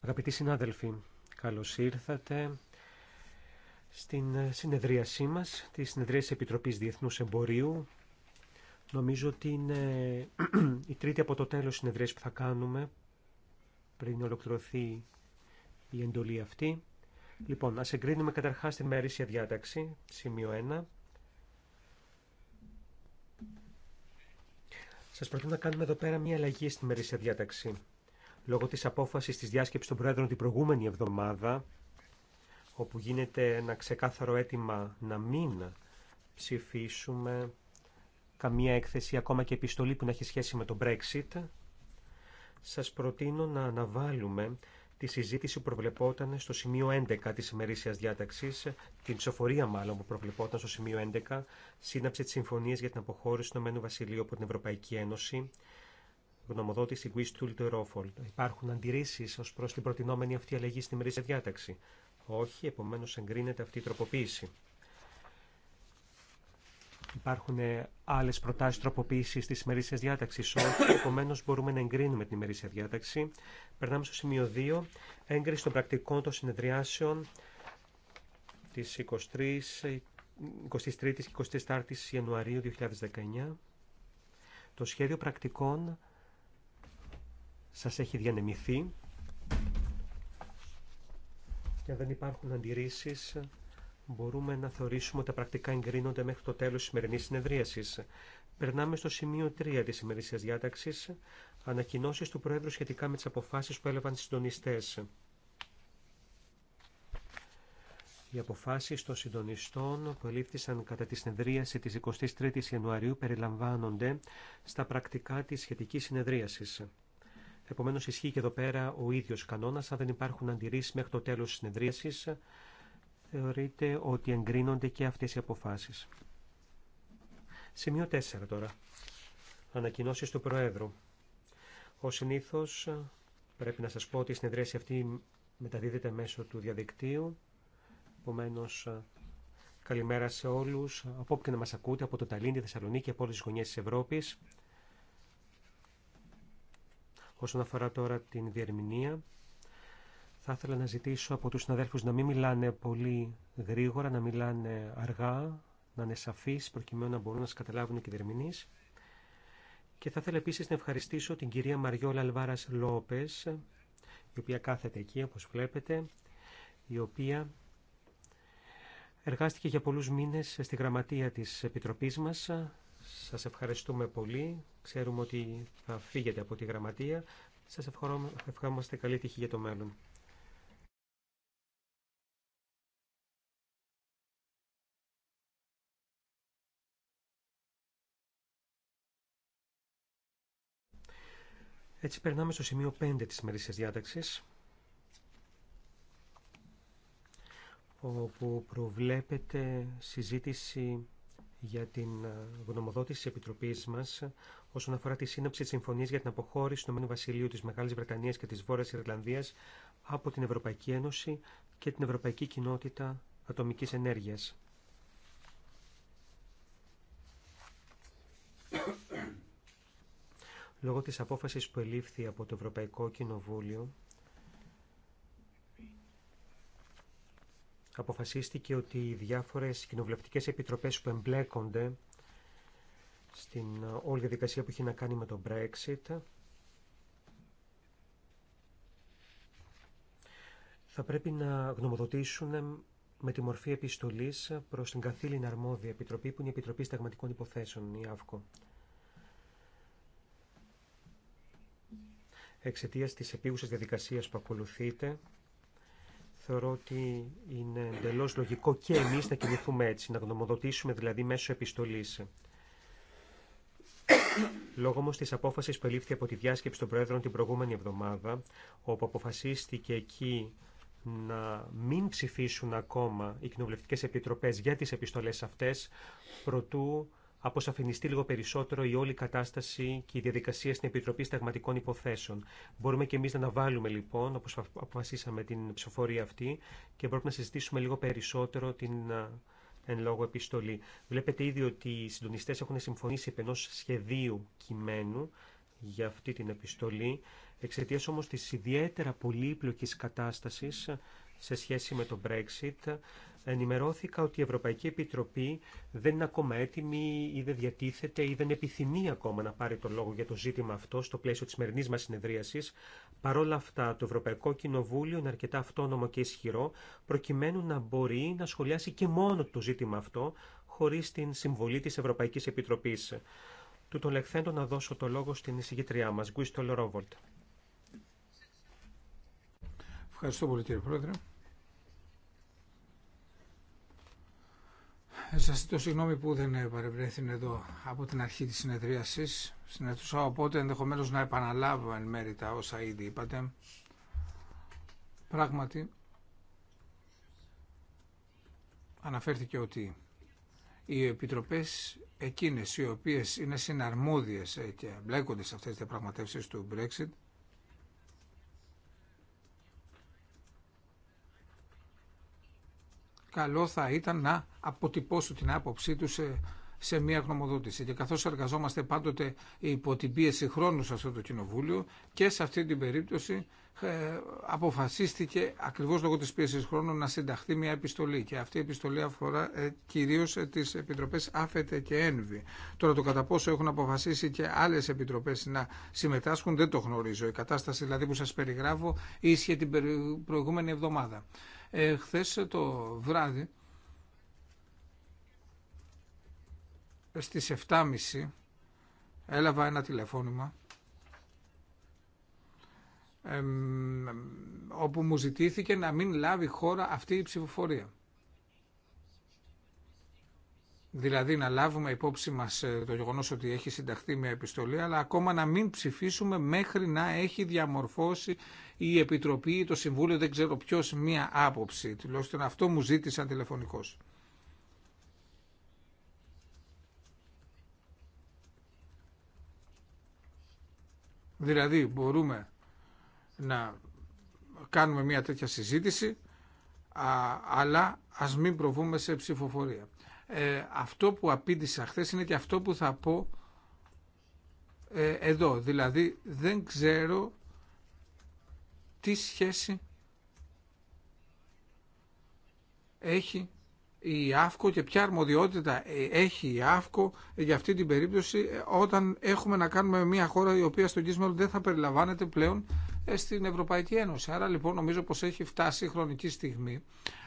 Αγαπητοί συνάδελφοι, καλώς ήρθατε στην συνεδρίασή μας, τη συνεδρίαση Επιτροπής Διεθνούς Εμπορίου. Νομίζω ότι είναι η τρίτη από το τέλος συνεδρίας που θα κάνουμε πριν ολοκληρωθεί η εντολή αυτή. Λοιπόν, ας εγκρίνουμε καταρχάς την μερίσια διάταξη, σημείο 1. Σας προτείνω να κάνουμε εδώ πέρα μία αλλαγή στη μερίσια διάταξη λόγω της απόφασης της διάσκεψης των Πρόεδρων την προηγούμενη εβδομάδα, όπου γίνεται ένα ξεκάθαρο αίτημα να μην ψηφίσουμε καμία έκθεση, ακόμα και επιστολή που να έχει σχέση με το Brexit, σας προτείνω να αναβάλουμε τη συζήτηση που προβλεπόταν στο σημείο 11 της ημερήσιας διάταξης, την ψηφοφορία μάλλον που προβλεπόταν στο σημείο 11, σύναψη της Συμφωνίας για την αποχώρηση του Ηνωμένου Βασιλείου από την Ευρωπαϊκή Ένωση γνωμοδότηση Γκουίστουλ Τερόφολ. Υπάρχουν αντιρρήσεις ως προς την προτινόμενη αυτή αλλαγή στη μερίσια διάταξη. Όχι, επομένως εγκρίνεται αυτή η τροποποίηση. Υπάρχουν ε, άλλε προτάσει τροποποίηση τη μερίσια διάταξη. Όχι, επομένω μπορούμε να εγκρίνουμε την ημερήσια διάταξη. Περνάμε στο σημείο 2. Έγκριση των πρακτικών των συνεδριάσεων τη 23, 23 και 24 η Ιανουαρίου 2019. Το σχέδιο πρακτικών σας έχει διανεμηθεί και αν δεν υπάρχουν αντιρρήσεις μπορούμε να θεωρήσουμε ότι τα πρακτικά εγκρίνονται μέχρι το τέλος της σημερινής συνεδρίασης. Περνάμε στο σημείο 3 της ημερήσιας διάταξης, ανακοινώσεις του Πρόεδρου σχετικά με τις αποφάσεις που έλαβαν οι συντονιστές. Οι αποφάσεις των συντονιστών που ελήφθησαν κατά τη συνεδρίαση της 23ης Ιανουαρίου περιλαμβάνονται στα πρακτικά της σχετικής συνεδρίασης. Επομένω, ισχύει και εδώ πέρα ο ίδιο κανόνα. Αν δεν υπάρχουν αντιρρήσει μέχρι το τέλο τη συνεδρίαση, θεωρείται ότι εγκρίνονται και αυτέ οι αποφάσει. Σημείο 4 τώρα. Ανακοινώσει του Προέδρου. Ο συνήθω, πρέπει να σα πω ότι η συνεδρίαση αυτή μεταδίδεται μέσω του διαδικτύου. Επομένω, καλημέρα σε όλου, από όπου και να μα ακούτε, από το Ταλίν, τη Θεσσαλονίκη, από όλε τι γωνιέ τη Ευρώπη. Όσον αφορά τώρα την διερμηνία, θα ήθελα να ζητήσω από τους συναδέλφους να μην μιλάνε πολύ γρήγορα, να μιλάνε αργά, να είναι σαφείς, προκειμένου να μπορούν να καταλάβουν και οι διερμηνείς. Και θα ήθελα επίσης να ευχαριστήσω την κυρία Μαριόλα Αλβάρας Λόπες, η οποία κάθεται εκεί, όπως βλέπετε, η οποία εργάστηκε για πολλούς μήνες στη γραμματεία της Επιτροπής μας, σας ευχαριστούμε πολύ. Ξέρουμε ότι θα φύγετε από τη γραμματεία. Σας ευχόμαστε καλή τύχη για το μέλλον. Έτσι περνάμε στο σημείο 5 της μερίσιας διάταξης όπου προβλέπεται συζήτηση για την ε, γνωμοδότηση τη Επιτροπή μα όσον αφορά τη σύνοψη της Συμφωνίας για την αποχώρηση του Ηνωμένου Βασιλείου της Μεγάλης Βρετανίας και της Βόρειας Ιρλανδίας από την Ευρωπαϊκή Ένωση και την Ευρωπαϊκή Κοινότητα Ατομικής Ενέργειας. Λόγω της απόφασης που ελήφθη από το Ευρωπαϊκό Κοινοβούλιο αποφασίστηκε ότι οι διάφορες κοινοβουλευτικέ επιτροπές που εμπλέκονται στην ε, όλη διαδικασία που έχει να κάνει με το Brexit θα πρέπει να γνωμοδοτήσουν με τη μορφή επιστολής προς την καθήλυνα αρμόδια επιτροπή που είναι η Επιτροπή Σταγματικών Υποθέσεων, η ΑΦΚΟ. Εξαιτίας της επίγουσας διαδικασίας που ακολουθείται, Θεωρώ ότι είναι εντελώ λογικό και εμεί να κινηθούμε έτσι, να γνωμοδοτήσουμε δηλαδή μέσω επιστολή. Λόγω όμω τη απόφαση που ελήφθη από τη διάσκεψη των Προέδρων την προηγούμενη εβδομάδα, όπου αποφασίστηκε εκεί να μην ψηφίσουν ακόμα οι κοινοβουλευτικέ επιτροπέ για τι επιστολέ αυτέ, προτού αποσαφινιστεί λίγο περισσότερο η όλη κατάσταση και η διαδικασία στην Επιτροπή Σταγματικών Υποθέσεων. Μπορούμε και εμεί να αναβάλουμε λοιπόν, όπω αποφασίσαμε την ψηφοφορία αυτή, και μπορούμε να συζητήσουμε λίγο περισσότερο την εν λόγω επιστολή. Βλέπετε ήδη ότι οι συντονιστέ έχουν συμφωνήσει επ' ενός σχεδίου κειμένου για αυτή την επιστολή, εξαιτία όμω τη ιδιαίτερα πολύπλοκη κατάσταση σε σχέση με το Brexit ενημερώθηκα ότι η Ευρωπαϊκή Επιτροπή δεν είναι ακόμα έτοιμη ή δεν διατίθεται ή δεν επιθυμεί ακόμα να πάρει το λόγο για το ζήτημα αυτό στο πλαίσιο τη σημερινή μα συνεδρίασης. Παρ' όλα αυτά, το Ευρωπαϊκό Κοινοβούλιο είναι αρκετά αυτόνομο και ισχυρό, προκειμένου να μπορεί να σχολιάσει και μόνο το ζήτημα αυτό, χωρί την συμβολή τη Ευρωπαϊκή Επιτροπή, Του τον λεχθέντο να δώσω το λόγο στην εισηγητριά μα. Γκουίστο Λορόβολτ. Ευχαριστώ πολύ κύριε Πρόεδρε. Σα ζητώ συγγνώμη που δεν παρευρέθην εδώ από την αρχή της συνεδρίασης στην αίθουσα, οπότε ενδεχομένω να επαναλάβω εν μέρη τα όσα ήδη είπατε. Πράγματι, αναφέρθηκε ότι οι επιτροπές εκείνες οι οποίες είναι συναρμόδιε ε, και μπλέκονται σε αυτές τις πραγματεύσεις του Brexit καλό θα ήταν να αποτυπώσουν την άποψή του σε μια γνωμοδότηση. Και καθώ εργαζόμαστε πάντοτε υπό την πίεση χρόνου σε αυτό το κοινοβούλιο και σε αυτή την περίπτωση ε, αποφασίστηκε ακριβώς λόγω της πίεσης χρόνου να συνταχθεί μια επιστολή και αυτή η επιστολή αφορά ε, κυρίως ε, τις επιτροπές ΑΦΕΤΕ και ΕΝΒΗ. Τώρα το κατά πόσο έχουν αποφασίσει και άλλες επιτροπές να συμμετάσχουν δεν το γνωρίζω. Η κατάσταση δηλαδή που σας περιγράφω ίσχυε την προηγούμενη εβδομάδα ε, χθες το βράδυ στις 7.30 έλαβα ένα τηλεφώνημα όπου μου ζητήθηκε να μην λάβει χώρα αυτή η ψηφοφορία. Δηλαδή να λάβουμε υπόψη μας ε, το γεγονός ότι έχει συνταχθεί μια επιστολή, αλλά ακόμα να μην ψηφίσουμε μέχρι να έχει διαμορφώσει η Επιτροπή ή το Συμβούλιο, δεν ξέρω ποιο, μία άποψη. Τουλάχιστον αυτό μου ζήτησαν τηλεφωνικώ. Δηλαδή μπορούμε να κάνουμε μια τέτοια συζήτηση, αλλά ας μην προβούμε σε ψηφοφορία. Ε, αυτό που απήντησα χθε είναι και αυτό που θα πω ε, εδώ. Δηλαδή δεν ξέρω τι σχέση έχει η ΑΦΚΟ και ποια αρμοδιότητα ε, έχει η ΑΦΚΟ για αυτή την περίπτωση ε, όταν έχουμε να κάνουμε μια χώρα η οποία στον κείμενο δεν θα περιλαμβάνεται πλέον ε, στην Ευρωπαϊκή Ένωση. Άρα λοιπόν νομίζω πως έχει φτάσει η χρονική στιγμή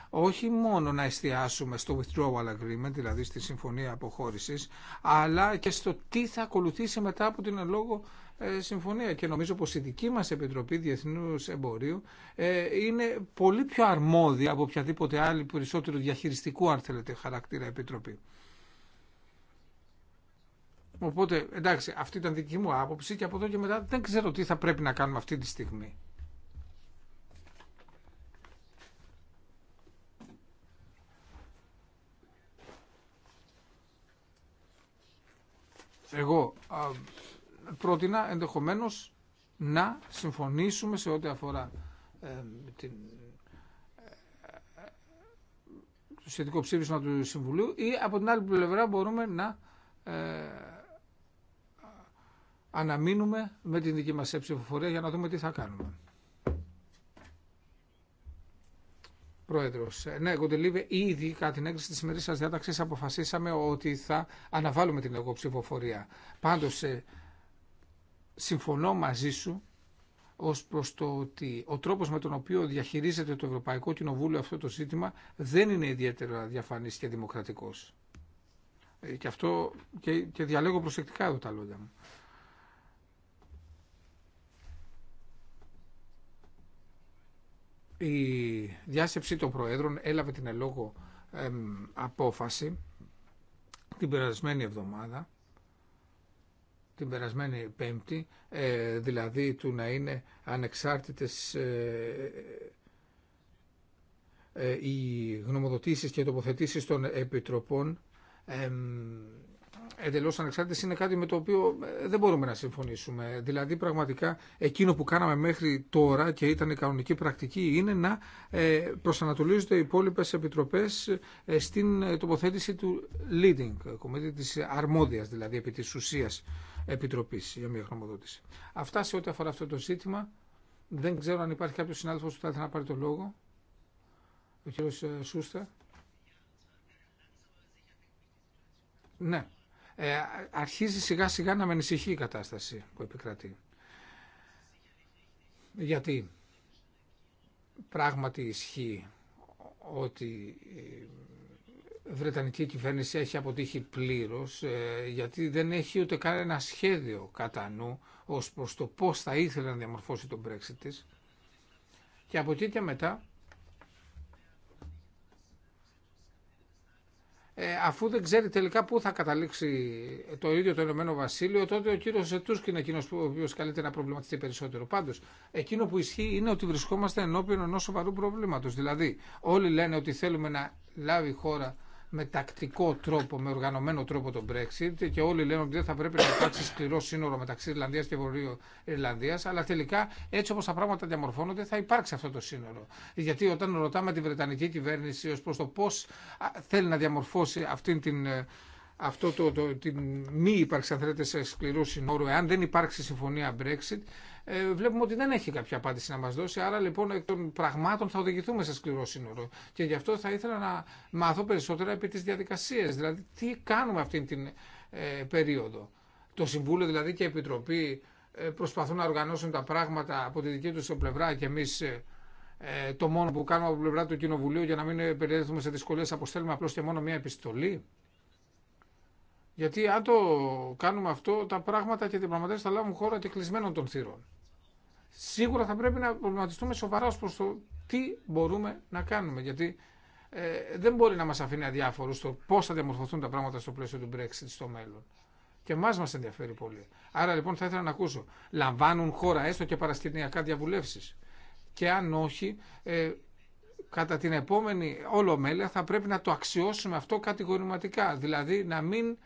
όχι μόνο να εστιάσουμε στο withdrawal agreement, δηλαδή στη συμφωνία αποχώρησης, αλλά και στο τι θα ακολουθήσει μετά από την λόγο ε, συμφωνία και νομίζω πως η δική μας Επιτροπή Διεθνούς Εμπορίου ε, είναι πολύ πιο αρμόδια από οποιαδήποτε άλλη περισσότερο διαχειριστικού αν θέλετε χαρακτήρα Επιτροπή. Οπότε, εντάξει, αυτή ήταν δική μου άποψη και από εδώ και μετά δεν ξέρω τι θα πρέπει να κάνουμε αυτή τη στιγμή. Εγώ πρότεινα ενδεχομένως να συμφωνήσουμε σε ό,τι αφορά ε, την, ε, το σχετικό ψήφισμα του Συμβουλίου ή από την άλλη πλευρά μπορούμε να ε, αναμείνουμε με την δική μας ψηφοφορία για να δούμε τι θα κάνουμε. Πρόεδρος, ναι, Κοντελίβε, ήδη κατά την έγκριση της ημερής σας διάταξης αποφασίσαμε ότι θα αναβάλουμε την εγώ ψηφοφορία. Πάντως, συμφωνώ μαζί σου ως προς το ότι ο τρόπος με τον οποίο διαχειρίζεται το Ευρωπαϊκό Κοινοβούλιο αυτό το ζήτημα δεν είναι ιδιαίτερα διαφανής και δημοκρατικός. Ε, και αυτό και, και διαλέγω προσεκτικά εδώ τα λόγια μου. Η διάσεψη των Προέδρων έλαβε την ελόγω απόφαση την περασμένη εβδομάδα την περασμένη Πέμπτη, ε, δηλαδή του να είναι ανεξάρτητες ε, ε, οι γνωμοδοτήσεις και τοποθετήσεις των επιτροπών εντελώς ανεξάρτητε είναι κάτι με το οποίο ε, δεν μπορούμε να συμφωνήσουμε. Δηλαδή πραγματικά εκείνο που κάναμε μέχρι τώρα και ήταν η κανονική πρακτική είναι να ε, προσανατολίζονται οι υπόλοιπε επιτροπές ε, στην τοποθέτηση του leading κομμάτι της αρμόδιας δηλαδή επί τη ουσία επιτροπής για μια χρονοδότηση. Αυτά σε ό,τι αφορά αυτό το ζήτημα. Δεν ξέρω αν υπάρχει κάποιο συνάδελφο που θα ήθελε να πάρει το λόγο. Ο κύριος Σούστα. Ναι. Ε, αρχίζει σιγά σιγά να με ανησυχεί η κατάσταση που επικρατεί. Γιατί πράγματι ισχύει ότι η Βρετανική κυβέρνηση έχει αποτύχει πλήρως ε, γιατί δεν έχει ούτε καν ένα σχέδιο κατά νου ως προς το πώς θα ήθελε να διαμορφώσει τον Brexit της. Και από εκεί και μετά Ε, αφού δεν ξέρει τελικά πού θα καταλήξει το ίδιο το Ηνωμένο Βασίλειο, τότε ο κύριο Τούσκ είναι εκείνο ο οποίο καλείται να προβληματιστεί περισσότερο. Πάντω, εκείνο που ισχύει είναι ότι βρισκόμαστε ενώπιον ενό σοβαρού προβλήματο. Ετούσκη δηλαδή, ειναι όλοι λένε ότι θέλουμε να λάβει η χώρα με τακτικό τρόπο, με οργανωμένο τρόπο το Brexit και όλοι λένε ότι δεν θα πρέπει να υπάρξει σκληρό σύνορο μεταξύ Ιρλανδίας και Βορείου Ιρλανδίας, αλλά τελικά έτσι όπως τα πράγματα διαμορφώνονται θα υπάρξει αυτό το σύνορο. Γιατί όταν ρωτάμε τη Βρετανική κυβέρνηση ως προς το πώς θέλει να διαμορφώσει αυτήν την ε, αυτό το, το, την μη ύπαρξη αν θέλετε σε σκληρό συνόρο, εάν δεν υπάρξει συμφωνία Brexit, ε, βλέπουμε ότι δεν έχει κάποια απάντηση να μα δώσει. Άρα λοιπόν εκ των πραγμάτων θα οδηγηθούμε σε σκληρό σύνορο. Και γι' αυτό θα ήθελα να μάθω περισσότερα επί τις διαδικασίες. Δηλαδή τι κάνουμε αυτή την ε, περίοδο. Το Συμβούλιο δηλαδή και η Επιτροπή ε, προσπαθούν να οργανώσουν τα πράγματα από τη δική τους πλευρά και εμεί το μόνο που κάνουμε από πλευρά του Κοινοβουλίου για να μην περιέλθουμε σε δυσκολίες αποστέλουμε απλώ και μόνο μία επιστολή. Γιατί αν το κάνουμε αυτό, τα πράγματα και οι διαπραγματεύσει θα λάβουν χώρα και κλεισμένων των θύρων σίγουρα θα πρέπει να προβληματιστούμε σοβαρά ως προς το τι μπορούμε να κάνουμε. Γιατί ε, δεν μπορεί να μας αφήνει αδιάφορο στο πώς θα διαμορφωθούν τα πράγματα στο πλαίσιο του Brexit στο μέλλον. Και εμά μα ενδιαφέρει πολύ. Άρα λοιπόν θα ήθελα να ακούσω. Λαμβάνουν χώρα έστω και παρασκηνιακά διαβουλεύσει. Και αν όχι, ε, κατά την επόμενη όλο μέλη θα πρέπει να το αξιώσουμε αυτό κατηγορηματικά. Δηλαδή να μην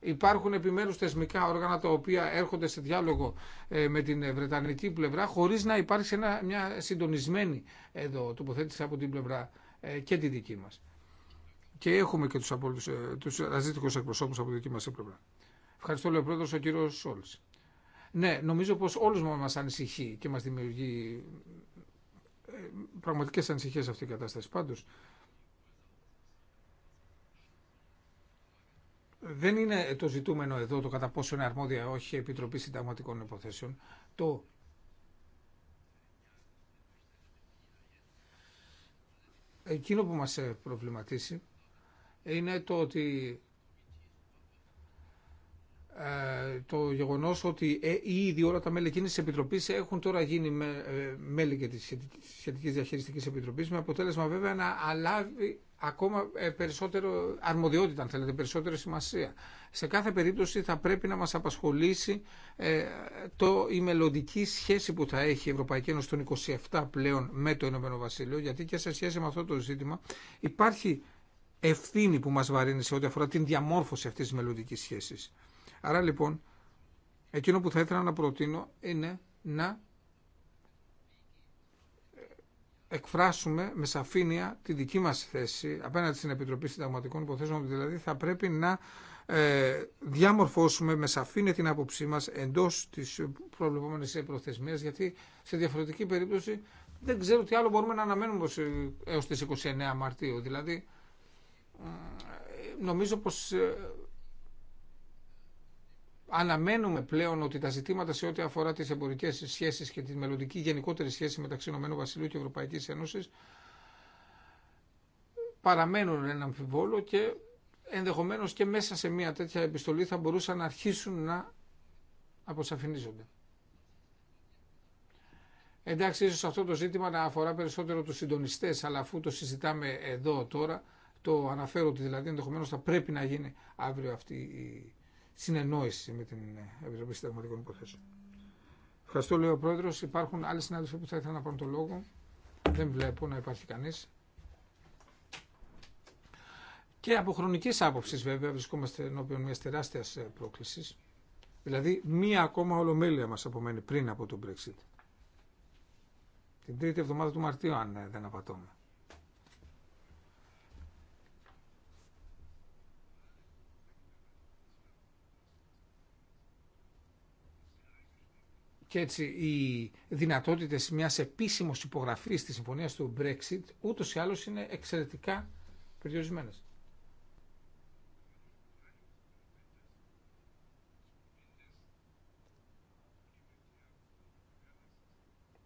υπάρχουν επιμέρους θεσμικά όργανα τα οποία έρχονται σε διάλογο ε, με την ε, Βρετανική πλευρά χωρίς να υπάρξει μια συντονισμένη εδώ τοποθέτηση από την πλευρά ε, και τη δική μας. Και έχουμε και τους, απόλυτους, τους ραζίτικους εκπροσώπους από τη δική μας πλευρά. Ευχαριστώ, λέει ο πρόεδρος, ο κύριος Σόλς. Ναι, νομίζω πως όλους μας ανησυχεί και μας δημιουργεί πραγματικές ανησυχίες αυτή η κατάσταση. Πάντως, δεν είναι το ζητούμενο εδώ το κατά πόσο είναι αρμόδια όχι η Επιτροπή Συνταγματικών Υποθέσεων. Το εκείνο που μας προβληματίσει είναι το ότι ε, το γεγονός ότι ε, ήδη όλα τα μέλη εκείνης της Επιτροπής έχουν τώρα γίνει ε, μέλη και της σχετικής διαχειριστικής επιτροπής με αποτέλεσμα βέβαια να, αλλάβει, ακόμα ε, περισσότερο αρμοδιότητα, αν θέλετε, περισσότερη σημασία. Σε κάθε περίπτωση θα πρέπει να μας απασχολήσει ε, το, η μελλοντική σχέση που θα έχει η Ευρωπαϊκή Ένωση των 27 πλέον με το Ηνωμένο Βασίλειο, γιατί και σε σχέση με αυτό το ζήτημα υπάρχει ευθύνη που μας βαρύνει σε ό,τι αφορά την διαμόρφωση αυτής της μελλοντική σχέσης. Άρα λοιπόν, εκείνο που θα ήθελα να προτείνω είναι να εκφράσουμε με σαφήνεια τη δική μας θέση απέναντι στην Επιτροπή Συνταγματικών Υποθέσεων, δηλαδή θα πρέπει να ε, διαμορφώσουμε με σαφήνεια την άποψή μας εντός της προβλεπόμενης προθεσμίας, γιατί σε διαφορετική περίπτωση δεν ξέρω τι άλλο μπορούμε να αναμένουμε ε, έως τις 29 Μαρτίου. Δηλαδή, ε, νομίζω πως αναμένουμε πλέον ότι τα ζητήματα σε ό,τι αφορά τις εμπορικές σχέσεις και τη μελλοντική γενικότερη σχέση μεταξύ Ηνωμένου Βασιλείου και Ευρωπαϊκής Ένωσης παραμένουν ένα αμφιβόλο και ενδεχομένως και μέσα σε μια τέτοια επιστολή θα μπορούσαν να αρχίσουν να αποσαφηνίζονται. Εντάξει, ίσως αυτό το ζήτημα να αφορά περισσότερο τους συντονιστές, αλλά αφού το συζητάμε εδώ τώρα, το αναφέρω ότι δηλαδή ενδεχομένως θα πρέπει να γίνει αύριο αυτή η συνεννόηση με την Επιτροπή Συνταγματικών Υποθέσεων. Ευχαριστώ, λέει ο Πρόεδρο. Υπάρχουν άλλοι συνάδελφοι που θα ήθελα να πάρουν το λόγο. Δεν βλέπω να υπάρχει κανεί. Και από χρονική άποψη, βέβαια, βρισκόμαστε ενώπιον μια τεράστια ε, πρόκληση. Δηλαδή, μία ακόμα ολομέλεια μα απομένει πριν από τον Brexit. Την τρίτη εβδομάδα του Μαρτίου, αν ε, δεν απατώμε. Και έτσι οι δυνατότητε μιας επίσημος υπογραφή τη συμφωνία του Brexit ούτως ή άλλως είναι εξαιρετικά περιορισμένε.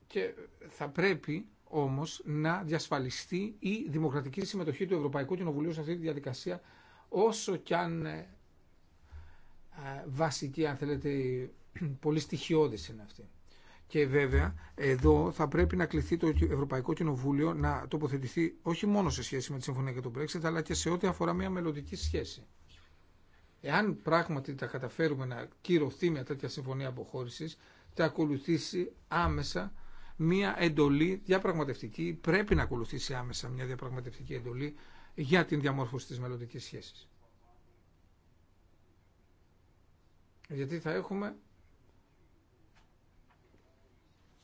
Και θα πρέπει όμως να διασφαλιστεί η δημοκρατική συμμετοχή του Ευρωπαϊκού Κοινοβουλίου σε αυτή τη διαδικασία όσο κι αν ε, ε, βασική αν θέλετε πολύ στοιχειώδη είναι αυτή. Και βέβαια, εδώ θα πρέπει να κληθεί το Ευρωπαϊκό Κοινοβούλιο να τοποθετηθεί όχι μόνο σε σχέση με τη Συμφωνία για τον Brexit, αλλά και σε ό,τι αφορά μια μελλοντική σχέση. Εάν πράγματι τα καταφέρουμε να κυρωθεί μια τέτοια συμφωνία αποχώρηση, θα ακολουθήσει άμεσα μια εντολή διαπραγματευτική, πρέπει να ακολουθήσει άμεσα μια διαπραγματευτική εντολή για την διαμόρφωση της μελλοντική σχέση. Γιατί θα έχουμε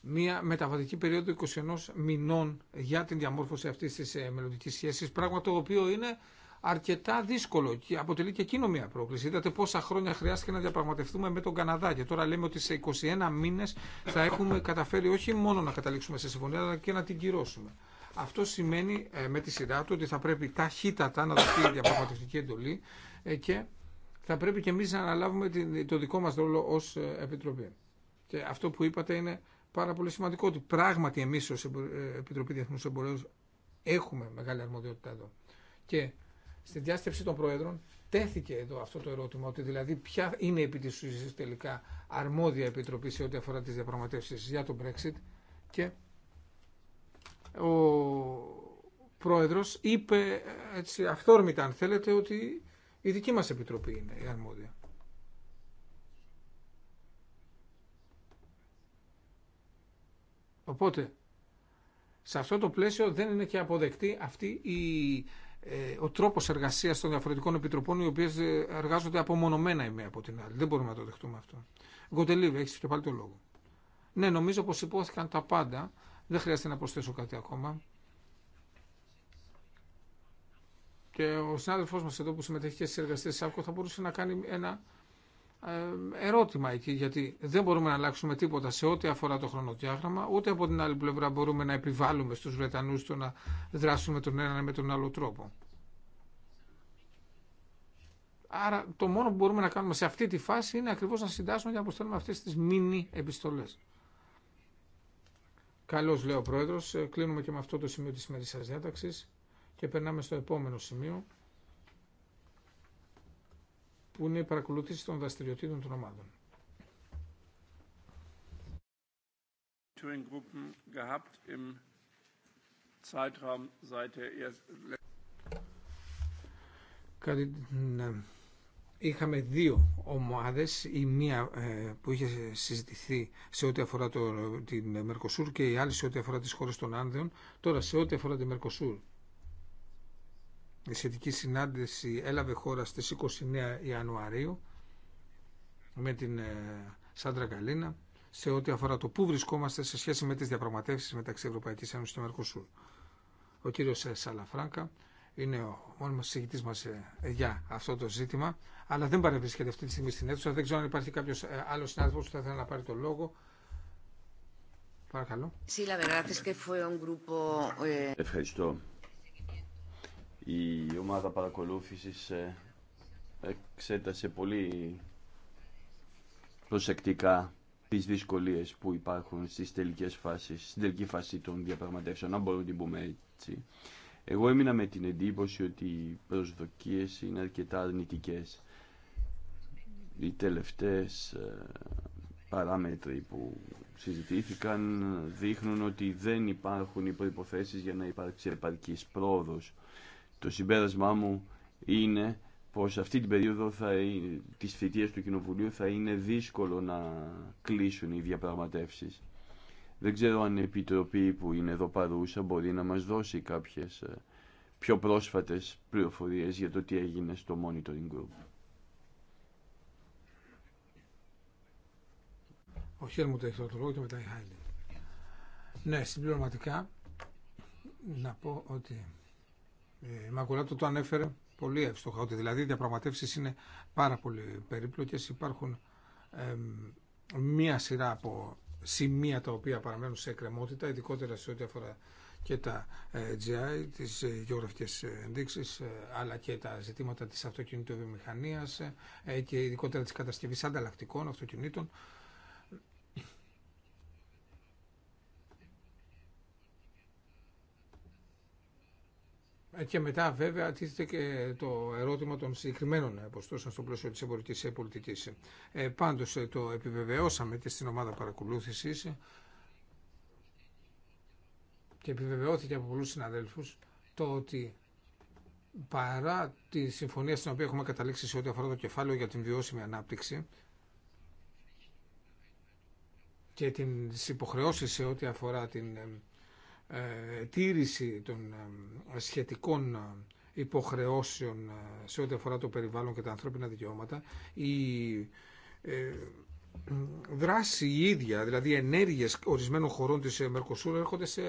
μια μεταβατική περίοδο 21 μηνών για την διαμόρφωση αυτής της ε, μελλοντικής σχέσης, πράγμα το οποίο είναι αρκετά δύσκολο και αποτελεί και εκείνο μια πρόκληση. Είδατε πόσα χρόνια χρειάστηκε να διαπραγματευτούμε με τον Καναδά και τώρα λέμε ότι σε 21 μήνες θα έχουμε καταφέρει όχι μόνο να καταλήξουμε σε συμφωνία αλλά και να την κυρώσουμε. Αυτό σημαίνει ε, με τη σειρά του ότι θα πρέπει ταχύτατα να δοθεί η διαπραγματευτική εντολή ε, και θα πρέπει και εμείς να αναλάβουμε το δικό μας ρόλο ως Επιτροπή. Και αυτό που είπατε είναι πάρα πολύ σημαντικό ότι πράγματι εμείς ως ε, Επιτροπή Διεθνούς Εμπορίου έχουμε μεγάλη αρμοδιότητα εδώ. Και στη διάσκεψη των Προέδρων τέθηκε εδώ αυτό το ερώτημα, ότι δηλαδή ποια είναι επί της ουσίας τελικά αρμόδια επιτροπή σε ό,τι αφορά τις διαπραγματεύσεις για τον Brexit και ο πρόεδρος είπε έτσι αυθόρμητα αν θέλετε ότι η δική μας επιτροπή είναι η αρμόδια. Οπότε, σε αυτό το πλαίσιο δεν είναι και αποδεκτή αυτή η, ε, ο τρόπος εργασίας των διαφορετικών επιτροπών οι οποίες ε, εργάζονται απομονωμένα η μία από την άλλη. Δεν μπορούμε να το δεχτούμε αυτό. Γκοντελίβε, έχεις και πάλι το λόγο. Ναι, νομίζω πως υπόθηκαν τα πάντα. Δεν χρειάζεται να προσθέσω κάτι ακόμα. Και ο συνάδελφός μας εδώ που συμμετέχει και στις εργασίες της θα μπορούσε να κάνει ένα ε, ερώτημα εκεί, γιατί δεν μπορούμε να αλλάξουμε τίποτα σε ό,τι αφορά το χρονοδιάγραμμα, ούτε από την άλλη πλευρά μπορούμε να επιβάλλουμε στους Βρετανούς το να δράσουμε τον ένα με τον άλλο τρόπο. Άρα το μόνο που μπορούμε να κάνουμε σε αυτή τη φάση είναι ακριβώς να συντάσσουμε και να αποστέλουμε αυτές τις μίνι επιστολές. Καλώς λέω, ο Πρόεδρος, κλείνουμε και με αυτό το σημείο της σημερινής διάταξης και περνάμε στο επόμενο σημείο που είναι η παρακολούθηση των δραστηριοτήτων των ομάδων. Er-, ναι. Είχαμε δύο ομάδες, η μία ε, που είχε συζητηθεί σε ό,τι αφορά το, την Μερκοσούρ και η άλλη σε ό,τι αφορά τις χώρες των Άνδεων. Τώρα σε ό,τι αφορά την Μερκοσούρ η σχετική συνάντηση έλαβε χώρα στις 29 Ιανουαρίου με την ε, Σάντρα Καλίνα σε ό,τι αφορά το πού βρισκόμαστε σε σχέση με τις διαπραγματεύσεις μεταξύ Ευρωπαϊκής Ένωσης και Μερκοσούρ. Ο κύριος ε, Σαλαφράγκα είναι ο μόνιμος συζητητής μας ε, για αυτό το ζήτημα, αλλά δεν παρευρίσκεται αυτή τη στιγμή στην αίθουσα. Δεν ξέρω αν υπάρχει κάποιος άλλος συνάδελφος που θα ήθελε να πάρει το λόγο. Παρακαλώ. Eh, Ευχαριστώ. Η ομάδα παρακολούθησης ε, εξέτασε πολύ προσεκτικά τις δυσκολίες που υπάρχουν στις τελικές φάσεις, στην τελική φάση των διαπραγματεύσεων, αν μπορούμε να την πούμε έτσι. Εγώ έμεινα με την εντύπωση ότι οι προσδοκίες είναι αρκετά αρνητικές. Οι τελευταίες ε, παράμετροι που συζητήθηκαν ε, δείχνουν ότι δεν υπάρχουν οι για να υπάρξει επαρκής πρόοδος το συμπέρασμά μου είναι πως αυτή την περίοδο θα, της θητείας του Κοινοβουλίου θα είναι δύσκολο να κλείσουν οι διαπραγματεύσεις. Δεν ξέρω αν η Επιτροπή που είναι εδώ παρούσα μπορεί να μας δώσει κάποιες ε, πιο πρόσφατες πληροφορίες για το τι έγινε στο Monitoring Group. Ο Χέρμουτ έχει το λόγο και μετά η Ναι, συμπληρωματικά να πω ότι η ε, Μακουλάτο το ανέφερε πολύ εύστοχα, ότι δηλαδή οι διαπραγματεύσει είναι πάρα πολύ περίπλοκες, υπάρχουν ε, μία σειρά από σημεία τα οποία παραμένουν σε εκκρεμότητα, ειδικότερα σε ό,τι αφορά και τα ε, GI, τις ε, γεωγραφικές ενδείξεις, αλλά και τα ζητήματα της αυτοκινητοβιομηχανίας και ειδικότερα της κατασκευή ανταλλακτικών αυτοκινήτων. Ε, και μετά βέβαια τίθεται και το ερώτημα των συγκεκριμένων αποστόσεων στο πλαίσιο της εμπορικής ε, πολιτικής. Ε, πάντως ε, το επιβεβαιώσαμε και στην ομάδα παρακολούθησης και επιβεβαιώθηκε από πολλούς συναδέλφους το ότι παρά τη συμφωνία στην οποία έχουμε καταλήξει σε ό,τι αφορά το κεφάλαιο για την βιώσιμη ανάπτυξη και τις υποχρεώσεις σε ό,τι αφορά την ε, τήρηση των ε, σχετικών ε, υποχρεώσεων σε ό,τι αφορά το περιβάλλον και τα ανθρώπινα δικαιώματα, η δράση η ίδια, δηλαδή ενέργειες ορισμένων χωρών της Μερκοσούρ έρχονται σε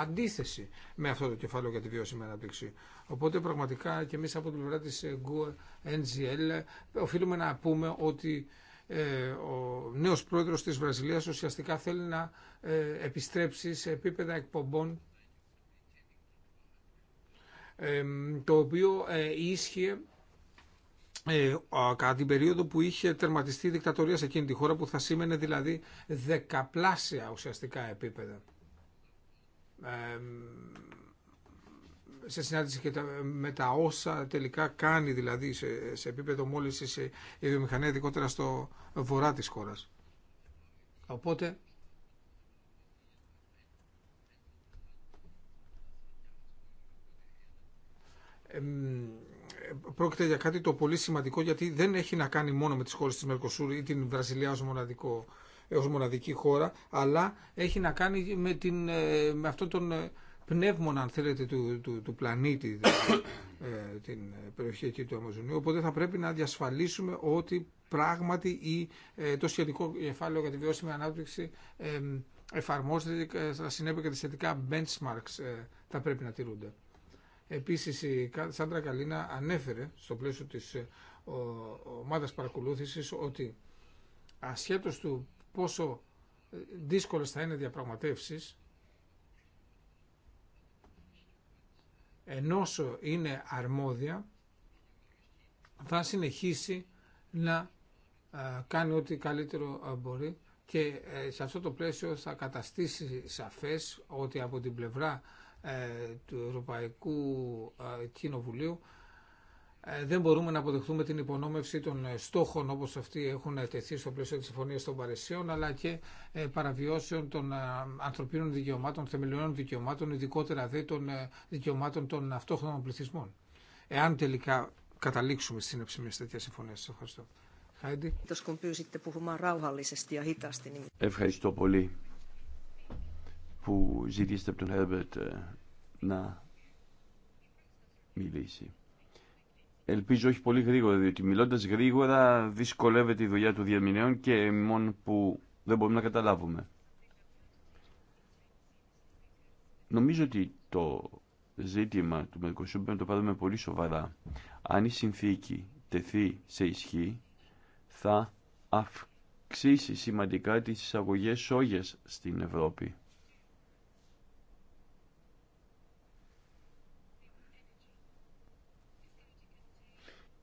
αντίθεση με αυτό το κεφάλαιο για τη βιώσιμη ανάπτυξη. Οπότε πραγματικά και εμείς από την πλευρά της NGL οφείλουμε να πούμε ότι ε, ο νέος πρόεδρος της Βραζιλίας ουσιαστικά θέλει να ε, επιστρέψει σε επίπεδα εκπομπών ε, το οποίο ίσχυε κατά την περίοδο που είχε τερματιστεί η δικτατορία σε εκείνη τη χώρα που θα σήμαινε δηλαδή δεκαπλάσια ουσιαστικά επίπεδα σε συνάντηση και με τα όσα τελικά κάνει δηλαδή σε, σε επίπεδο μόλις η βιομηχανία ειδικότερα στο βορρά της χώρας. Οπότε πρόκειται για κάτι το πολύ σημαντικό γιατί δεν έχει να κάνει μόνο με τις χώρες της Μερκοσούρ ή την Βραζιλία ως μοναδικό ως μοναδική χώρα, αλλά έχει να κάνει με, την, ε, με αυτόν τον ε, πνεύμονα αν θέλετε του, του, του πλανήτη ε, την περιοχή εκεί του Αμαζονίου οπότε θα πρέπει να διασφαλίσουμε ότι πράγματι η, ε, το σχετικό κεφάλαιο για τη βιώσιμη ανάπτυξη ε, εφαρμόζεται ε, στα συνέπεια και τα σχετικά benchmarks ε, θα πρέπει να τηρούνται. Επίσης η Σάντρα Καλίνα ανέφερε στο πλαίσιο της ο, ομάδας παρακολούθησης ότι ασχέτως του πόσο δύσκολες θα είναι διαπραγματεύσεις ενώσο είναι αρμόδια θα συνεχίσει να κάνει ό,τι καλύτερο μπορεί και ε, σε αυτό το πλαίσιο θα καταστήσει σαφές ότι από την πλευρά ε, του Ευρωπαϊκού Κοινοβουλίου ε, δεν μπορούμε να αποδεχτούμε την υπονόμευση των ε, στόχων όπως αυτοί έχουν τεθεί στο πλαίσιο της συμφωνία των Παρισίων αλλά και ε, παραβιώσεων των ανθρωπίνων δικαιωμάτων, θεμελιών δικαιωμάτων, ειδικότερα δε των δικαιωμάτων των αυτόχρονων πληθυσμών. Εάν τελικά καταλήξουμε στην σύνεψη μιας τέτοιας συμφωνίας. ευχαριστώ. Ευχαριστώ πολύ που ζήτησε από τον Herbert να μιλήσει. Ελπίζω όχι πολύ γρήγορα, διότι μιλώντα γρήγορα δυσκολεύεται η δουλειά του διαμηνέων και μόνο που δεν μπορούμε να καταλάβουμε. Νομίζω ότι το ζήτημα του Μερκοσούρ πρέπει να το πάρουμε πολύ σοβαρά. Αν η συνθήκη τεθεί σε ισχύ, θα αυξήσει σημαντικά τις εισαγωγές σόγιας στην Ευρώπη.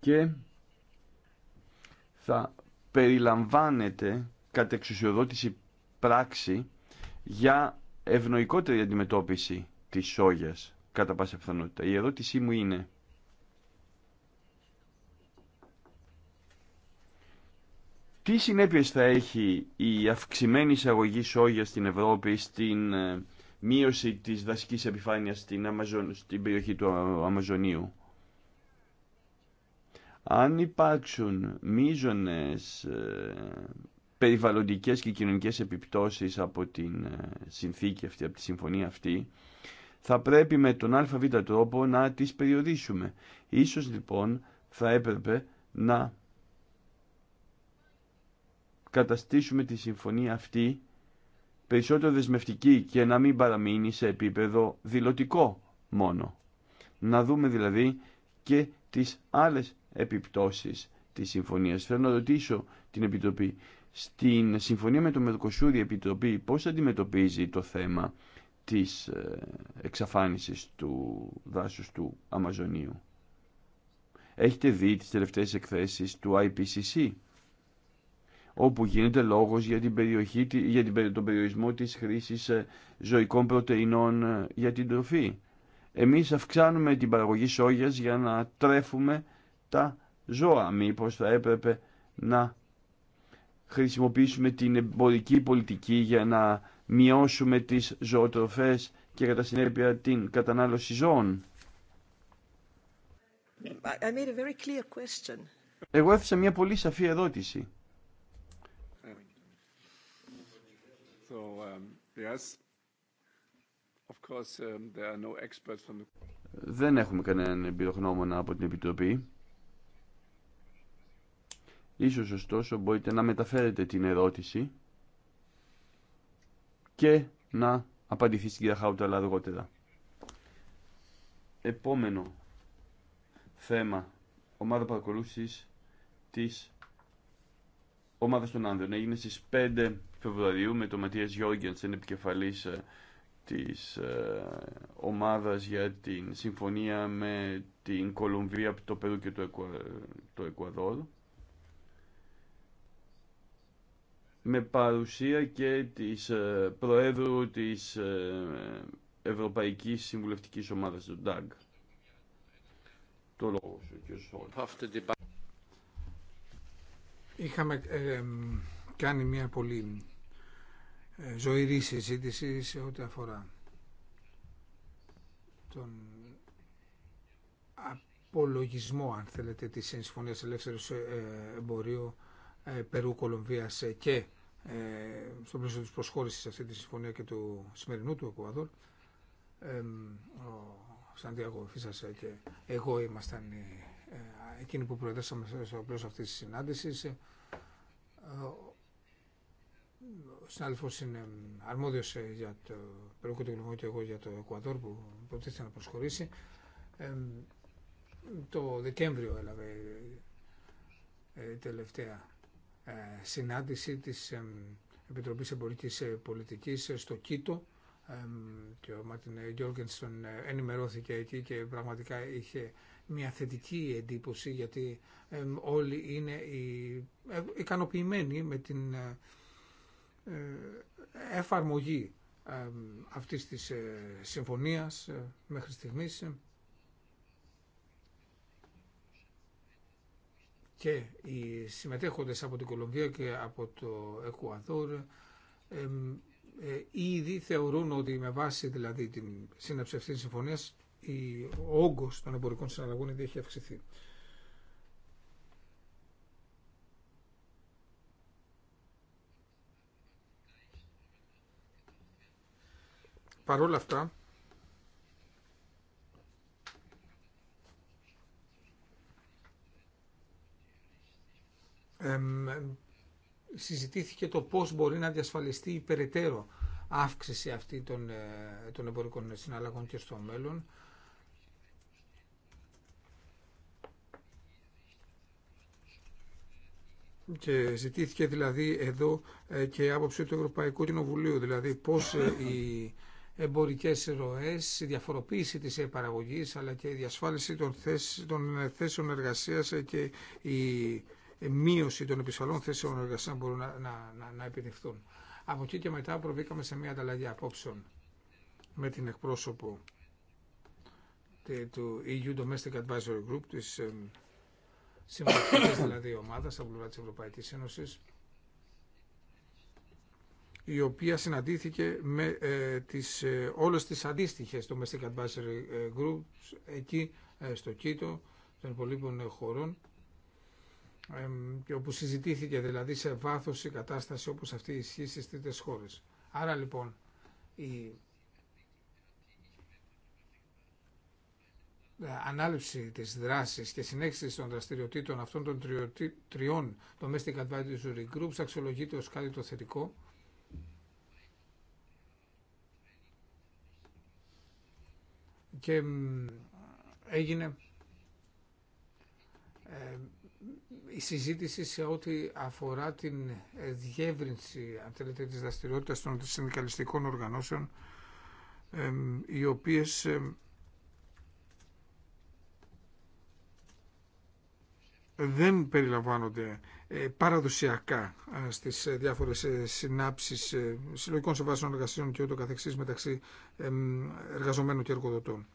και θα περιλαμβάνεται κατ' εξουσιοδότηση πράξη για ευνοϊκότερη αντιμετώπιση της σόγιας κατά πάσα πιθανότητα. Η ερώτησή μου είναι τι συνέπειες θα έχει η αυξημένη εισαγωγή σόγιας στην Ευρώπη στην ε, μείωση της δασικής επιφάνειας στην, Αμαζον, στην περιοχή του Αμαζονίου. Αν υπάρξουν μείζονες ε, περιβαλλοντικές και κοινωνικές επιπτώσεις από την ε, συνθήκη αυτή, από τη συμφωνία αυτή, θα πρέπει με τον αβ τρόπο να τις περιορίσουμε. Ίσως λοιπόν θα έπρεπε να καταστήσουμε τη συμφωνία αυτή περισσότερο δεσμευτική και να μην παραμείνει σε επίπεδο δηλωτικό μόνο. Να δούμε δηλαδή και τις άλλες επιπτώσεις της συμφωνίας. Θέλω να ρωτήσω την Επιτροπή. Στην συμφωνία με το Μερκοσούρι η Επιτροπή πώς αντιμετωπίζει το θέμα της ε, εξαφάνισης του δάσους του Αμαζονίου. Έχετε δει τις τελευταίες εκθέσεις του IPCC όπου γίνεται λόγος για, την περιοχή, για την, τον περιορισμό της χρήσης ε, ζωικών πρωτεϊνών ε, για την τροφή. Εμείς αυξάνουμε την παραγωγή σόγιας για να τρέφουμε τα ζώα. Μήπως θα έπρεπε να χρησιμοποιήσουμε την εμπορική πολιτική για να μειώσουμε τις ζωοτροφές και κατά συνέπεια την κατανάλωση ζώων. Εγώ έθεσα μια πολύ σαφή ερώτηση. Δεν έχουμε κανέναν εμπειρογνώμονα από την Επιτροπή. Ίσως ωστόσο μπορείτε να μεταφέρετε την ερώτηση και να απαντηθεί στην κυρία Χάουταλα αργότερα. Επόμενο θέμα, ομάδα παρακολούθησης της ομάδας των άνδρων. Έγινε στις 5 Φεβρουαρίου με τον Ματίας Γιώργιανσεν, επικεφαλής ε, της ε, ομάδας για την συμφωνία με την Κολομβία, το Περού και το Εκουαδόρ. με παρουσία και της ε, Προέδρου της ε, Ευρωπαϊκής Συμβουλευτικής Ομάδας του ΝΤΑΓ. Το λόγο σου, κ. Είχαμε ε, κάνει μια πολύ ζωηρή συζήτηση σε ό,τι αφορά τον απολογισμό, αν θέλετε, της Συμφωνίας Ελεύθερου Εμπορίου ε, Περού, Κολομβίας και ε, στο πλαίσιο της προσχώρησης αυτή τη συμφωνία και του σημερινού του Εκουαδόρ ο Σαντιάγο Φίσας και εγώ ήμασταν ε, εκείνοι που προεδρέσαμε στο πλαίσιο αυτής της συνάντησης ο συνάδελφο είναι αρμόδιο για το Περού και το και εγώ για το Εκουαδόρ που προτίθεται να προσχωρήσει. το Δεκέμβριο έλαβε η τελευταία ε, συνάντηση της Επιτροπής Εμπορικής ε, Πολιτικής ε, στο Κίτο και ο Μάρτιν Γιόργενσον ενημερώθηκε εκεί και πραγματικά είχε μια θετική εντύπωση γιατί όλοι είναι ικανοποιημένοι με την εφαρμογή αυτής της συμφωνίας μέχρι στιγμής και οι συμμετέχοντες από την Κολομβία και από το Εκουαδόρ ε, ήδη θεωρούν ότι με βάση δηλαδή την σύναψη αυτής της συμφωνίας ο όγκος των εμπορικών συναλλαγών ήδη έχει αυξηθεί. Παρ' όλα αυτά, συζητήθηκε το πώς μπορεί να διασφαλιστεί η αύξηση αυτή των, ε, των εμπορικών συναλλαγών και στο μέλλον. Και ζητήθηκε δηλαδή εδώ ε, και άποψη του Ευρωπαϊκού Κοινοβουλίου, δηλαδή πώς ε, οι εμπορικές ροές, η διαφοροποίηση της παραγωγής αλλά και η διασφάλιση των, θέσεων εργασίας και η μείωση των επισφαλών θέσεων εργασία μπορούν να, να, να, να επιτευχθούν. Από εκεί και μετά προβήκαμε σε μια ανταλλαγή απόψεων με την εκπρόσωπο του EU Domestic Advisory Group, της ε, συμβατική δηλαδή ομάδας από πλευρά της Ευρωπαϊκής η οποία συναντήθηκε με ε, τις, ε, όλες τις αντίστοιχες Domestic Advisory ε, Groups εκεί ε, στο Κίτο των υπολείπων χωρών και όπου συζητήθηκε δηλαδή σε βάθος η κατάσταση όπως αυτή ισχύει στις τρίτες χώρες. Άρα λοιπόν η ε, ανάληψη της δράσης και συνέχιση των δραστηριοτήτων αυτών των τριών domestic advisory groups αξιολογείται ως κάτι το θετικό και έγινε ε, η συζήτηση σε ό,τι αφορά την διεύρυνση αν θέλετε, της δραστηριότητας των συνδικαλιστικών οργανώσεων οι οποίες δεν περιλαμβάνονται ε, παραδοσιακά ε, στις ε, διάφορες συνάψεις συλλογικών συμβάσεων εργασιών και ούτω καθεξής μεταξύ εργαζομένων και εργοδοτών.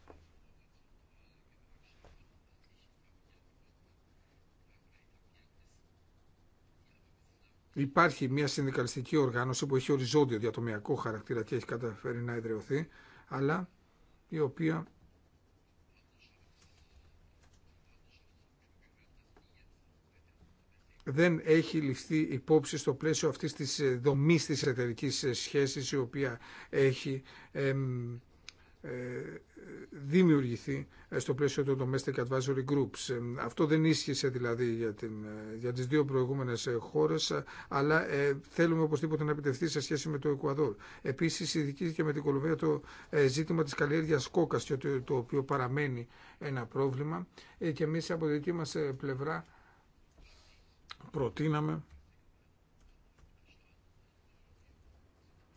υπάρχει μια συνδικαλιστική οργάνωση που έχει οριζόντιο διατομιακό χαρακτήρα και έχει καταφέρει να ιδρυωθεί, αλλά η οποία δεν έχει ληφθεί υπόψη στο πλαίσιο αυτής της ε, δομής της εταιρικής ε, σχέσης η οποία έχει ε, δημιουργηθεί ε, στο πλαίσιο των Domestic Advisory Groups. Ε, αυτό δεν ίσχυσε δηλαδή για, την, για τις δύο προηγούμενες χώρες, αλλά θέλουμε οπωσδήποτε να επιτευχθεί σε σχέση με το Εκουαδόρ. Επίσης, και με την Κολομβία το ζήτημα της καλλιέργειας κόκκας το, οποίο παραμένει ένα πρόβλημα. και εμείς από δική μας πλευρά προτείναμε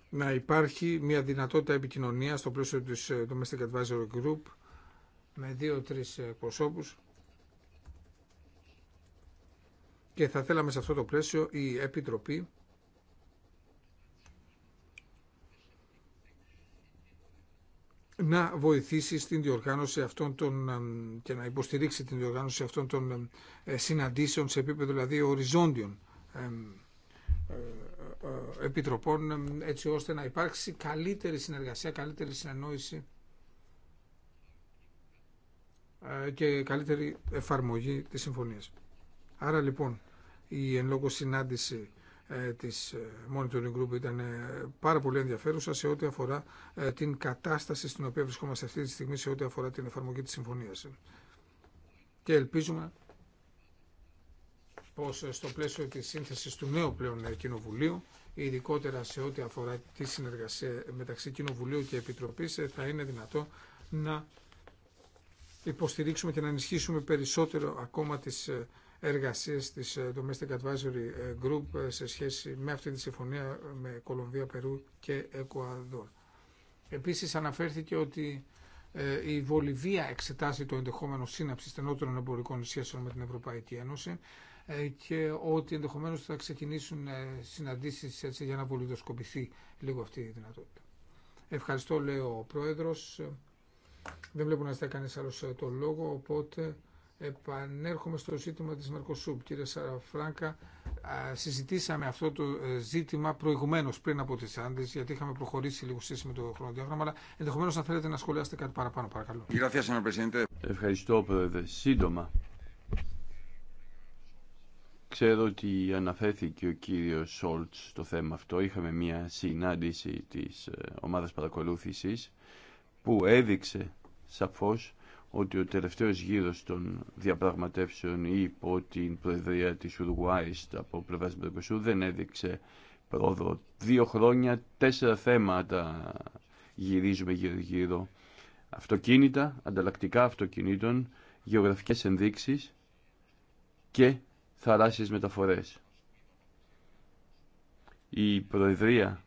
να υπάρχει μια δυνατότητα επικοινωνία στο πλαίσιο της ε, Domestic Advisory Group με δύο-τρεις ε, προσώπους και θα θέλαμε σε αυτό το πλαίσιο η Επιτροπή να βοηθήσει στην διοργάνωση αυτών των ε, και να υποστηρίξει την διοργάνωση αυτών των συναντήσεων σε επίπεδο δηλαδή οριζόντιων ε, ε, ε, επιτροπών έτσι ώστε να υπάρξει καλύτερη συνεργασία, καλύτερη συνεννόηση και καλύτερη εφαρμογή της συμφωνίας. Άρα λοιπόν η εν λόγω συνάντηση της Monitoring Group ήταν πάρα πολύ ενδιαφέρουσα σε ό,τι αφορά την κατάσταση στην οποία βρισκόμαστε αυτή τη στιγμή σε ό,τι αφορά την εφαρμογή της συμφωνίας. Και ελπίζουμε πως ε, στο πλαίσιο της σύνθεσης του νέου πλέον ε, κοινοβουλίου, ειδικότερα σε ό,τι αφορά τη συνεργασία μεταξύ κοινοβουλίου και επιτροπής, ε, θα είναι δυνατό να υποστηρίξουμε και να ενισχύσουμε περισσότερο ακόμα τις εργασίες της Domestic Advisory Group σε σχέση με αυτή τη συμφωνία με Κολομβία, Περού και Εκουαδόρ. Επίσης αναφέρθηκε ότι η Βολιβία εξετάζει το ενδεχόμενο σύναψη στενότερων εμπορικών σχέσεων με την Ευρωπαϊκή Ένωση ε, και ότι ενδεχομένω θα ξεκινήσουν ε, συναντήσει έτσι για να βολιδοσκοπηθεί λίγο αυτή η δυνατότητα. Ευχαριστώ, λέει ο Πρόεδρο, Δεν βλέπω να ζητάει κανεί άλλο ε, το λόγο, οπότε επανέρχομαι στο ζήτημα τη Μερκοσούπ. Κύριε Σαραφράγκα, συζητήσαμε αυτό το ζήτημα προηγουμένω πριν από τι συνάντηση, γιατί είχαμε προχωρήσει λίγο σύστημα με το χρονοδιάγραμμα, αλλά ενδεχομένω να θέλετε να σχολιάσετε κάτι παραπάνω, παρακαλώ. Ευχαριστώ, Πρόεδρε. Σύντομα. Ξέρω ότι αναφέρθηκε ο κύριος Σόλτς το θέμα αυτό. Είχαμε μια συνάντηση της ε, ομάδας παρακολούθησης που έδειξε σαφώς ότι ο τελευταίος γύρος των διαπραγματεύσεων υπό την Προεδρία της Ουρουάης από πλευράς Μπερκοσού δεν έδειξε πρόοδο. Δύο χρόνια, τέσσερα θέματα γυρίζουμε γύρω-γύρω. Αυτοκίνητα, ανταλλακτικά αυτοκινήτων, γεωγραφικές ενδείξεις και θαλάσσιες μεταφορές. Η Προεδρία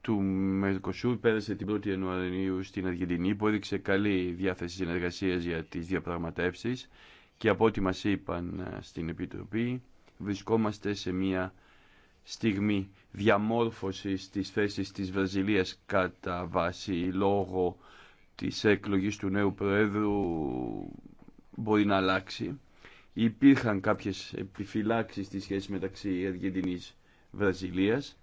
του Μερκοσούρ πέρασε την 1η Ιανουαρίου στην Αργεντινή που έδειξε καλή διάθεση συνεργασίας για τις διαπραγματεύσεις και από ό,τι μας είπαν ε, στην Επιτροπή βρισκόμαστε σε μια στιγμή διαμόρφωση της θέση της Βραζιλίας κατά βάση λόγω της εκλογής του νέου Προέδρου μπορεί να αλλάξει Υπήρχαν κάποιες επιφυλάξεις στη σχέση μεταξύ Αργεντινής Βραζιλίας.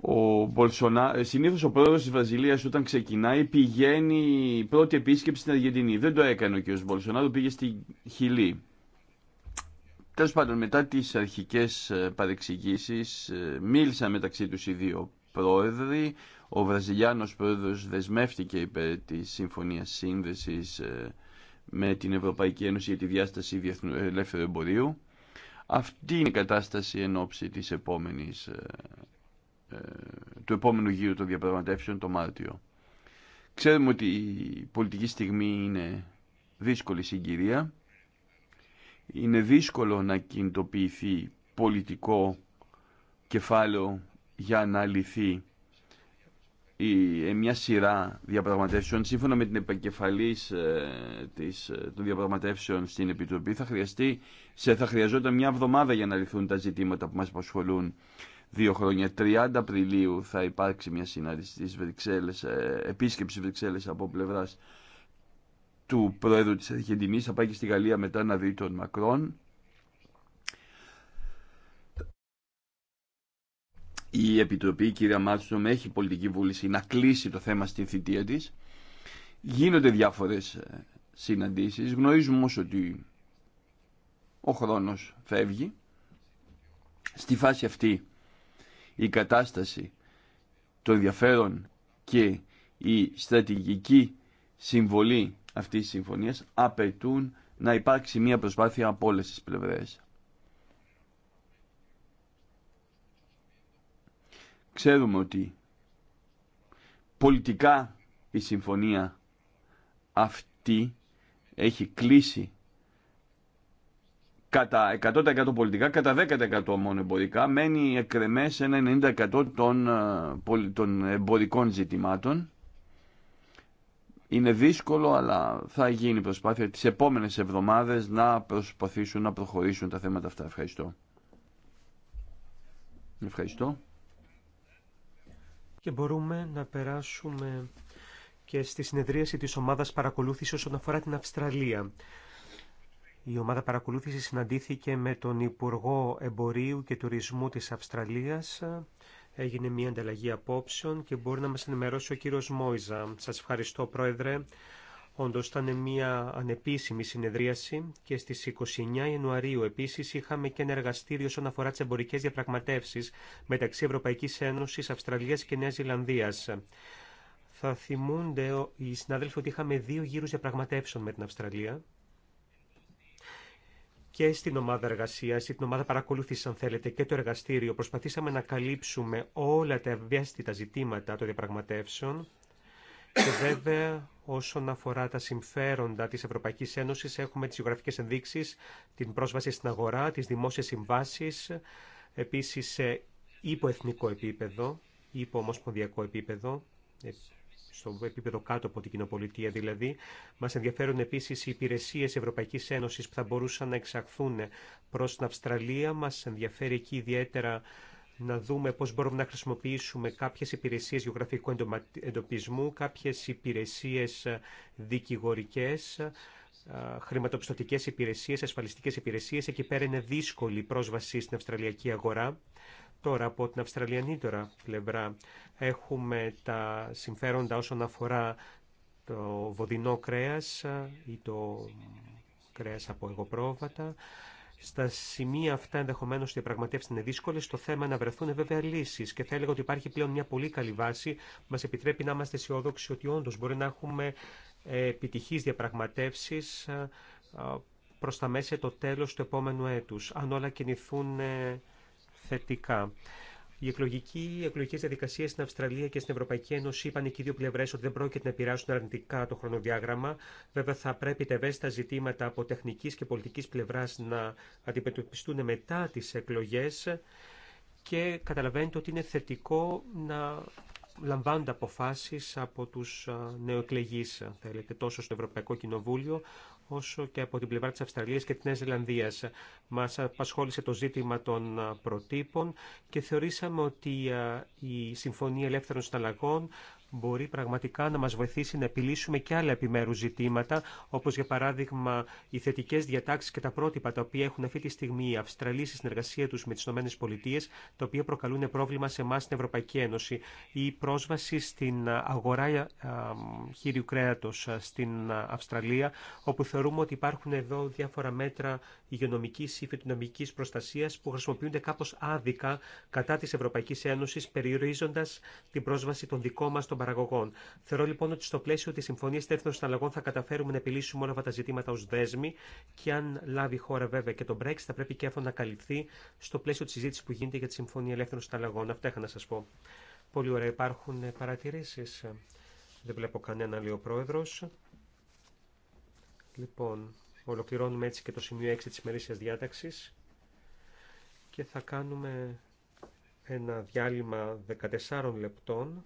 Ο Μπολσονα... Ε, συνήθως ο πρόεδρος της Βραζιλίας όταν ξεκινάει πηγαίνει πρώτη επίσκεψη στην Αργεντινή. Δεν το έκανε ο κ. Μπολσονάρο, πήγε στη Χιλή. Τέλο πάντων, μετά τις αρχικές ε, παρεξηγήσεις ε, μίλησαν μεταξύ τους οι δύο πρόεδροι. Ο Βραζιλιάνος πρόεδρος δεσμεύτηκε υπέρ της Συμφωνίας Σύνδεσης με την Ευρωπαϊκή Ένωση για τη διάσταση ελεύθερου εμπορίου. Αυτή είναι η κατάσταση εν ώψη της επόμενης, ε, ε, του επόμενου γύρου των διαπραγματεύσεων το Μάρτιο. Ξέρουμε ότι η πολιτική στιγμή είναι δύσκολη συγκυρία. Είναι δύσκολο να κινητοποιηθεί πολιτικό κεφάλαιο για να λυθεί ε, μια σειρά διαπραγματεύσεων σύμφωνα με την επικεφαλής ε, της, ε, των διαπραγματεύσεων στην Επιτροπή θα, χρειαστεί, σε, θα χρειαζόταν μια εβδομάδα για να λυθούν τα ζητήματα που μας απασχολούν δύο χρόνια. 30 Απριλίου θα υπάρξει μια συνάντηση της Βρυξέλλες, επίσκεψη Βρυξέλλες από πλευράς του Πρόεδρου της Αρχεντινής. Θα πάει και στη Γαλλία μετά να δει τον Μακρόν. η Επιτροπή, η κυρία με έχει πολιτική βούληση να κλείσει το θέμα στην θητεία τη. Γίνονται διάφορες ε, συναντήσει. Γνωρίζουμε όμω ότι ο χρόνος φεύγει. Στη φάση αυτή η κατάσταση, το ενδιαφέρον και η στρατηγική συμβολή αυτής της συμφωνίας απαιτούν να υπάρξει μια προσπάθεια από όλες τις πλευρές. Ξέρουμε ότι πολιτικά η συμφωνία αυτή έχει κλείσει κατά 100% πολιτικά, κατά 10% μόνο εμπορικά, μένει εκρεμές ένα 90% των, ε, των εμπορικών ζητημάτων. Είναι δύσκολο, αλλά θα γίνει προσπάθεια τις επόμενες εβδομάδες να προσπαθήσουν να προχωρήσουν τα θέματα αυτά. Ευχαριστώ. Ευχαριστώ. Και μπορούμε να περάσουμε και στη συνεδρίαση της ομάδας παρακολούθησης όσον αφορά την Αυστραλία. Η ομάδα παρακολούθησης συναντήθηκε με τον Υπουργό Εμπορίου και Τουρισμού της Αυστραλίας. Έγινε μια ανταλλαγή απόψεων και μπορεί να μας ενημερώσει ο κύριος Μόιζα. Σας ευχαριστώ, Πρόεδρε. Όντως ήταν μια ανεπίσημη συνεδρίαση και στις 29 Ιανουαρίου επίσης είχαμε και ένα εργαστήριο όσον αφορά τις εμπορικές διαπραγματεύσεις μεταξύ Ευρωπαϊκής Ένωσης, Αυστραλίας και Νέας Ζηλανδίας. Θα θυμούνται οι συνάδελφοι ότι είχαμε δύο γύρους διαπραγματεύσεων με την Αυστραλία και στην ομάδα εργασία ή την ομάδα παρακολούθηση, αν θέλετε, και το εργαστήριο, προσπαθήσαμε να καλύψουμε όλα τα ευαίσθητα ζητήματα των διαπραγματεύσεων και βέβαια όσον αφορά τα συμφέροντα της Ευρωπαϊκής Ένωσης έχουμε τις γεωγραφικές ενδείξεις, την πρόσβαση στην αγορά, τις δημόσιες συμβάσεις, επίσης σε υποεθνικό επίπεδο, υπο-ομοσπονδιακό επίπεδο, ε, στο επίπεδο κάτω από την κοινοπολιτεία δηλαδή. Μας ενδιαφέρουν επίσης οι υπηρεσίες Ευρωπαϊκής Ένωσης που θα μπορούσαν να εξαχθούν προς την Αυστραλία. Μας ενδιαφέρει εκεί ιδιαίτερα να δούμε πώς μπορούμε να χρησιμοποιήσουμε κάποιες υπηρεσίες γεωγραφικού εντοπισμού, κάποιες υπηρεσίες ε, δικηγορικές, ε, χρηματοπιστωτικές υπηρεσίες, ασφαλιστικές υπηρεσίες. Εκεί πέρα είναι δύσκολη η πρόσβαση στην αυστραλιακή αγορά. Τώρα από την αυστραλιανή τώρα πλευρά έχουμε τα συμφέροντα όσον αφορά το βοδινό κρέας ε, ή το κρέας από εγωπρόβατα. Στα σημεία αυτά ενδεχομένω οι διαπραγματεύσει είναι δύσκολε. Στο θέμα να βρεθούν βέβαια λύσει. Και θα έλεγα ότι υπάρχει πλέον μια πολύ καλή βάση που μα επιτρέπει να είμαστε αισιόδοξοι ότι όντω μπορεί να έχουμε ε, επιτυχεί διαπραγματεύσει ε, ε, προ τα μέσα το τέλο του επόμενου έτου, αν όλα κινηθούν θετικά. Οι εκλογικοί, εκλογικές εκλογικέ διαδικασίε στην Αυστραλία και στην Ευρωπαϊκή Ένωση είπαν και οι δύο πλευρέ ότι δεν πρόκειται να επηρεάσουν αρνητικά το χρονοδιάγραμμα. Βέβαια, θα πρέπει τα ευαίσθητα ζητήματα από τεχνική και πολιτική πλευρά να αντιμετωπιστούν μετά τι εκλογέ. Και καταλαβαίνετε ότι είναι θετικό να λαμβάνονται αποφάσει από του νεοεκλεγεί, θέλετε, τόσο στο Ευρωπαϊκό Κοινοβούλιο όσο και από την πλευρά της Αυστραλίας και της Νέας Ζηλανδίας. Μας απασχόλησε το ζήτημα των προτύπων και θεωρήσαμε ότι η Συμφωνία Ελεύθερων Συναλλαγών μπορεί πραγματικά να μας βοηθήσει να επιλύσουμε και άλλα επιμέρους ζητήματα, όπως για παράδειγμα οι θετικές διατάξεις και τα πρότυπα τα οποία έχουν αυτή τη στιγμή οι Αυστραλοί στη συνεργασία τους με τις ΗΠΑ, τα οποία προκαλούν πρόβλημα σε εμά στην Ευρωπαϊκή Ένωση, η πρόσβαση στην αγορά ε, χείριου κρέατος ε, στην Αυστραλία, όπου θεωρούμε ότι υπάρχουν εδώ διάφορα μέτρα υγειονομικής ή φυτονομικής προστασίας που χρησιμοποιούνται κάπως άδικα κατά τη Ευρωπαϊκής Ένωσης, περιορίζοντας την πρόσβαση των δικών μας των παραγωγών. Θεωρώ λοιπόν ότι στο πλαίσιο τη Συμφωνία Ελεύθερων Συναλλαγών θα καταφέρουμε να επιλύσουμε όλα αυτά τα ζητήματα ω δέσμη. και αν λάβει η χώρα βέβαια και το Brexit θα πρέπει και αυτό να καλυφθεί στο πλαίσιο τη συζήτηση που γίνεται για τη Συμφωνία Ελεύθερων Συναλλαγών. Αυτά είχα να σα πω. Πολύ ωραία. Υπάρχουν παρατηρήσει. Δεν βλέπω κανένα, λέει ο πρόεδρο. Λοιπόν, ολοκληρώνουμε έτσι και το σημείο 6 τη ημερήσια διάταξη. και θα κάνουμε ένα διάλειμμα 14 λεπτών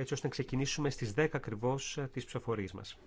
έτσι ώστε να ξεκινήσουμε στις 10 ακριβώς ε, τις ψηφοφορίες μας.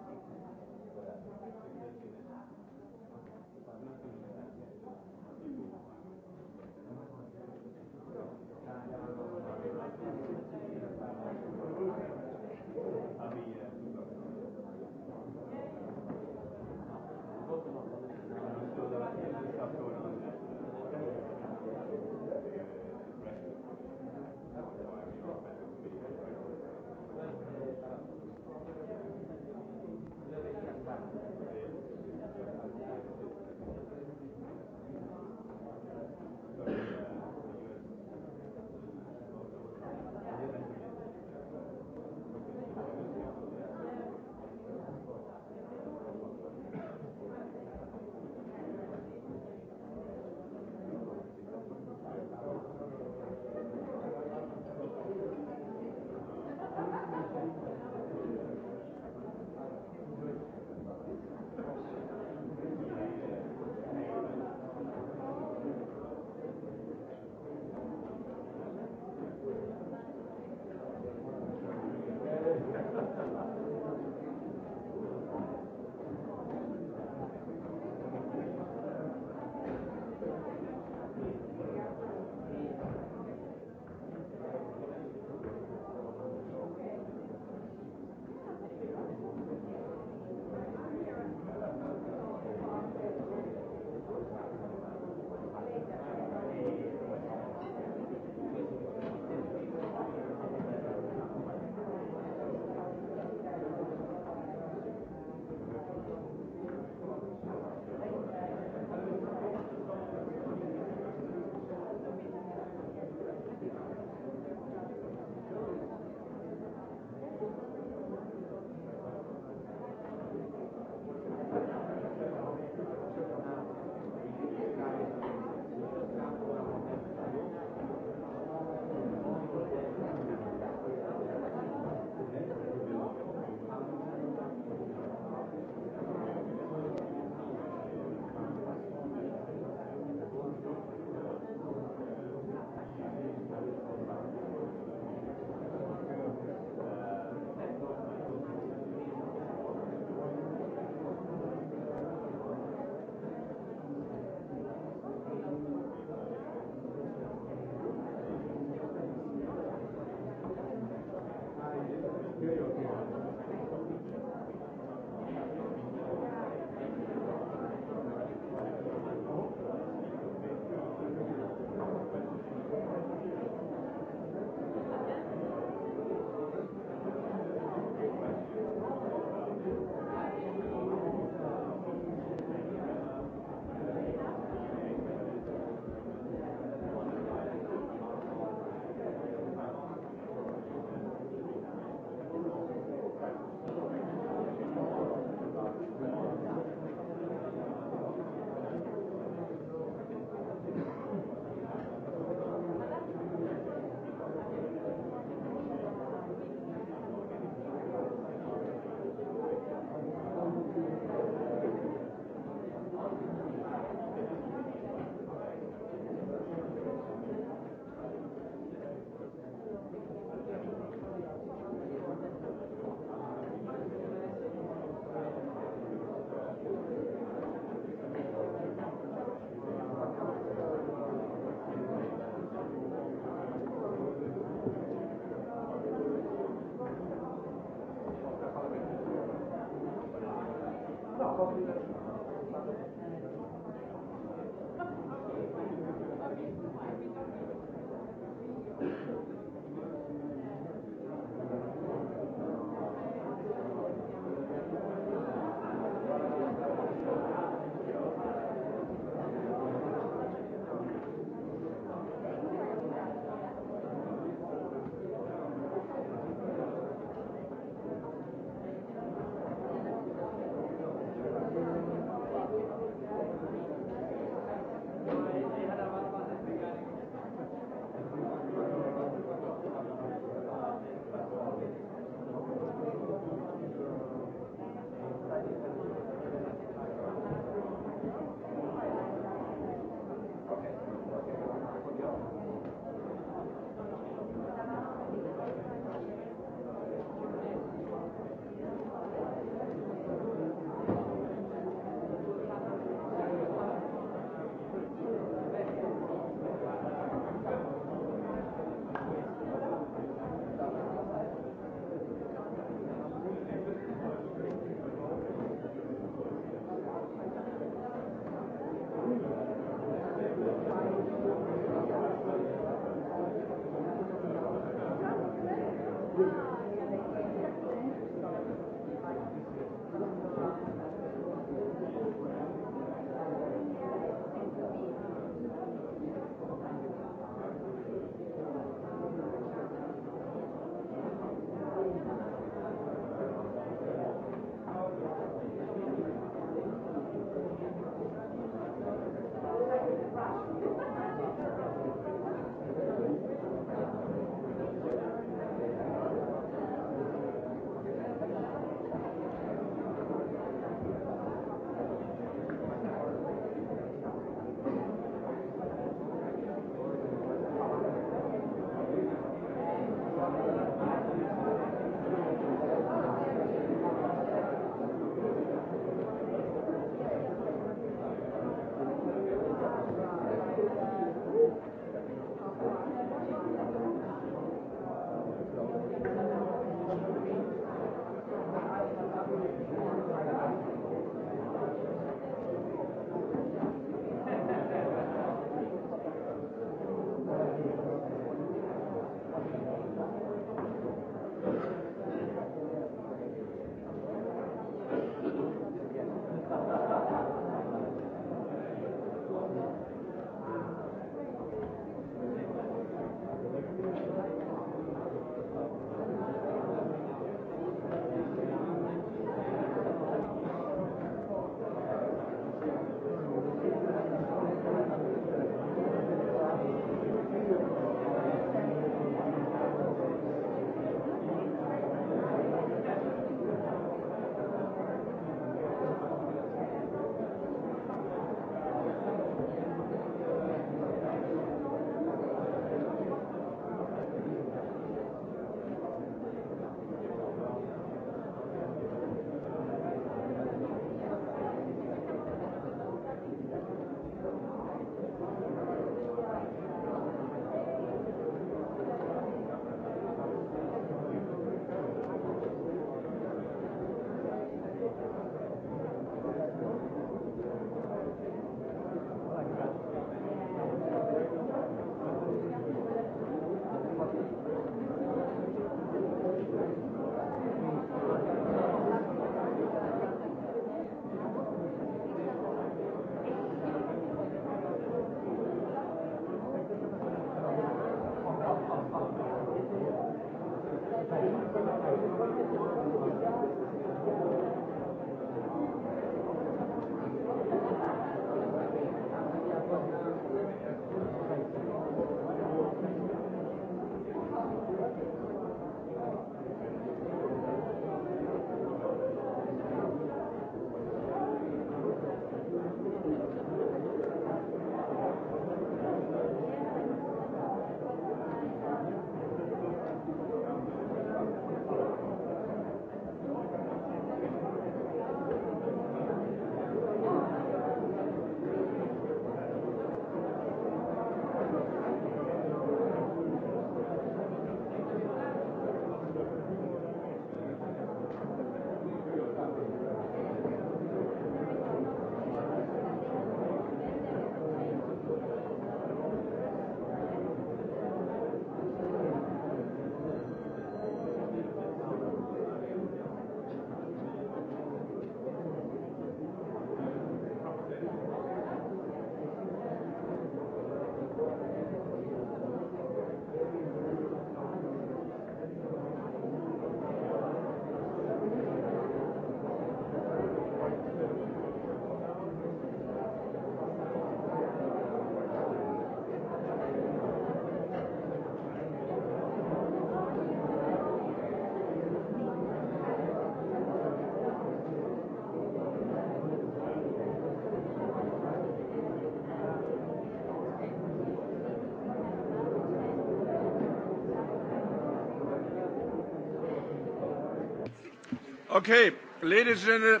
Okay. Ladies and... Uh,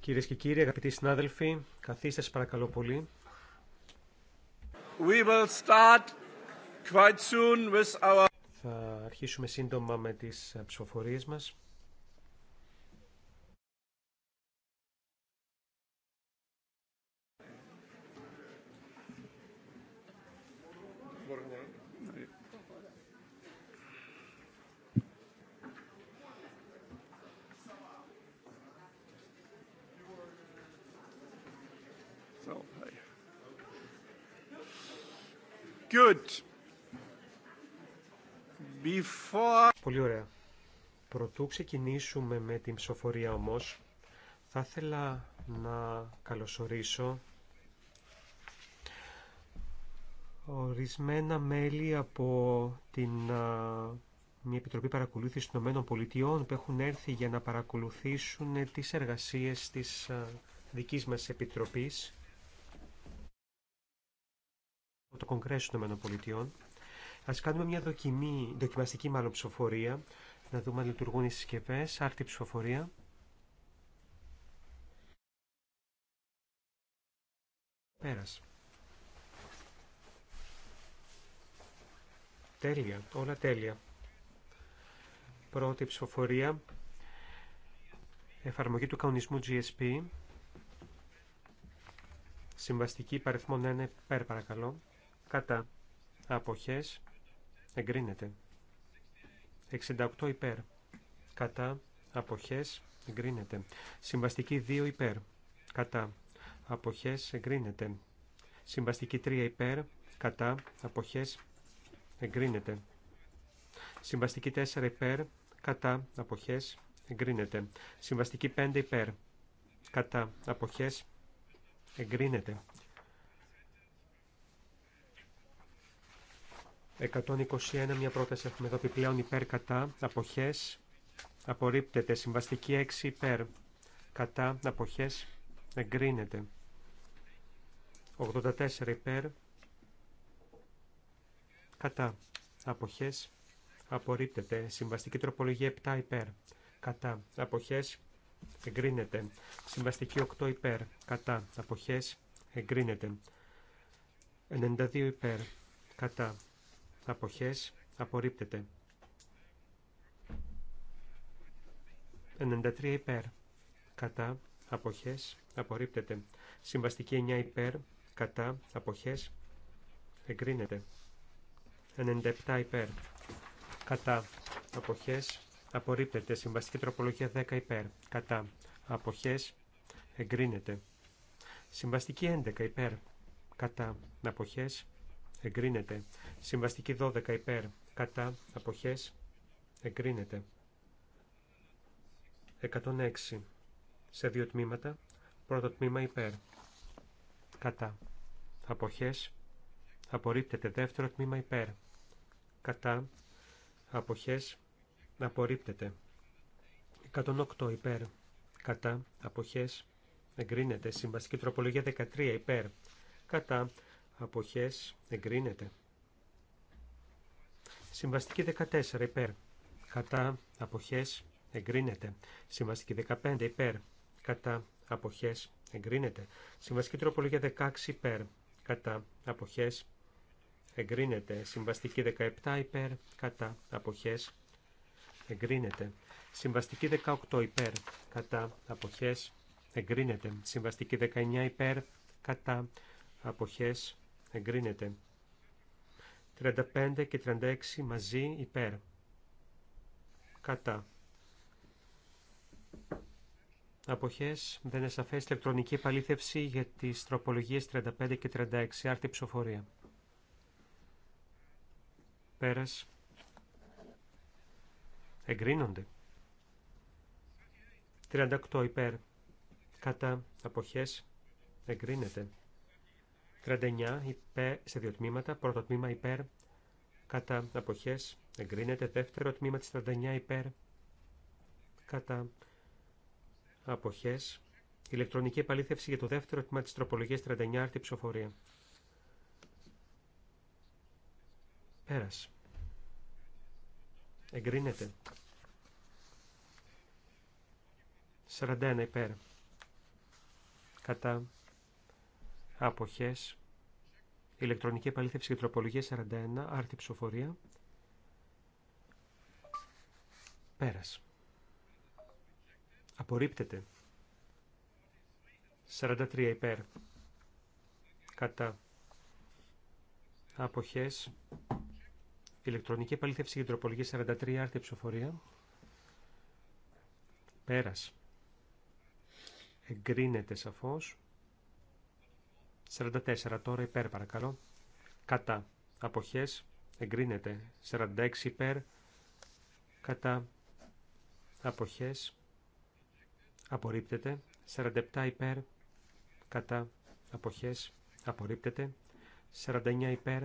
Κυρίες και κύριοι, αγαπητοί συνάδελφοι, καθίστε παρακαλώ πολύ. We will start quite soon with our... Θα αρχίσουμε σύντομα με τις ε, ψηφοφορίες μας. Good. Πολύ ωραία. Προτού ξεκινήσουμε με την ψηφοφορία όμως, θα ήθελα να καλωσορίσω ορισμένα μέλη από την μια Επιτροπή Παρακολούθησης των Ηνωμένων Πολιτειών που έχουν έρθει για να παρακολουθήσουν τις εργασίες της δικής μας Επιτροπής από το Κογκρέσο των ΗΠΑ. Ας κάνουμε μια δοκιμή, δοκιμαστική μάλλον ψηφοφορία, να δούμε αν λειτουργούν οι συσκευέ, άρτη ψηφοφορία. Πέρασε. Τέλεια, όλα τέλεια. Πρώτη ψηφοφορία, εφαρμογή του κανονισμού GSP, συμβαστική Παρεθμόν 1 πέρα παρακαλώ κατά αποχές εγκρίνεται 68 υπέρ κατά αποχές εγκρίνεται συμβαστική 2 υπέρ κατά αποχές εγκρίνεται συμβαστική 3 υπέρ κατά αποχές εγκρίνεται συμβαστική 4 υπέρ κατά αποχές εγκρίνεται συμβαστική 5 υπέρ κατά αποχές εγκρίνεται 121 μια πρόταση έχουμε εδώ επιπλέον υπέρ κατά αποχές απορρίπτεται συμβαστική 6 υπέρ κατά αποχές εγκρίνεται 84 υπέρ κατά αποχές απορρίπτεται συμβαστική τροπολογία 7 υπέρ κατά αποχές εγκρίνεται συμβαστική 8 υπέρ κατά αποχές εγκρίνεται 92 υπέρ κατά αποχές απορρίπτεται. 93 υπέρ κατά αποχές απορρίπτεται. Συμβαστική 9 υπέρ κατά αποχές εγκρίνεται. 97 υπέρ κατά αποχές απορρίπτεται. Συμβαστική τροπολογία 10 υπέρ κατά αποχές εγκρίνεται. Συμβαστική 11 υπέρ κατά αποχές εγκρίνεται. Συμβαστική 12 υπέρ, κατά, αποχές, εγκρίνεται. 106 σε δύο τμήματα, πρώτο τμήμα υπέρ, κατά, αποχές, απορρίπτεται. Δεύτερο τμήμα υπέρ, κατά, αποχές, απορρίπτεται. 108 υπέρ, κατά, αποχές, εγκρίνεται. Συμβαστική τροπολογία 13 υπέρ, κατά, αποχές εγκρίνεται. Συμβαστική 14 υπέρ κατά αποχές εγκρίνεται. Συμβαστική 15 υπέρ κατά αποχές εγκρίνεται. Συμβαστική τροπολογία 16 υπέρ κατά αποχές εγκρίνεται. Συμβαστική 17 υπέρ κατά αποχές εγκρίνεται. Συμβαστική 18 υπέρ κατά αποχές εγκρίνεται. Συμβαστική 19 υπέρ κατά αποχές εγκρίνεται. 35 και 36 μαζί υπέρ. Κατά. Αποχές δεν είναι σαφές ηλεκτρονική επαλήθευση για τις τροπολογίες 35 και 36 άρτη ψηφοφορία. Πέρας. Εγκρίνονται. 38 υπέρ. Κατά. Αποχές. Εγκρίνεται. 39 υπέρ, σε δύο τμήματα. Πρώτο τμήμα υπέρ κατά αποχές εγκρίνεται. Δεύτερο τμήμα της 39 υπέρ κατά αποχές. Ηλεκτρονική επαλήθευση για το δεύτερο τμήμα της τροπολογίας 39 άρτη ψηφοφορία. Πέρας. Εγκρίνεται. 41 υπέρ. Κατά αποχές, ηλεκτρονική επαλήθευση και τροπολογία 41, άρτη ψηφοφορία. Πέρας. Απορρίπτεται. 43 υπέρ. Κατά. Αποχές. Ηλεκτρονική επαλήθευση και τροπολογία 43, άρτη ψηφοφορία. Πέρας. Εγκρίνεται σαφώς. 44 τώρα υπέρ παρακαλώ. Κατά. Αποχές. Εγκρίνεται. 46 υπέρ. Κατά. Αποχές. Απορρίπτεται. 47 υπέρ. Κατά. Αποχές. Απορρίπτεται. 49 υπέρ.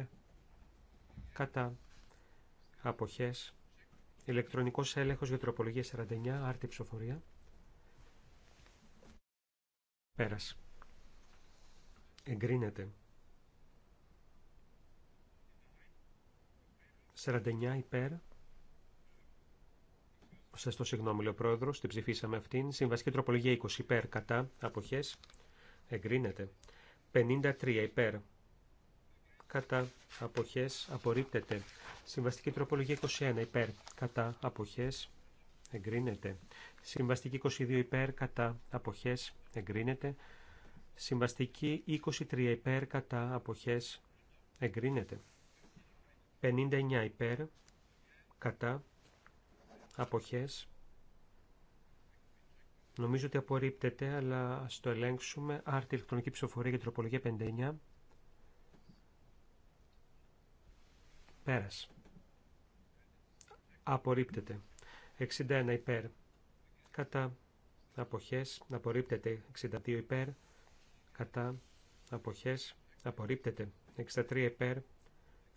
Κατά. Αποχές. Ηλεκτρονικός έλεγχος για τροπολογία 49. Άρτη ψηφοφορία. Πέρασε εγκρίνεται. 49 υπέρ. Σα το συγγνώμη, λέει ο πρόεδρος, την ψηφίσαμε αυτήν. Συμβασική τροπολογία 20 υπέρ, κατά, αποχέ, εγκρίνεται. 53 υπέρ, κατά, αποχέ, απορρίπτεται. Συμβαστική τροπολογία 21 υπέρ, κατά, αποχέ. εγκρίνεται. Συμβαστική 22 υπέρ, κατά, αποχέ. εγκρίνεται. Συμβαστική 23 υπέρ κατά αποχές εγκρίνεται. 59 υπέρ κατά αποχές Νομίζω ότι απορρίπτεται, αλλά ας το ελέγξουμε. Άρτη ηλεκτρονική ψηφοφορία για τροπολογία 59. Πέρας. Απορρίπτεται. 61 υπέρ. Κατά αποχές. Απορρίπτεται. 62 υπέρ κατά αποχές απορρίπτεται 63 υπέρ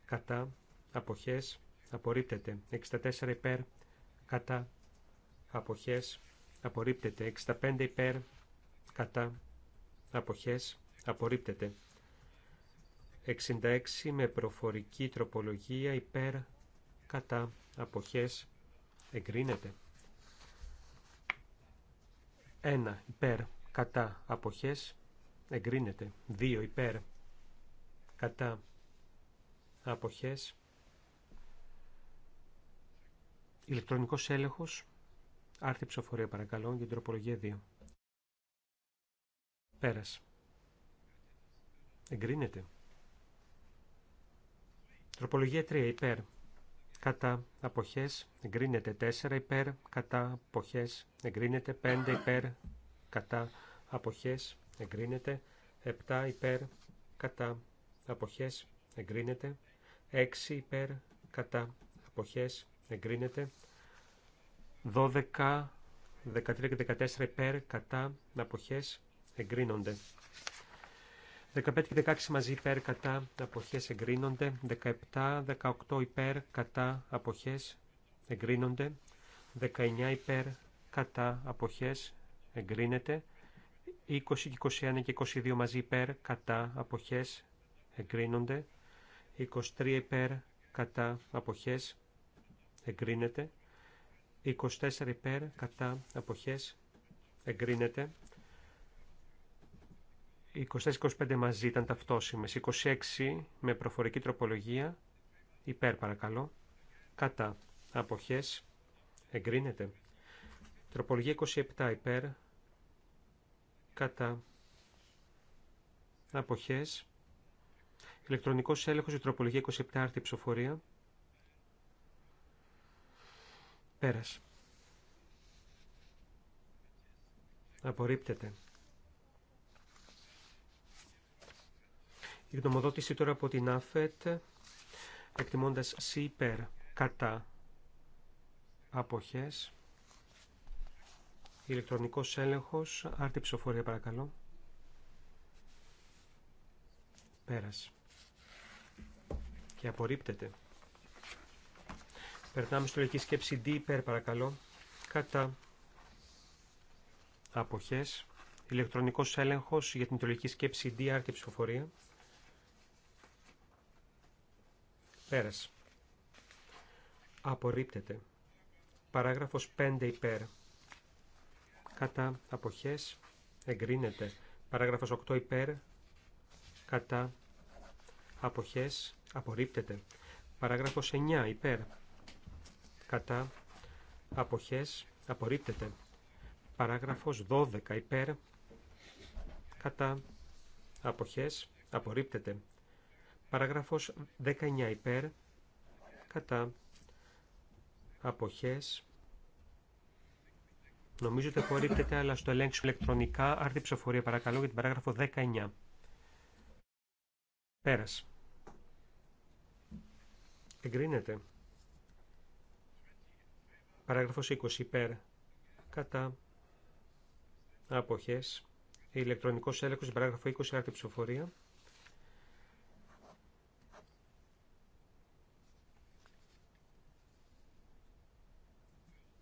κατά αποχές απορρίπτεται 64 υπέρ κατά αποχές απορρίπτεται 65 υπέρ κατά αποχές απορρίπτεται 66 με προφορική τροπολογία υπέρ κατά αποχές εγκρίνεται 1 υπέρ κατά αποχές εγκρίνεται. 2 υπέρ κατά αποχές. Ηλεκτρονικός έλεγχος. άρθρη ψηφοφορία παρακαλώ για την τροπολογία 2. Πέρας. Εγκρίνεται. Τροπολογία 3 υπέρ κατά αποχές εγκρίνεται 4 υπέρ κατά αποχές εγκρίνεται 5 υπέρ κατά αποχές εγκρίνεται. 7 υπέρ κατά αποχές εγκρίνεται. 6 υπέρ κατά αποχές εγκρίνεται. 12, 13 και 14 υπέρ κατά αποχές εγκρίνονται. 15 και 16 μαζί υπέρ κατά αποχές εγκρίνονται. 17, 18 υπέρ κατά αποχές εγκρίνονται. 19 υπέρ κατά αποχές εγκρίνεται. 20 21 και 22 μαζί υπέρ κατά αποχές εγκρίνονται. 23 υπέρ κατά αποχές εγκρίνεται. 24 υπέρ κατά αποχές εγκρίνεται. 24-25 μαζί ήταν ταυτόσιμες. 26 με προφορική τροπολογία υπέρ παρακαλώ κατά αποχές εγκρίνεται. Τροπολογία 27 υπέρ κατά αποχές ηλεκτρονικός έλεγχος η τροπολογία 27 άρτη ψηφοφορία πέρας απορρίπτεται η γνωμοδότηση τώρα από την ΑΦΕΤ εκτιμώντας ΣΥΠΕΡ κατά αποχές Ηλεκτρονικός έλεγχος, άρτη ψηφοφορία παρακαλώ. Πέρας. Και απορρίπτεται. Περνάμε στο λογική σκέψη D υπέρ παρακαλώ. Κατά αποχές. Ηλεκτρονικός έλεγχος για την τολική σκέψη D, άρτη ψηφοφορία. Πέρας. Απορρίπτεται. Παράγραφος 5 υπέρ κατά αποχές εγκρίνεται. Παράγραφος 8 υπέρ κατά αποχές απορρίπτεται. Παράγραφος 9 υπέρ κατά αποχές απορρίπτεται. Παράγραφος 12 υπέρ κατά αποχές απορρίπτεται. Παράγραφος 19 υπέρ κατά αποχές Νομίζω ότι απορρίπτεται, αλλά στο ελέγξουμε ηλεκτρονικά. Άρτη ψηφοφορία, παρακαλώ, για την παράγραφο 19. Πέρας. Εγκρίνεται. Παράγραφος 20. Υπέρ. Κατά. Αποχές. Ηλεκτρονικός έλεγχος. Παράγραφο 20. Άρτη ψηφοφορία.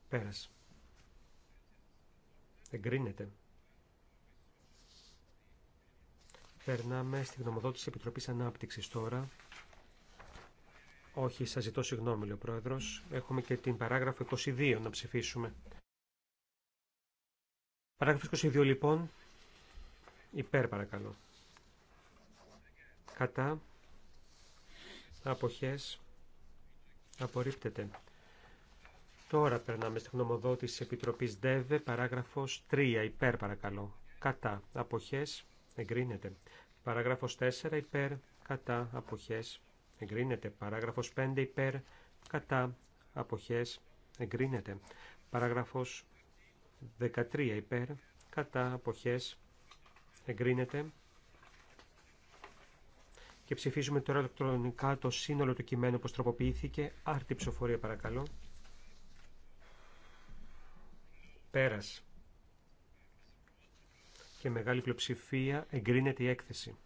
Πέρας. Εγκρίνεται. Περνάμε στη γνωμοδότηση Επιτροπής Ανάπτυξης τώρα. Όχι, σας ζητώ συγγνώμη, λέει ο Πρόεδρος. Έχουμε και την παράγραφο 22 να ψηφίσουμε. Παράγραφο 22, λοιπόν. Υπέρ, παρακαλώ. Κατά. Αποχές. Απορρίπτεται. Τώρα περνάμε στη γνωμοδότηση της Επιτροπής ΔΕΒΕ, παράγραφος 3, υπέρ παρακαλώ. Κατά, αποχές, εγκρίνεται. Παράγραφος 4, υπέρ, κατά, αποχές, εγκρίνεται. Παράγραφος 5, υπέρ, κατά, αποχές, εγκρίνεται. Παράγραφος 13, υπέρ, κατά, αποχές, εγκρίνεται. Και ψηφίζουμε τώρα ηλεκτρονικά το σύνολο του κειμένου που τροποποιήθηκε. Άρτη ψηφοφορία παρακαλώ. Πέρας. Και μεγάλη πλειοψηφία εγκρίνεται η έκθεση.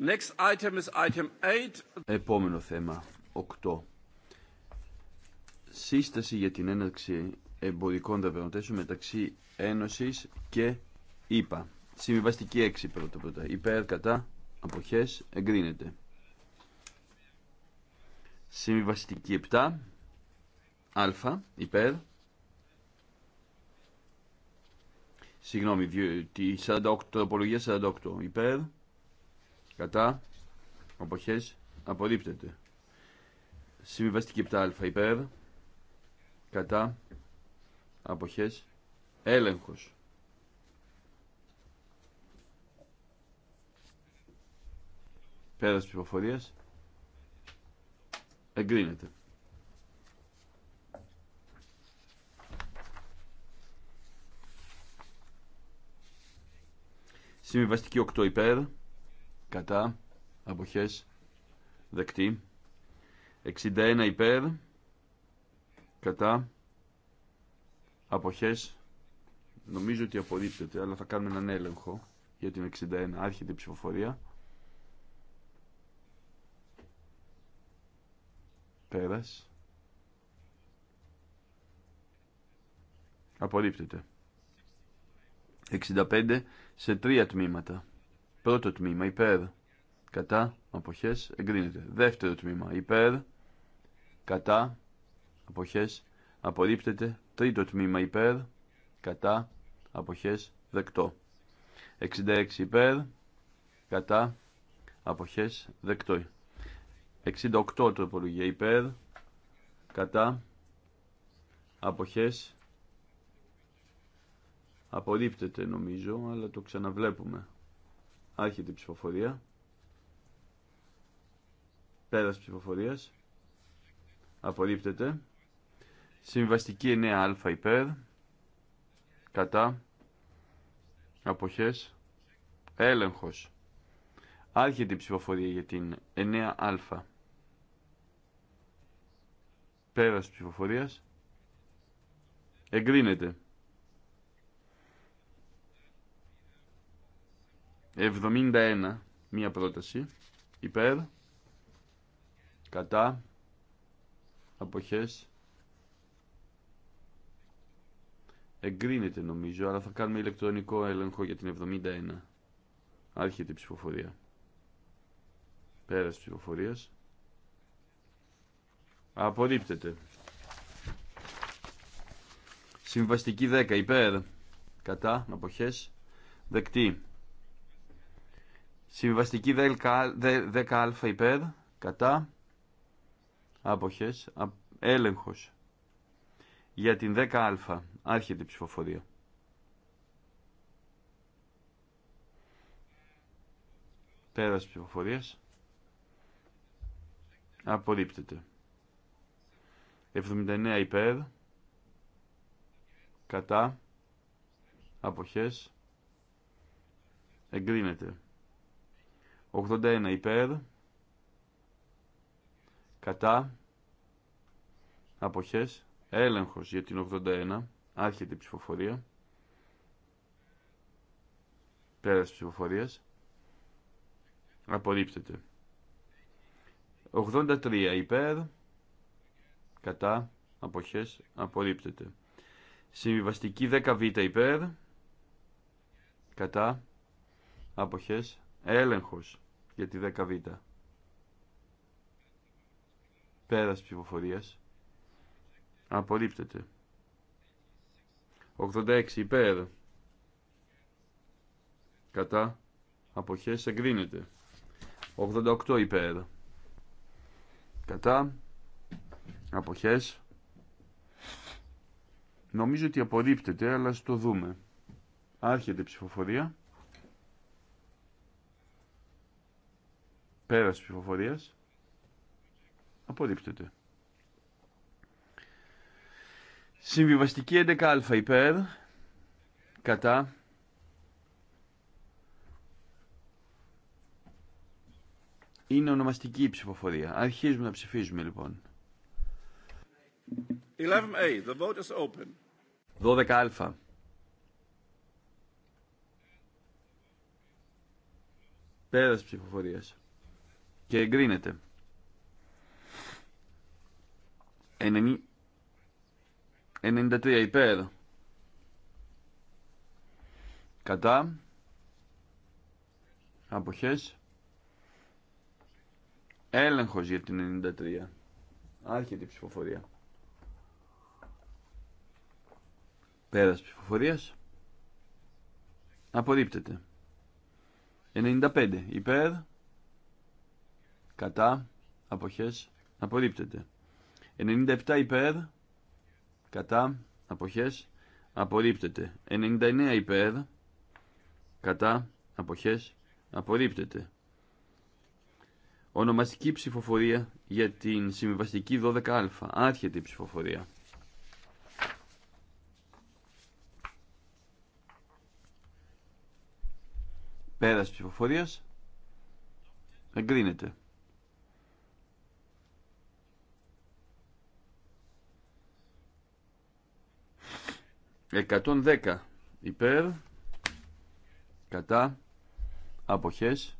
Next item is item 8. Επόμενο θέμα, 8. Σύσταση για την έναρξη εμπορικών διαπραγματεύσεων μεταξύ Ένωσης και ΕΠΑ. Συμβιβαστική 6 πρώτα πρώτα. Υπέρ κατά αποχές εγκρίνεται. Συμβιβαστική 7. Α. Υπέρ Συγγνώμη, τη 48, τροπολογία 48. Υπέρ, κατά, αποχές, απορρίπτεται. Συμβιβαστική 7α υπέρ, κατά, αποχές, έλεγχος. Πέρας ψηφοφορίας, εγκρίνεται. Συμβιβαστική 8 υπέρ, κατά, αποχές, δεκτή. 61 υπέρ, κατά, αποχές, νομίζω ότι απορρίπτεται, αλλά θα κάνουμε έναν έλεγχο για την 61, άρχεται η ψηφοφορία. Πέρας. Απορρίπτεται. 65 σε τρία τμήματα. Πρώτο τμήμα υπέρ κατά αποχές εγκρίνεται. Δεύτερο τμήμα υπέρ κατά αποχές απορρίπτεται. Τρίτο τμήμα υπέρ κατά αποχές δεκτό. 66 υπέρ κατά αποχές δεκτό. 68 τροπολογία υπέρ κατά αποχές Απορρίπτεται νομίζω, αλλά το ξαναβλέπουμε. Άρχεται η ψηφοφορία. Πέρας ψηφοφορίας. Απορρίπτεται. Συμβαστική 9α υπέρ. Κατά. Αποχές. Έλεγχος. Άρχεται η ψηφοφορία για την 9α. Πέρας ψηφοφορίας. Εγκρίνεται. 71, μία πρόταση, υπέρ, κατά, αποχές, εγκρίνεται νομίζω, αλλά θα κάνουμε ηλεκτρονικό έλεγχο για την 71. Άρχεται η ψηφοφορία. Πέρας ψηφοφορίας. Απορρίπτεται. Συμβαστική 10 υπέρ. Κατά, αποχές. Δεκτή. Συμβαστική 10α υπέρ, κατά, άποχες, έλεγχος. Για την 10α άρχεται η ψηφοφορία. Πέρας ψηφοφορίας. Απορρίπτεται. 79 υπέρ, κατά, αποχές, εγκρίνεται. 81 υπέρ, κατά, αποχές, έλεγχος για την 81, άρχεται η ψηφοφορία, πέρας ψηφοφορίας, απορρίπτεται. 83 υπέρ, κατά, αποχές, απορρίπτεται. Συμβιβαστική 10β υπέρ, κατά, αποχές, έλεγχος για τη 10β. Πέρας ψηφοφορίας. Απορρίπτεται. 86 υπέρ. Κατά. Αποχές εγκρίνεται. 88 υπέρ. Κατά. Αποχές. Νομίζω ότι απορρίπτεται, αλλά στο δούμε. Άρχεται η ψηφοφορία. Πέρας ψηφοφορίας. Απορρίπτεται. Συμβιβαστική 11α υπέρ. Κατά. Είναι ονομαστική ψηφοφορία. Αρχίζουμε να ψηφίζουμε λοιπόν. 11A, the vote is open. 12α. Πέρας ψηφοφορίας και εγκρίνεται. 93 υπέρ. Κατά. Αποχές. Έλεγχος για την 93. Άρχεται η ψηφοφορία. Πέρας ψηφοφορίας. Απορρίπτεται. 95 υπέρ κατά αποχές απορρίπτεται 97 υπέρ κατά αποχές απορρίπτεται 99 υπέρ κατά αποχές απορρίπτεται Ονομαστική ψηφοφορία για την συμβιβαστική 12α. Άρχεται η ψηφοφορία. Πέρας ψηφοφορίας. Εγκρίνεται. 110 υπέρ κατά αποχές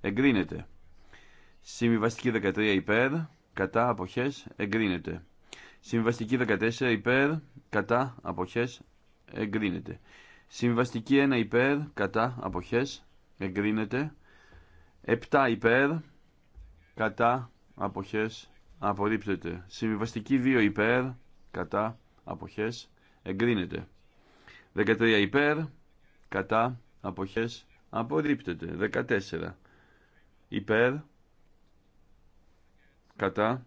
εγκρίνεται. Συμβιβαστική 13 υπέρ κατά αποχές εγκρίνεται. Συμβιβαστική 14 υπέρ κατά αποχές εγκρίνεται. Συμβιβαστική 1 υπέρ κατά αποχές εγκρίνεται. 7 υπέρ κατά αποχές απορρίπτεται. Συμβιβαστική 2 υπέρ κατά αποχές εγκρίνεται. 13 υπέρ, κατά, αποχές, απορρίπτεται. 14 υπέρ, κατά,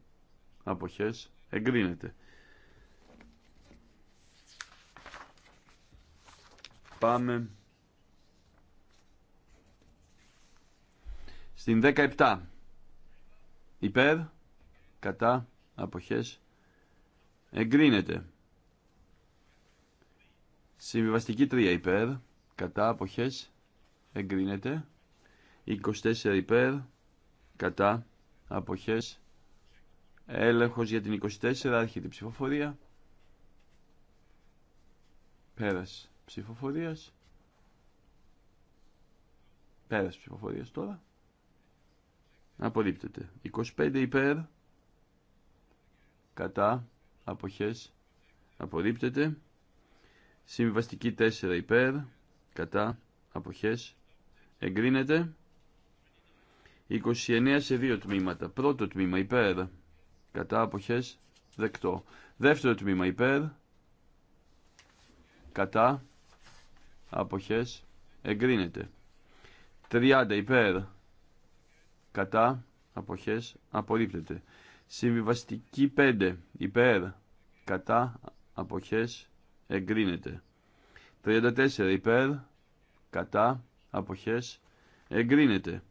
αποχές, εγκρίνεται. Πάμε στην 17. Υπέρ, κατά, αποχές, εγκρίνεται. Συμβιβαστική 3 υπέρ, κατά αποχές εγκρίνεται. 24 υπέρ, κατά αποχές έλεγχος για την 24 άρχεται η ψηφοφορία. Πέρας ψηφοφορίας. Πέρας ψηφοφορίας τώρα. Απορρίπτεται. 25 υπέρ, κατά αποχές απορρίπτεται. Συμβιβαστική 4 υπέρ, κατά, αποχές, εγκρίνεται. 29 σε 2 τμήματα. Πρώτο τμήμα υπέρ, κατά, αποχές, δεκτό. Δεύτερο τμήμα υπέρ, κατά, αποχές, εγκρίνεται. 30 υπέρ, κατά, αποχές, απορρίπτεται. Συμβιβαστική 5 υπέρ, κατά, αποχές, εγκρίνεται. 34 υπέρ, κατά, αποχές, εγκρίνεται.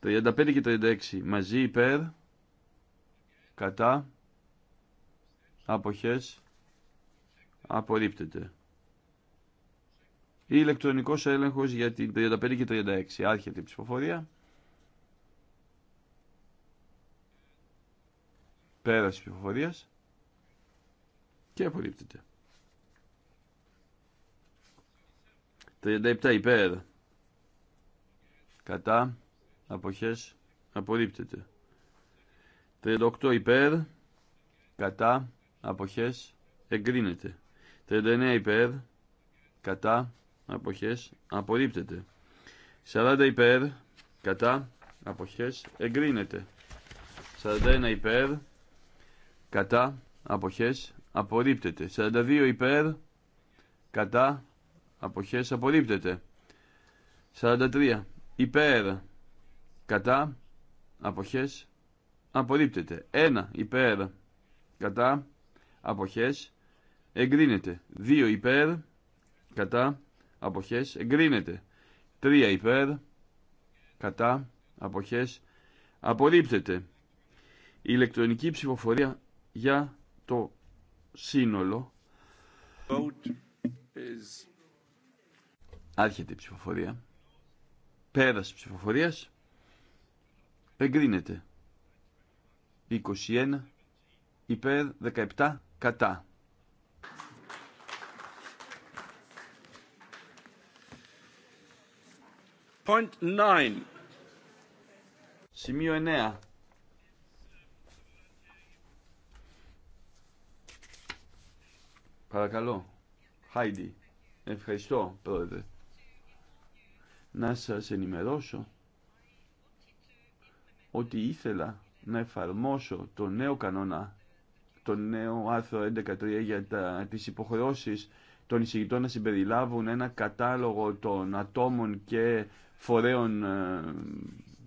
35 και 36 μαζί υπέρ, κατά, αποχές, απορρίπτεται. Ή ηλεκτρονικός έλεγχος για την 35 και 36. Άρχεται η ψηφοφορία. Πέραση ψηφοφορίας. Και απορρίπτεται. 37 υπέρ. Κατά. Αποχές. Απορρίπτεται. 38 υπέρ. Κατά. Αποχές. Εγκρίνεται. 39 υπέρ. Κατά. Αποχές. Απορρίπτεται. 40 υπέρ. Κατά. Αποχές. Εγκρίνεται. 41 υπέρ. Κατά. Αποχές. Απορρίπτεται. 42 υπέρ. Κατά αποχές απορρίπτεται 43 υπέρ κατά αποχές απορρίπτεται 1 υπέρ κατά αποχές εγκρίνεται 2 υπέρ κατά αποχές εγκρίνεται 3 υπέρ κατά αποχές απορρίπτεται η ηλεκτρονική ψηφοφορία για το σύνολο Vote is Άρχεται η ψηφοφορία. Πέρας ψηφοφορίας. Εγκρίνεται. 21 υπέρ 17 κατά. Point Σημείο 9. Παρακαλώ. Χάιντι. Ευχαριστώ, πρόεδρε να σας ενημερώσω ότι ήθελα να εφαρμόσω το νέο κανόνα, το νέο άρθρο 11.3 για τα, τις υποχρεώσεις των εισηγητών να συμπεριλάβουν ένα κατάλογο των ατόμων και φορέων ε,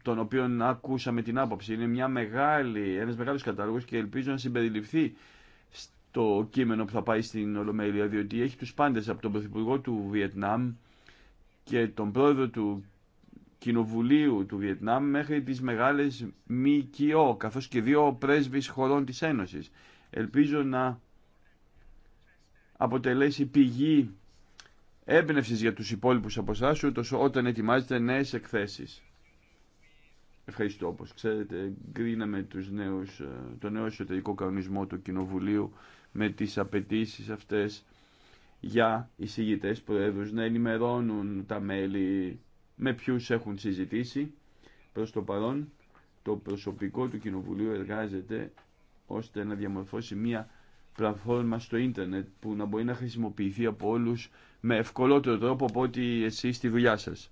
των οποίων ακούσαμε την άποψη. Είναι μια μεγάλη, ένας μεγάλος κατάλογος και ελπίζω να συμπεριληφθεί στο κείμενο που θα πάει στην Ολομέλεια, διότι έχει τους πάντες από τον Πρωθυπουργό του Βιετνάμ, και τον πρόεδρο του Κοινοβουλίου του Βιετνάμ μέχρι τις μεγάλες ΜΚΟ, καθώς και δύο πρέσβεις χωρών της Ένωσης. Ελπίζω να αποτελέσει πηγή έμπνευση για τους υπόλοιπους από εσάς, όταν ετοιμάζετε νέες εκθέσεις. Ευχαριστώ, όπως ξέρετε, γκρίναμε τους νέους, ε, το νέο εσωτερικό κανονισμό του Κοινοβουλίου με τις απαιτήσει αυτές για εισηγητές προέδρους να ενημερώνουν τα μέλη με ποιους έχουν συζητήσει. Προς το παρόν το προσωπικό του Κοινοβουλίου εργάζεται ώστε να διαμορφώσει μια πλατφόρμα στο ίντερνετ που να μπορεί να χρησιμοποιηθεί από όλους με ευκολότερο τρόπο από ό,τι εσείς στη δουλειά σας.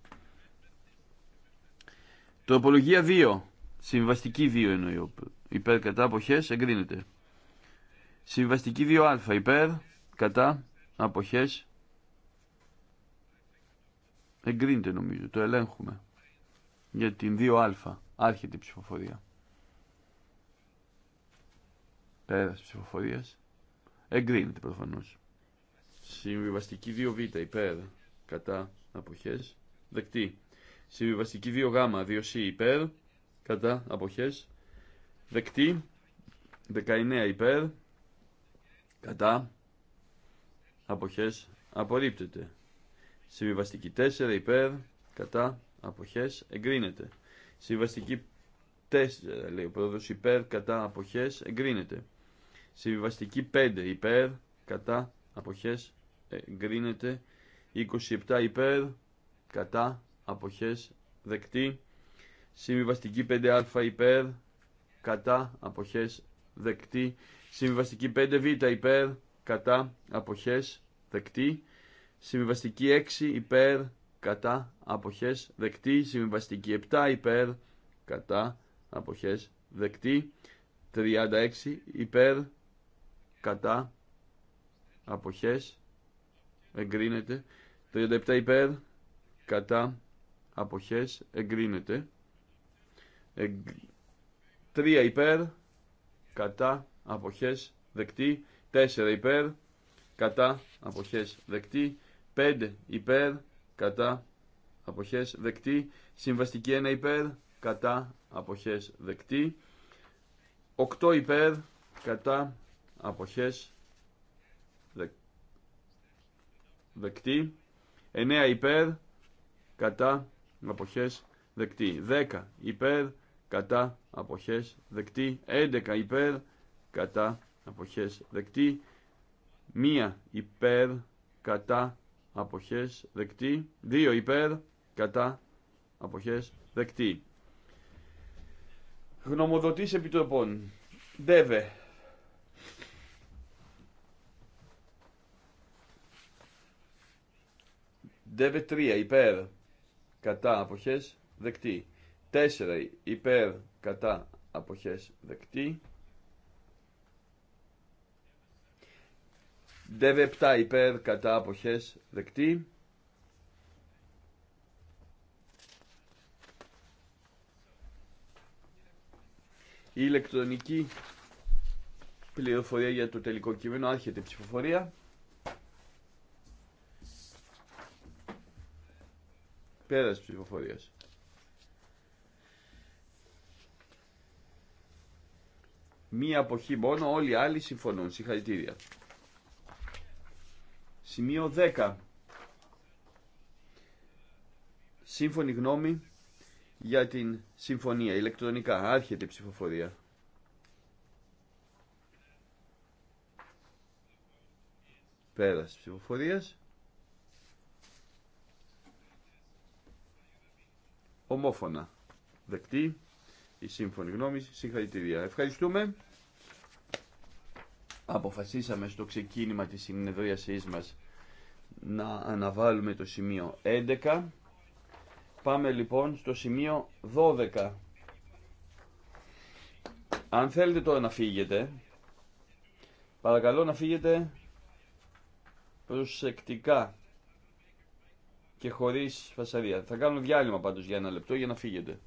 Τροπολογία 2. Συμβαστική 2 εννοεί. Υπέρ αποχές εγκρίνεται. Συμβαστική 2α. Υπέρ κατά αποχές εγκρίνεται νομίζω, το ελέγχουμε για την 2α άρχεται η ψηφοφορία πέρας ψηφοφορίας εγκρίνεται προφανώς συμβιβαστική 2β υπέρ κατά αποχές δεκτή συμβιβαστική 2γ 2σ υπέρ κατά αποχές δεκτή 19 υπέρ κατά αποχές απορρίπτεται. Συμβιβαστική 4 υπέρ, κατά, αποχές εγκρίνεται. Συμβιβαστική 4 λέει ο πρόεδρος κατά, αποχές εγκρίνεται. Συμβιβαστική 5 υπέρ, κατά, αποχές εγκρίνεται. 27 υπέρ, κατά, αποχές δεκτή. Συμβιβαστική 5α υπέρ, κατά, αποχές δεκτή. Συμβιβαστική 5β υπέρ, κατά αποχές δεκτή. Συμβιβαστική 6 υπέρ κατά αποχές δεκτή. Συμβιβαστική 7 υπέρ κατά αποχές δεκτή. 36 υπέρ κατά αποχές εγκρίνεται. 37 υπέρ κατά αποχές εγκρίνεται. 3 υπέρ κατά αποχές δεκτή. 4 υπέρ, κατά αποχές δεκτή. 5 υπέρ, κατά αποχές δεκτή. Συμβαστική 1 υπέρ, κατά αποχές δεκτή. 8 υπέρ, κατά αποχές δεκτή. 9 υπέρ, κατά αποχές δεκτή. 10 υπέρ, κατά αποχές δεκτή. 11 υπέρ, κατά αποχές δεκτή, μία υπέρ κατά αποχές δεκτή, δύο υπέρ κατά αποχές δεκτή. Γνωμοδοτής επιτροπών. Δεύε. Δεύε τρία υπέρ κατά αποχές δεκτή. Τέσσερα υπέρ κατά αποχές δεκτή. ΔΕΒΕΠΤΑ υπέρ κατά αποχές δεκτή. Η ηλεκτρονική πληροφορία για το τελικό κείμενο άρχεται ψηφοφορία. Πέρας ψηφοφορίας. Μία αποχή μόνο, όλοι οι άλλοι συμφωνούν. Συγχαρητήρια. Σημείο 10. Σύμφωνη γνώμη για την συμφωνία ηλεκτρονικά. Άρχεται η ψηφοφορία. Πέρας ψηφοφορίας. Ομόφωνα. Δεκτή η σύμφωνη γνώμη. Συγχαρητήρια. Ευχαριστούμε. Αποφασίσαμε στο ξεκίνημα της συνεδρίασής μας να αναβάλουμε το σημείο 11. Πάμε λοιπόν στο σημείο 12. Αν θέλετε τώρα να φύγετε, παρακαλώ να φύγετε προσεκτικά και χωρίς φασαρία. Θα κάνω διάλειμμα πάντως για ένα λεπτό για να φύγετε.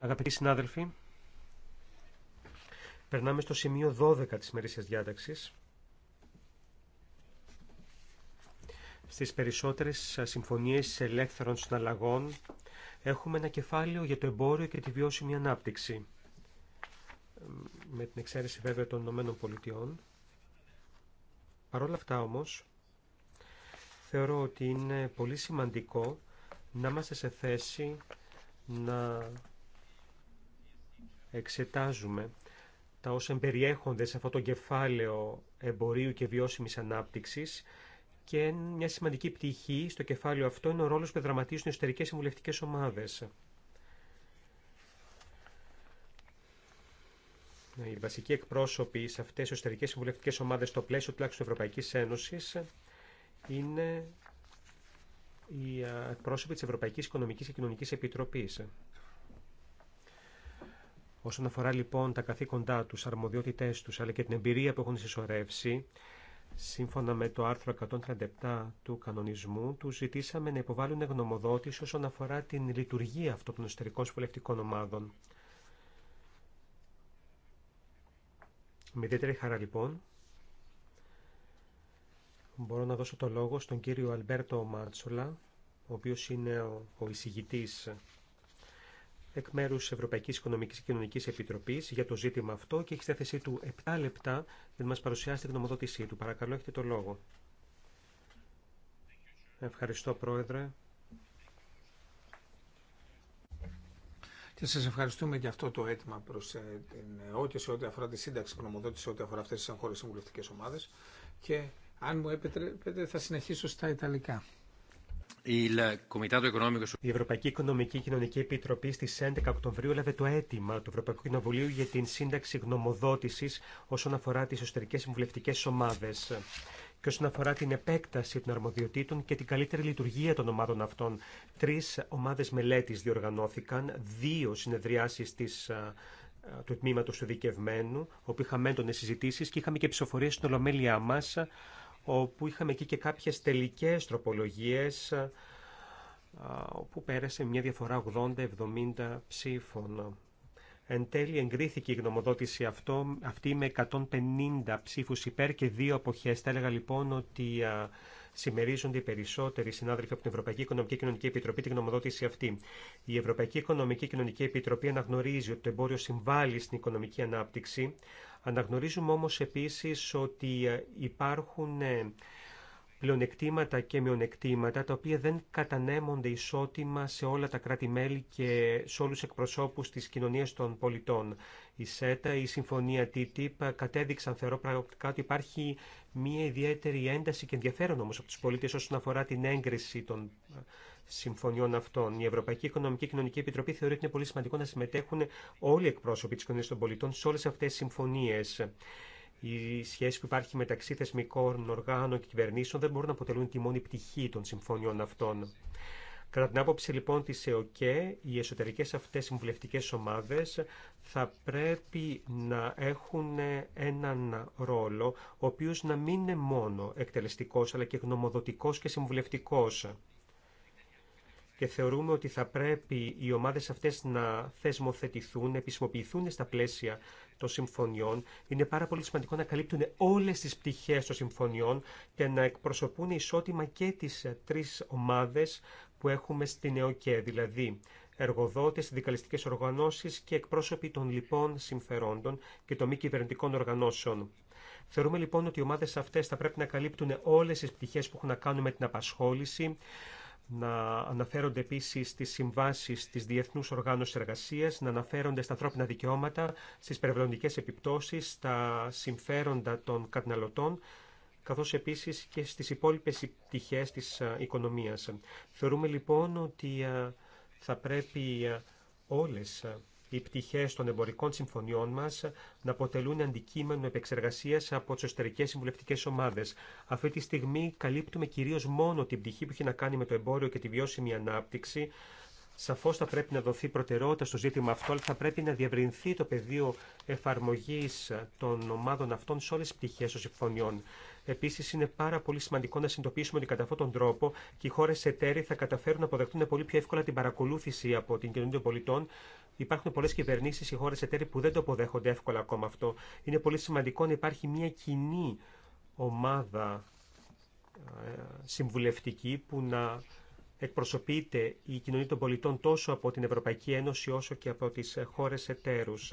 Αγαπητοί συνάδελφοι, περνάμε στο σημείο 12 της μερίσιας διάταξης. Στις περισσότερες συμφωνίες ελεύθερων συναλλαγών έχουμε ένα κεφάλαιο για το εμπόριο και τη βιώσιμη ανάπτυξη. Με την εξαίρεση βέβαια των Ηνωμένων Πολιτειών. Παρ' όλα αυτά όμως, θεωρώ ότι είναι πολύ σημαντικό να είμαστε σε θέση να εξετάζουμε τα όσα περιέχονται σε αυτό το κεφάλαιο εμπορίου και βιώσιμης ανάπτυξης και μια σημαντική πτυχή στο κεφάλαιο αυτό είναι ο ρόλος που δραματίζουν οι εσωτερικές συμβουλευτικές ομάδες. Οι βασικοί εκπρόσωποι σε αυτές τις εσωτερικές συμβουλευτικές ομάδες στο πλαίσιο τουλάχιστον Ευρωπαϊκής Ένωσης είναι οι εκπρόσωποι της Ευρωπαϊκής Οικονομικής και Κοινωνικής Επιτροπής. Όσον αφορά λοιπόν τα καθήκοντά τους, αρμοδιότητές τους, αλλά και την εμπειρία που έχουν συσσωρεύσει, σύμφωνα με το άρθρο 137 του κανονισμού, τους ζητήσαμε να υποβάλουν γνωμοδότηση όσον αφορά την λειτουργία αυτών των εσωτερικών συμβουλευτικών ομάδων. Με ιδιαίτερη χαρά λοιπόν, Μπορώ να δώσω το λόγο στον κύριο Αλμπέρτο Μάτσολα, ο οποίος είναι ο, ο εισηγητής εκ μέρους Ευρωπαϊκής Οικονομικής και Κοινωνικής Επιτροπής για το ζήτημα αυτό και έχει στη θέση του 7 λεπτά για να μας παρουσιάσει την γνωμοδότησή του. Παρακαλώ, έχετε το λόγο. Ευχαριστώ, Πρόεδρε. Και σας ευχαριστούμε για αυτό το αίτημα προς ε, την ε, ό,τι σε ό,τι αφορά τη σύνταξη γνωμοδότηση, ό,τι αφορά αυτές τις εγχώρες συμβουλευτικές ομάδες. Και αν μου επιτρέπετε θα συνεχίσω στα Ιταλικά. Η Ευρωπαϊκή Οικονομική Κοινωνική Επιτροπή στι 11 Οκτωβρίου έλαβε το αίτημα του Ευρωπαϊκού Κοινοβουλίου για την σύνταξη γνωμοδότηση όσον αφορά τι εσωτερικέ συμβουλευτικέ ομάδε και όσον αφορά την επέκταση των αρμοδιοτήτων και την καλύτερη λειτουργία των ομάδων αυτών. Τρει ομάδε μελέτη διοργανώθηκαν, δύο συνεδριάσει του τμήματο του δικευμένου, όπου είχαμε έντονε συζητήσει και είχαμε και ψηφοφορίε στην ολομέλειά μα όπου είχαμε εκεί και κάποιες τελικές τροπολογίες όπου πέρασε μια διαφορά 80-70 ψήφων. Εν τέλει εγκρίθηκε η γνωμοδότηση αυτό, αυτή με 150 ψήφους υπέρ και δύο αποχές. Θα έλεγα λοιπόν ότι συμμερίζονται οι περισσότεροι συνάδελφοι από την Ευρωπαϊκή Οικονομική και Κοινωνική Επιτροπή τη γνωμοδότηση αυτή. Η Ευρωπαϊκή Οικονομική Κοινωνική Επιτροπή αναγνωρίζει ότι το εμπόριο συμβάλλει στην οικονομική ανάπτυξη, Αναγνωρίζουμε όμως επίσης ότι ε, υπάρχουν ε, πλεονεκτήματα και μειονεκτήματα τα οποία δεν κατανέμονται ισότιμα σε όλα τα κράτη-μέλη και σε όλους εκπροσώπους της κοινωνίας των πολιτών. Η ΣΕΤΑ, η Συμφωνία TTIP κατέδειξαν θεωρώ πραγματικά ότι υπάρχει μια ιδιαίτερη ένταση και ενδιαφέρον όμως από τους πολίτες όσον αφορά την έγκριση των συμφωνιών αυτών. Η Ευρωπαϊκή Οικονομική και Κοινωνική Επιτροπή θεωρεί ότι είναι πολύ σημαντικό να συμμετέχουν όλοι οι εκπρόσωποι τη κοινωνία των πολιτών σε όλε αυτέ τι συμφωνίε. Η σχέση που υπάρχει μεταξύ θεσμικών οργάνων και κυβερνήσεων δεν μπορούν να αποτελούν τη μόνη πτυχή των συμφωνιών αυτών. Κατά την άποψη λοιπόν της ΕΟΚΕ, οι εσωτερικές αυτές συμβουλευτικές ομάδες θα πρέπει να έχουν έναν ρόλο, ο οποίο να μην είναι μόνο εκτελεστικός, αλλά και γνωμοδοτικός και συμβουλευτικό και θεωρούμε ότι θα πρέπει οι ομάδες αυτές να θεσμοθετηθούν, να επισημοποιηθούν στα πλαίσια των συμφωνιών. Είναι πάρα πολύ σημαντικό να καλύπτουν όλες τις πτυχές των συμφωνιών και να εκπροσωπούν ισότιμα και τις τρεις ομάδες που έχουμε στην ΕΟΚΕ, δηλαδή εργοδότες, συνδικαλιστικές οργανώσεις και εκπρόσωποι των λοιπών συμφερόντων και των μη κυβερνητικών οργανώσεων. Θεωρούμε λοιπόν ότι οι ομάδες αυτές θα πρέπει να καλύπτουν όλες τις πτυχές που έχουν να κάνουν με την απασχόληση, να αναφέρονται επίση στι συμβάσει τη Διεθνού Οργάνωση Εργασία, να αναφέρονται στα ανθρώπινα δικαιώματα, στι περιβαλλοντικέ επιπτώσει, στα συμφέροντα των καταναλωτών, καθώ επίση και στι υπόλοιπε πτυχέ τη οικονομία. Θεωρούμε λοιπόν ότι θα πρέπει όλες οι πτυχέ των εμπορικών συμφωνιών μα να αποτελούν αντικείμενο επεξεργασία από τι εσωτερικέ συμβουλευτικέ ομάδε. Αυτή τη στιγμή καλύπτουμε κυρίω μόνο την πτυχή που έχει να κάνει με το εμπόριο και τη βιώσιμη ανάπτυξη. Σαφώ θα πρέπει να δοθεί προτεραιότητα στο ζήτημα αυτό, αλλά θα πρέπει να διευρυνθεί το πεδίο εφαρμογή των ομάδων αυτών σε όλε τι πτυχέ των συμφωνιών. Επίση, είναι πάρα πολύ σημαντικό να συνειδητοποιήσουμε ότι κατά αυτόν τον τρόπο και οι χώρε εταίροι θα καταφέρουν να αποδεχτούν πολύ πιο εύκολα την παρακολούθηση από την κοινωνία των πολιτών Υπάρχουν πολλέ κυβερνήσει ή χώρε εταίρειε που δεν το αποδέχονται εύκολα ακόμα αυτό. Είναι πολύ σημαντικό να υπάρχει μια κοινή ομάδα ε, συμβουλευτική που να εκπροσωπείται η κοινωνία των πολιτών τόσο από την Ευρωπαϊκή Ένωση όσο και από τις ε, χώρες εταίρους.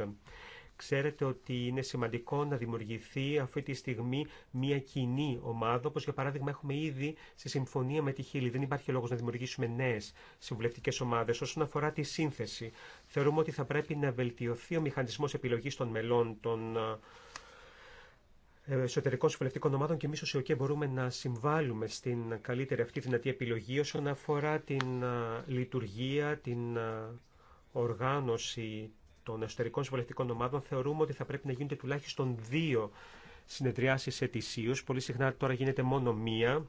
Ξέρετε ότι είναι σημαντικό να δημιουργηθεί αυτή τη στιγμή μια κοινή ομάδα, όπω για παράδειγμα έχουμε ήδη στη συμφωνία με τη Χίλη. Δεν υπάρχει λόγο να δημιουργήσουμε νέε συμβουλευτικέ ομάδε, Όσον αφορά τη σύνθεση, θεωρούμε ότι θα πρέπει να βελτιωθεί ο μηχανισμό επιλογή των μελών των ε, εσωτερικών συμβουλευτικών ομάδων και εμεί ω ΕΟΚΕ μπορούμε να συμβάλλουμε στην καλύτερη αυτή δυνατή επιλογή όσον αφορά την ε, λειτουργία, την ε, οργάνωση των εσωτερικών συμβολευτικών ομάδων θεωρούμε ότι θα πρέπει να γίνονται τουλάχιστον δύο συνεδριάσεις ετησίω. Πολύ συχνά τώρα γίνεται μόνο μία.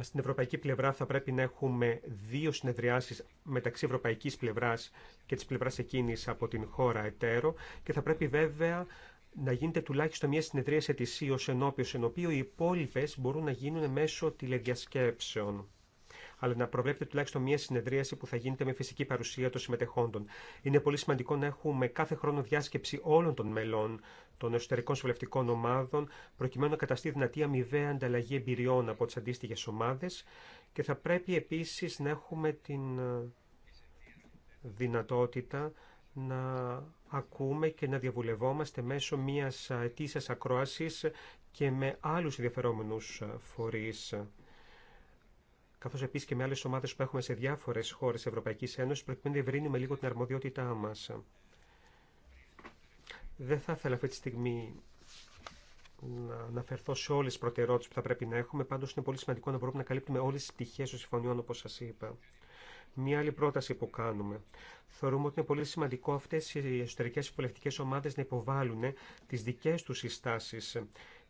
Στην ευρωπαϊκή πλευρά θα πρέπει να έχουμε δύο συνεδριάσεις μεταξύ ευρωπαϊκής πλευράς και της πλευράς εκείνης από την χώρα εταίρο και θα πρέπει βέβαια να γίνεται τουλάχιστον μια συνεδρία ετησίω ενώπιο, εν οποίο οι υπόλοιπε μπορούν να γίνουν μέσω τηλεδιασκέψεων αλλά να προβλέπετε τουλάχιστον μία συνεδρίαση που θα γίνεται με φυσική παρουσία των συμμετεχόντων. Είναι πολύ σημαντικό να έχουμε κάθε χρόνο διάσκεψη όλων των μελών των εσωτερικών συμβουλευτικών ομάδων, προκειμένου να καταστεί δυνατή αμοιβαία ανταλλαγή εμπειριών από τι αντίστοιχε ομάδε και θα πρέπει επίση να έχουμε την ε, δυνατότητα να ακούμε και να διαβουλευόμαστε μέσω μιας αιτήσιας ακρόασης και με άλλους ενδιαφερόμενους ε, φορείς. Καθώ επίση και με άλλε ομάδε που έχουμε σε διάφορες χώρες Ευρωπαϊκή Ένωση, προκειμένου να ευρύνουμε λίγο την αρμοδιότητά μα. Δεν θα ήθελα αυτή τη στιγμή να αναφερθώ σε όλε τι προτεραιότητε που θα πρέπει να έχουμε, Πάντω, είναι πολύ σημαντικό να μπορούμε να καλύπτουμε όλε τι πτυχέ των συμφωνιών, όπω σα είπα. Μία άλλη πρόταση που κάνουμε. Θεωρούμε ότι είναι πολύ σημαντικό αυτέ οι εσωτερικέ συμβουλευτικέ ομάδε να υποβάλουν τι δικέ του συστάσει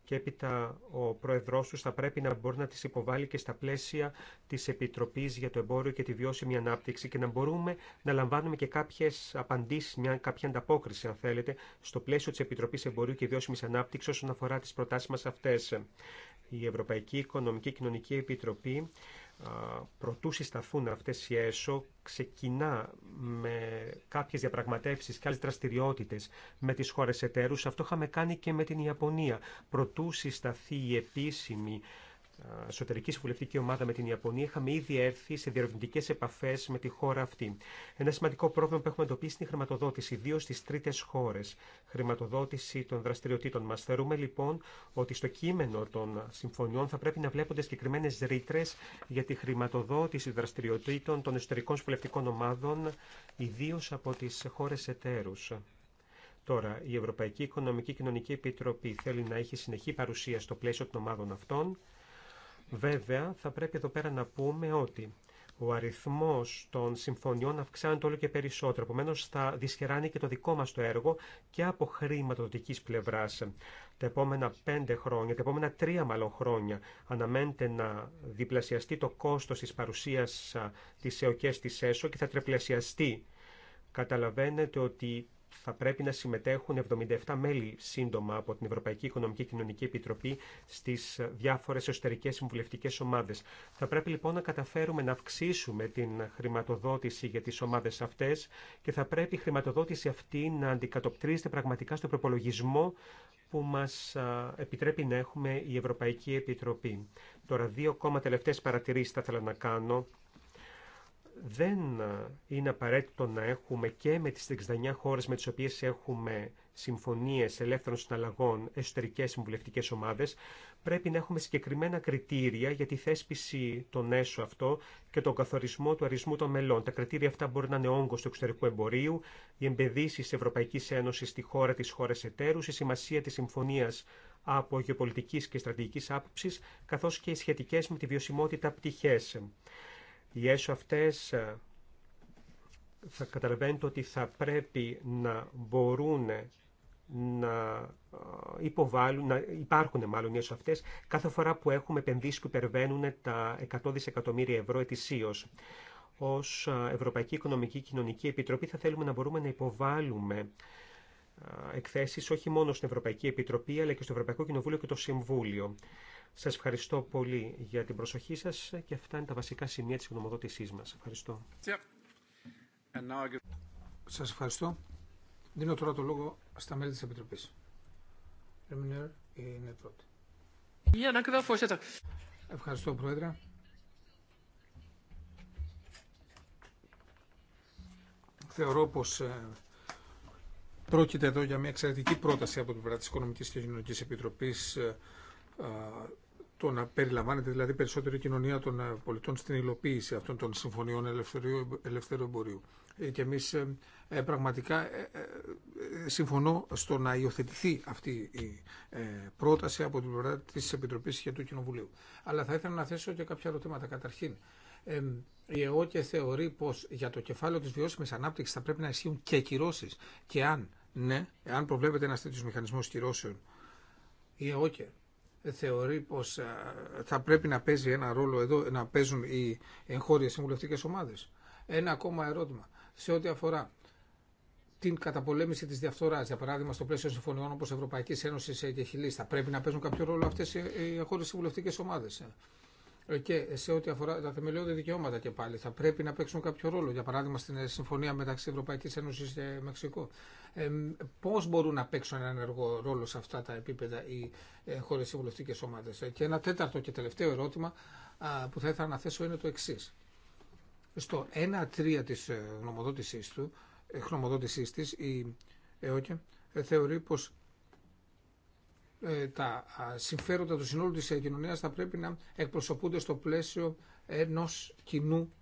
και έπειτα ο Πρόεδρός του θα πρέπει να μπορεί να τις υποβάλει και στα πλαίσια της Επιτροπής για το Εμπόριο και τη Βιώσιμη Ανάπτυξη και να μπορούμε να λαμβάνουμε και κάποιες απαντήσεις, μια, κάποια ανταπόκριση αν θέλετε, στο πλαίσιο της Επιτροπής Εμπορίου και Βιώσιμης Ανάπτυξης όσον αφορά τις προτάσεις μας αυτές. Η Ευρωπαϊκή Οικονομική Κοινωνική Επιτροπή προτού συσταθούν αυτές οι έσω, ξεκινά με κάποιες διαπραγματεύσεις και άλλες δραστηριότητες με τις χώρες εταίρους. Αυτό είχαμε κάνει και με την Ιαπωνία. Προτού συσταθεί η επίσημη ε, εσωτερική συμβουλευτική ομάδα με την Ιαπωνία, είχαμε ήδη έρθει σε διερευνητικέ επαφέ με τη χώρα αυτή. Ένα σημαντικό πρόβλημα που έχουμε εντοπίσει είναι η χρηματοδότηση, ιδίω στι τρίτε χώρε. Χρηματοδότηση των δραστηριοτήτων μα. Θεωρούμε λοιπόν ότι στο κείμενο των συμφωνιών θα πρέπει να βλέπονται συγκεκριμένε ρήτρε για τη χρηματοδότηση δραστηριοτήτων των εσωτερικών συμβουλευτικών ομάδων, ιδίω από τι χώρε εταίρου. Τώρα, η Ευρωπαϊκή Οικονομική Κοινωνική Επιτροπή θέλει να έχει συνεχή παρουσία στο πλαίσιο των ομάδων αυτών. Βέβαια, θα πρέπει εδώ πέρα να πούμε ότι ο αριθμός των συμφωνιών αυξάνεται όλο και περισσότερο. Επομένω, θα δυσχεράνει και το δικό μας το έργο και από χρηματοδοτική πλευράς. Τα επόμενα πέντε χρόνια, τα επόμενα τρία μάλλον χρόνια, αναμένεται να διπλασιαστεί το κόστος της παρουσίας της ΕΟΚΕΣ τη ΕΣΟ και θα τριπλασιαστεί. Καταλαβαίνετε ότι θα πρέπει να συμμετέχουν 77 μέλη σύντομα από την Ευρωπαϊκή Οικονομική και Κοινωνική Επιτροπή στι διάφορε εσωτερικέ συμβουλευτικέ ομάδε. Θα πρέπει λοιπόν να καταφέρουμε να αυξήσουμε την χρηματοδότηση για τι ομάδε αυτέ και θα πρέπει η χρηματοδότηση αυτή να αντικατοπτρίζεται πραγματικά στο προπολογισμό που μας επιτρέπει να έχουμε η Ευρωπαϊκή Επιτροπή. Τώρα δύο ακόμα τελευταίες παρατηρήσεις θα ήθελα να κάνω δεν ε, είναι απαραίτητο να έχουμε και με τις 69 χώρες με τις οποίες έχουμε συμφωνίες ελεύθερων συναλλαγών εσωτερικές συμβουλευτικές ομάδες, πρέπει να έχουμε συγκεκριμένα κριτήρια για τη θέσπιση των έσω αυτό και τον καθορισμό του αρισμού των μελών. Τα κριτήρια αυτά μπορεί να είναι όγκος του εξωτερικού εμπορίου, οι εμπεδίσεις Ευρωπαϊκής Ένωσης στη χώρα της χώρας εταίρου, η σημασία της συμφωνίας από γεωπολιτική και στρατηγικής άποψης, καθώς και οι σχετικές με τη βιωσιμότητα πτυχές. Οι έσω αυτές ε, θα καταλαβαίνετε ότι θα πρέπει να μπορούν να ε, υποβάλουν, να υπάρχουν μάλλον οι αυτές, κάθε φορά που έχουμε επενδύσει που υπερβαίνουν τα 100 δισεκατομμύρια ευρώ ετησίως. Ως ε, Ευρωπαϊκή Οικονομική Κοινωνική Επιτροπή θα θέλουμε να μπορούμε να υποβάλουμε εκθέσεις όχι μόνο στην Ευρωπαϊκή Επιτροπή αλλά και στο Ευρωπαϊκό Κοινοβούλιο και το Συμβούλιο. Σας ευχαριστώ πολύ για την προσοχή σας και αυτά είναι τα βασικά σημεία της γνωμοδότησής μας. Ευχαριστώ. Yeah. Σας ευχαριστώ. Δίνω τώρα το λόγο στα μέλη της Επιτροπής. είναι πρώτη. ευχαριστώ, Πρόεδρε. Θεωρώ πως ε, πρόκειται εδώ για μια εξαιρετική πρόταση από την πλευρά της Οικονομικής και Κοινωνικής Επιτροπής ε, ε, το να περιλαμβάνεται δηλαδή περισσότερη κοινωνία των ε, πολιτών στην υλοποίηση αυτών των συμφωνιών ελευθερίου εμπορίου. Ε, και εμεί ε, πραγματικά συμφωνώ στο να υιοθετηθεί αυτή η πρόταση από την πλευρά τη Επιτροπή και του Κοινοβουλίου. Αλλά θα ήθελα να θέσω και κάποια ερωτήματα. Καταρχήν, η ΕΟΚΕ θεωρεί πω για το κεφάλαιο τη βιώσιμη ανάπτυξη θα πρέπει να ισχύουν και κυρώσει. Και αν ναι, εάν προβλέπεται ένα τέτοιο μηχανισμό κυρώσεων, η ΕΟΚΕ θεωρεί πως θα πρέπει να παίζει ένα ρόλο εδώ, να παίζουν οι εγχώριες συμβουλευτικές ομάδες. Ένα ακόμα ερώτημα σε ό,τι αφορά την καταπολέμηση τη διαφθοράς, για παράδειγμα, στο πλαίσιο συμφωνιών όπω Ευρωπαϊκή Ένωση ε, και Χιλή, θα πρέπει να παίζουν κάποιο ρόλο αυτέ οι χώρε συμβουλευτικέ ομάδε. Ε? Ε, και σε ό,τι αφορά τα θεμελιώδη δικαιώματα και πάλι θα πρέπει να παίξουν κάποιο ρόλο. Για παράδειγμα, στην ε, συμφωνία μεταξύ Ευρωπαϊκή Ένωση και Μεξικού. Ε, Πώ μπορούν να παίξουν έναν ενεργό ρόλο σε αυτά τα επίπεδα οι ε, χώρε συμβουλευτικέ ομάδε. Ε, και ένα τέταρτο και τελευταίο ερώτημα που θα ήθελα να θέσω είναι το εξή. Στο 1-3 τη γνωμοδότησή του, της, η ΕΟΚΕ θεωρεί πως ε, τα συμφέροντα του συνόλου της ε, κοινωνίας θα πρέπει να εκπροσωπούνται στο πλαίσιο ενός κοινού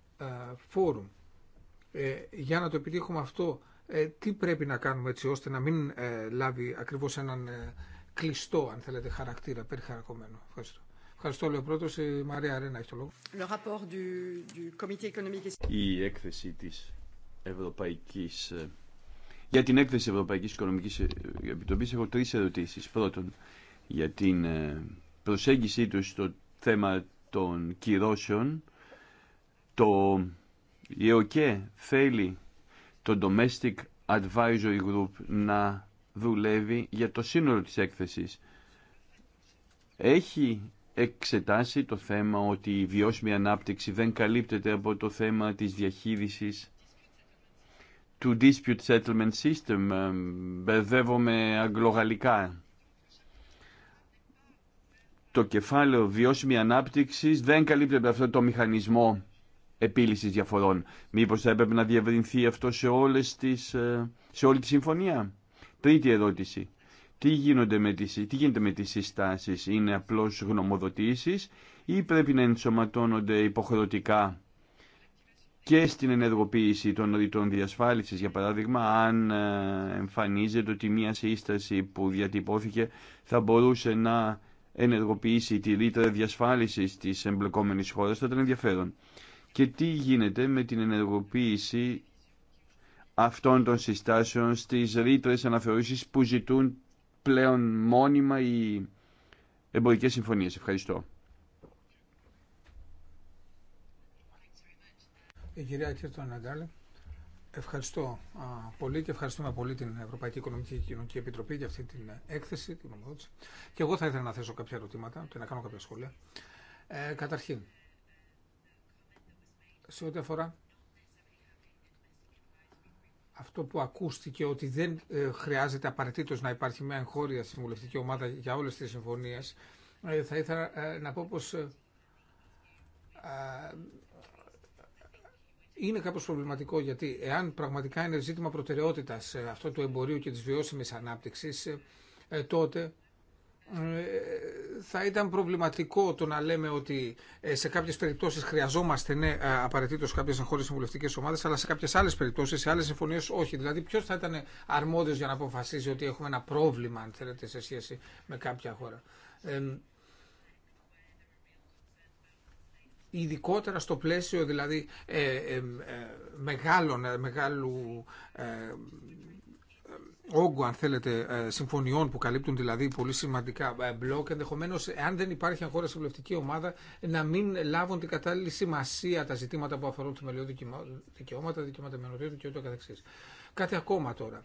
φόρουμ. Ε, για να το επιτύχουμε αυτό, τι πρέπει να κάνουμε έτσι ώστε να μην λάβει ακριβώς έναν κλειστό, αν θέλετε, χαρακτήρα περιχαρακωμένο. Ευχαριστώ. Ευχαριστώ, Η Μαρία Αρένα έχει το λόγο. Η έκθεση της Ευρωπαϊκής για την έκθεση Ευρωπαϊκής Οικονομικής ε, Επιτροπή, έχω τρεις ερωτήσει. Πρώτον, για την ε, προσέγγιση του στο θέμα των κυρώσεων, το ΙΟΚΕ θέλει το Domestic Advisory Group να δουλεύει για το σύνολο της έκθεσης. Έχει εξετάσει το θέμα ότι η βιώσιμη ανάπτυξη δεν καλύπτεται από το θέμα της διαχείρισης του Dispute Settlement System. Ε, μπερδεύομαι αγγλογαλικά. Το κεφάλαιο βιώσιμη ανάπτυξη δεν καλύπτει από αυτό το μηχανισμό επίλυσης διαφορών. Μήπως θα έπρεπε να διευρυνθεί αυτό σε, όλες τις, ε, σε όλη τη συμφωνία. Τρίτη ερώτηση. Τι, γίνονται με τις, τι γίνεται με τις συστάσεις, είναι απλώς γνωμοδοτήσεις ή πρέπει να ενσωματώνονται υποχρεωτικά και στην ενεργοποίηση των ρητών διασφάλισης, για παράδειγμα, αν ε, εμφανίζεται ότι μία σύσταση που διατυπώθηκε θα μπορούσε να ενεργοποιήσει τη ρήτρα διασφάλισης της εμπλεκόμενης χώρας, θα ήταν ενδιαφέρον. Και τι γίνεται με την ενεργοποίηση αυτών των συστάσεων στις ρήτρες αναθεωρήσεις που ζητούν πλέον μόνιμα οι εμπορικές συμφωνίες. Ευχαριστώ. Η κυρία Κίρτον Αναγκάλη, Ευχαριστώ πολύ και ευχαριστούμε πολύ την Ευρωπαϊκή Οικονομική και Κοινωνική Επιτροπή για αυτή την έκθεση, την ομοδότηση. Και εγώ θα ήθελα να θέσω κάποια ερωτήματα και να κάνω κάποια σχόλια. Ε, καταρχήν, σε ό,τι αφορά αυτό που ακούστηκε ότι δεν ε, χρειάζεται απαραίτητο να υπάρχει μια εγχώρια συμβουλευτική ομάδα για όλες τις συμφωνίες, ε, θα ήθελα ε, να πω πως είναι κάπω προβληματικό γιατί εάν πραγματικά είναι ζήτημα προτεραιότητα ε, αυτό του εμπορίου και τη βιώσιμη ανάπτυξη, ε, ε, τότε θα ήταν προβληματικό το να λέμε ότι σε κάποιε περιπτώσει χρειαζόμαστε ναι, απαραίτητο κάποιε εγχώριε συμβουλευτικέ ομάδε, αλλά σε κάποιε άλλε περιπτώσει, σε άλλε συμφωνίε όχι. Δηλαδή, ποιο θα ήταν αρμόδιο για να αποφασίζει ότι έχουμε ένα πρόβλημα, αν θέλετε, σε σχέση με κάποια χώρα. ειδικότερα στο πλαίσιο δηλαδή ε, ε, ε, μεγάλων, μεγάλου όγκου, αν θέλετε, συμφωνιών που καλύπτουν δηλαδή πολύ σημαντικά μπλοκ, Ενδεχομένως, αν δεν υπάρχει σε συμβουλευτική ομάδα, να μην λάβουν την κατάλληλη σημασία τα ζητήματα που αφορούν θεμελιώδη δικαιώματα, δικαιώματα μενοτήτων και ούτω καθεξής. Κάτι ακόμα τώρα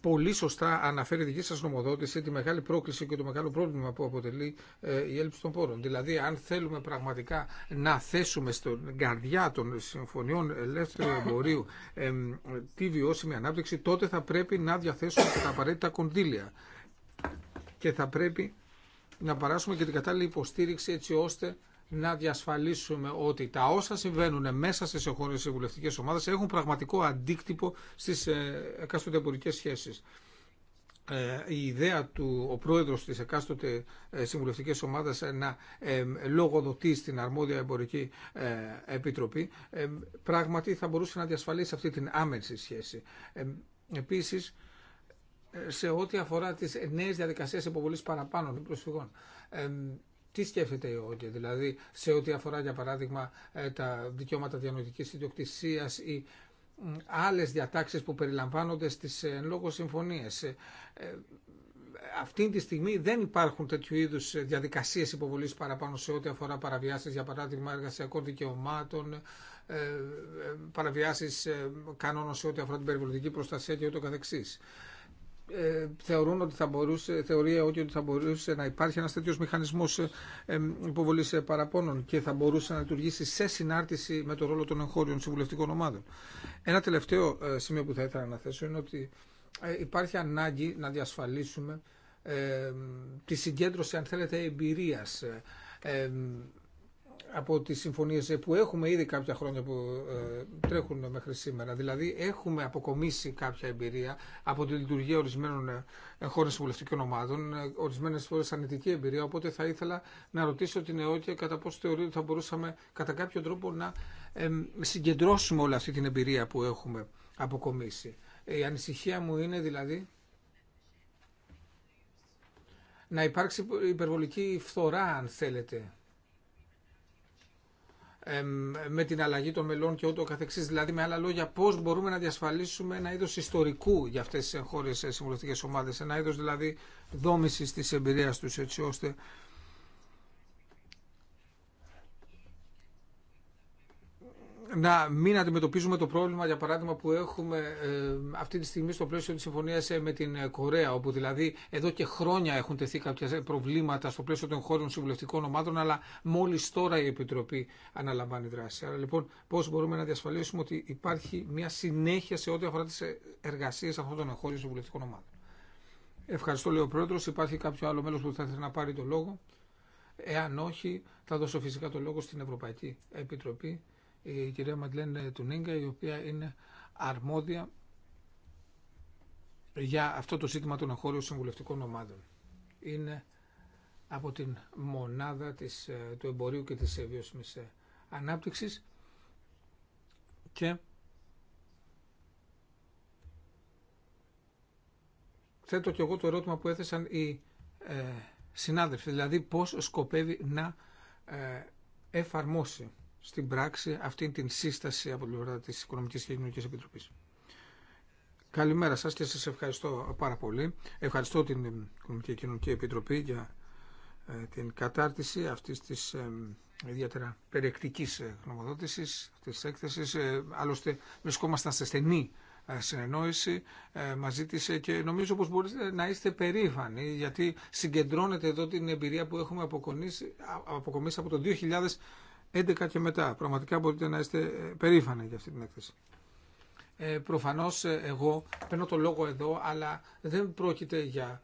πολύ σωστά αναφέρει η δική σα νομοδότηση τη μεγάλη πρόκληση και το μεγάλο πρόβλημα που αποτελεί ε, η έλλειψη των πόρων. Δηλαδή, αν θέλουμε πραγματικά να θέσουμε στον καρδιά των συμφωνιών ελεύθερου εμπορίου τη βιώσιμη ανάπτυξη, τότε θα πρέπει να διαθέσουμε τα απαραίτητα κονδύλια. Και θα πρέπει να παράσουμε και την κατάλληλη υποστήριξη έτσι ώστε να διασφαλίσουμε ότι τα όσα συμβαίνουν μέσα στι εγχώριε συμβουλευτικέ ομάδε έχουν πραγματικό αντίκτυπο στι ε, εκάστοτε εμπορικέ σχέσει. Ε, η ιδέα του ο πρόεδρος της εκάστοτε ε, συμβουλευτικής ομάδας να λογοδοτεί στην αρμόδια εμπορική επιτροπή πράγματι θα μπορούσε να διασφαλίσει αυτή την άμεση σχέση. Επίσης, σε ό,τι αφορά τις νέες διαδικασίες υποβολή παραπάνω των προσφυγών τι σκέφτεται η ΟΚΕ, δηλαδή σε ό,τι αφορά για παράδειγμα ε, τα δικαιώματα διανοητικής ιδιοκτησίας ή άλλες διατάξεις που περιλαμβάνονται στις ε, εν λόγω συμφωνίες. Ε, αυτή τη στιγμή δεν υπάρχουν τέτοιου είδου διαδικασίε υποβολή παραπάνω σε ό,τι αφορά παραβιάσει, για παράδειγμα, εργασιακών δικαιωμάτων, παραβιάσει κανόνων σε ό,τι αφορά την περιβαλλοντική προστασία και ούτω καθεξής. Ε, θεωρούν ότι θα μπορούσε, θεωρεί ότι θα μπορούσε να υπάρχει ένας τέτοιος μηχανισμός ε, ε, υποβολής παραπώνων και θα μπορούσε να λειτουργήσει σε συνάρτηση με το ρόλο των εγχώριων συμβουλευτικών ομάδων. Ένα τελευταίο σημείο που θα ήθελα να θέσω είναι ότι υπάρχει ανάγκη να διασφαλίσουμε τη συγκέντρωση, αν θέλετε, εμπειρίας από τις συμφωνίες ε, που έχουμε ήδη κάποια χρόνια που ε, τρέχουν μέχρι σήμερα. Δηλαδή έχουμε αποκομίσει κάποια εμπειρία από τη λειτουργία ορισμένων ε, χώρων συμβουλευτικών ομάδων, ορισμένες φορές ανετική εμπειρία, οπότε θα ήθελα να ρωτήσω την ΕΟΚΕ κατά πώς θεωρεί ότι θα μπορούσαμε κατά κάποιο τρόπο να συγκεντρώσουμε όλη αυτή την εμπειρία που έχουμε αποκομίσει. Η ανησυχία μου είναι δηλαδή να υπάρξει υπερβολική φθορά αν θέλετε με την αλλαγή των μελών και ούτω καθεξής. Δηλαδή με άλλα λόγια πώς μπορούμε να διασφαλίσουμε ένα είδος ιστορικού για αυτές τις εγχώριε συμβουλευτικές ομάδες, ένα είδος δηλαδή δόμησης της εμπειρίας τους έτσι ώστε να μην αντιμετωπίζουμε το πρόβλημα, για παράδειγμα, που έχουμε ε, αυτή τη στιγμή στο πλαίσιο τη συμφωνία ε, με την ε, Κορέα, όπου δηλαδή εδώ και χρόνια έχουν τεθεί κάποια προβλήματα στο πλαίσιο των χώρων συμβουλευτικών ομάδων, αλλά μόλι τώρα η Επιτροπή αναλαμβάνει δράση. Άρα λοιπόν, πώ μπορούμε να διασφαλίσουμε ότι υπάρχει μια συνέχεια σε ό,τι αφορά τι εργασίε αυτών των εγχώριων συμβουλευτικών ομάδων. Ευχαριστώ, λέει ο Πρόεδρο. Υπάρχει κάποιο άλλο μέλο που θα ήθελε να πάρει το λόγο. Εάν όχι, θα δώσω φυσικά το λόγο στην Ευρωπαϊκή Επιτροπή η κυρία Μαντλέν Τουνίγκα, η οποία είναι αρμόδια για αυτό το ζήτημα των εγχώριων συμβουλευτικών ομάδων. Είναι από την μονάδα της, ε, του εμπορίου και της ε, βιώσιμης ε, ανάπτυξης και θέτω και εγώ το ερώτημα που έθεσαν οι συνάδελφοι, δηλαδή πώς σκοπεύει να εφαρμόσει στην πράξη αυτή την σύσταση από την πλευρά της Οικονομικής και κοινωνική επιτροπή. Καλημέρα σα και σα ευχαριστώ πάρα πολύ. Ευχαριστώ την Οικονομική και Κοινωνική Επιτροπή για ε, την κατάρτιση αυτή τη ε, ιδιαίτερα περιεκτικής ε, γνωμοδότησης, αυτή της έκθεση. Άλλωστε βρισκόμασταν σε στενή συνεννόηση μαζί της και νομίζω πως μπορείτε να είστε περήφανοι γιατί συγκεντρώνεται εδώ την εμπειρία που έχουμε αποκομίσει από το 11 και μετά. Πραγματικά μπορείτε να είστε ε, περήφανοι για αυτή την έκθεση. Ε, προφανώς ε, εγώ παίρνω το λόγο εδώ, αλλά δεν πρόκειται για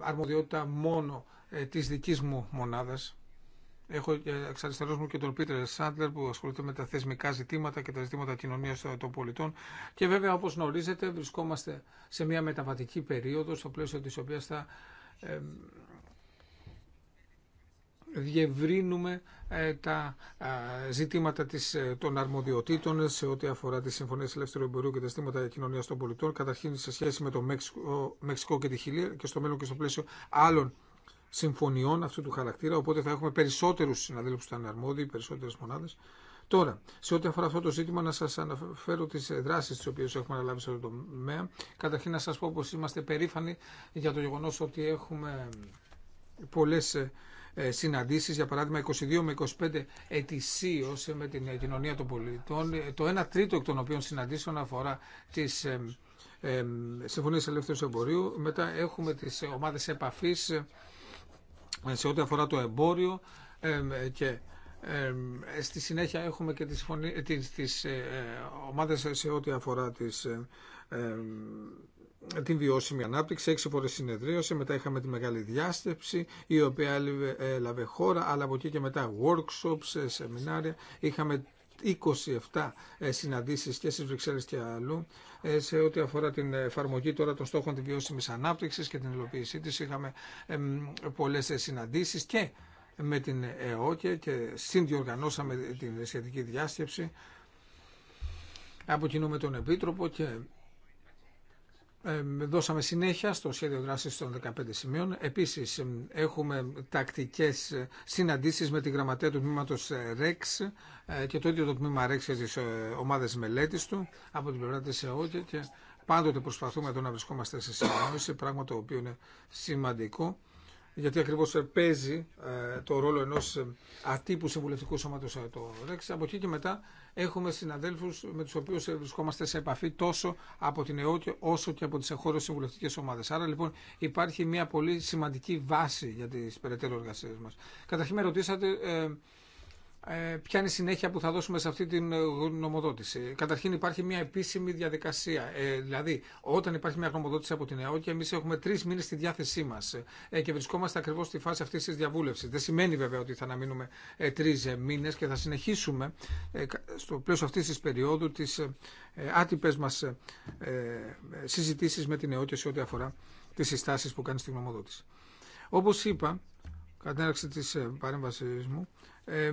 αρμοδιότητα μόνο ε, της δικής μου μονάδας. Έχω ε, εξ μου και τον Πίτερ Σάντλερ που ασχολείται με τα θεσμικά ζητήματα και τα ζητήματα κοινωνία των πολιτών. Και βέβαια, όπω γνωρίζετε, βρισκόμαστε σε μια μεταβατική περίοδο, στο πλαίσιο τη οποία θα διευρύνουμε ε, τα ζητήματα της, ε, των αρμοδιοτήτων σε ό,τι αφορά τις συμφωνίες ελεύθερου εμπορίου και τα στήματα κοινωνίας των πολιτών, καταρχήν σε σχέση με το Μεξικό, Μεξικό και τη Χιλία και στο μέλλον και στο πλαίσιο άλλων συμφωνιών αυτού του χαρακτήρα, οπότε θα έχουμε περισσότερους συναδέλφους που θα είναι αρμόδιοι, περισσότερες μονάδες. Τώρα, σε ό,τι αφορά αυτό το ζήτημα, να σα αναφέρω τι δράσει τι οποίε έχουμε αναλάβει σε αυτό το τομέα. Καταρχήν, να σα πω πω είμαστε περήφανοι για το γεγονό ότι έχουμε πολλέ ε, ε, συναντήσεις, για παράδειγμα 22 με 25 ετησίως ε, με την ε, κοινωνία των πολιτών, το 1 τρίτο εκ των οποίων συναντήσεων αφορά τις ε, συμφωνίες ελεύθερου εμπορίου. Μετά έχουμε τις ομάδες επαφής σε ό,τι αφορά το εμπόριο και στη συνέχεια έχουμε και τις, φωνή, τις ομάδες σε ό,τι αφορά τις την βιώσιμη ανάπτυξη. Έξι φορές συνεδρίωσε, μετά είχαμε τη μεγάλη διάστευση η οποία έλαβε χώρα, αλλά από εκεί και μετά workshops, ε, σεμινάρια. Είχαμε 27 ε, συναντήσεις και στις Βρυξέλλες και αλλού ε, σε ό,τι αφορά την εφαρμογή τώρα των στόχων της βιώσιμη ανάπτυξης και την υλοποίησή της. Είχαμε πολλές συναντήσεις και με την ΕΟΚΕ και συνδιοργανώσαμε την σχετική διάσκεψη από κοινού τον Επίτροπο και δώσαμε συνέχεια στο σχέδιο δράσης των 15 σημείων. Επίσης έχουμε τακτικές συναντήσεις με τη γραμματέα του τμήματος ε, REX ε, και το ίδιο το τμήμα REX και τις ε, ομάδες μελέτης του από την πλευρά της ΕΟΚΕ και πάντοτε προσπαθούμε εδώ να βρισκόμαστε σε συνεννόηση, πράγμα το οποίο είναι σημαντικό γιατί ακριβώς ε, παίζει ε, το ρόλο ενός ε, ατύπου συμβουλευτικού σώματος το ΡΕΞ. Από εκεί και μετά έχουμε συναδέλφου με τους οποίους βρισκόμαστε σε επαφή τόσο από την ΕΟΚΕ όσο και από τις εγχώριε συμβουλευτικέ ομάδες. Άρα λοιπόν υπάρχει μια πολύ σημαντική βάση για τις περαιτέρω εργασίε μας. Καταρχήν με ρωτήσατε ε, ποια είναι η συνέχεια που θα δώσουμε σε αυτή την ε, νομοδότηση. Καταρχήν υπάρχει μια επίσημη διαδικασία. Ε, δηλαδή, όταν υπάρχει μια νομοδότηση από την ΕΟΚ, εμεί έχουμε τρει μήνε στη διάθεσή μα ε, και βρισκόμαστε ακριβώ στη φάση αυτή τη διαβούλευση. Δεν σημαίνει βέβαια ότι θα αναμείνουμε ε, τρει μήνε και θα συνεχίσουμε στο πλαίσιο αυτή τη περίοδου τι ε, άτυπε μα συζητήσει με την ΕΟΚ σε ό,τι αφορά τι συστάσει που κάνει στη γνωμοδότηση. Όπω είπα, κατά την τη παρέμβαση μου,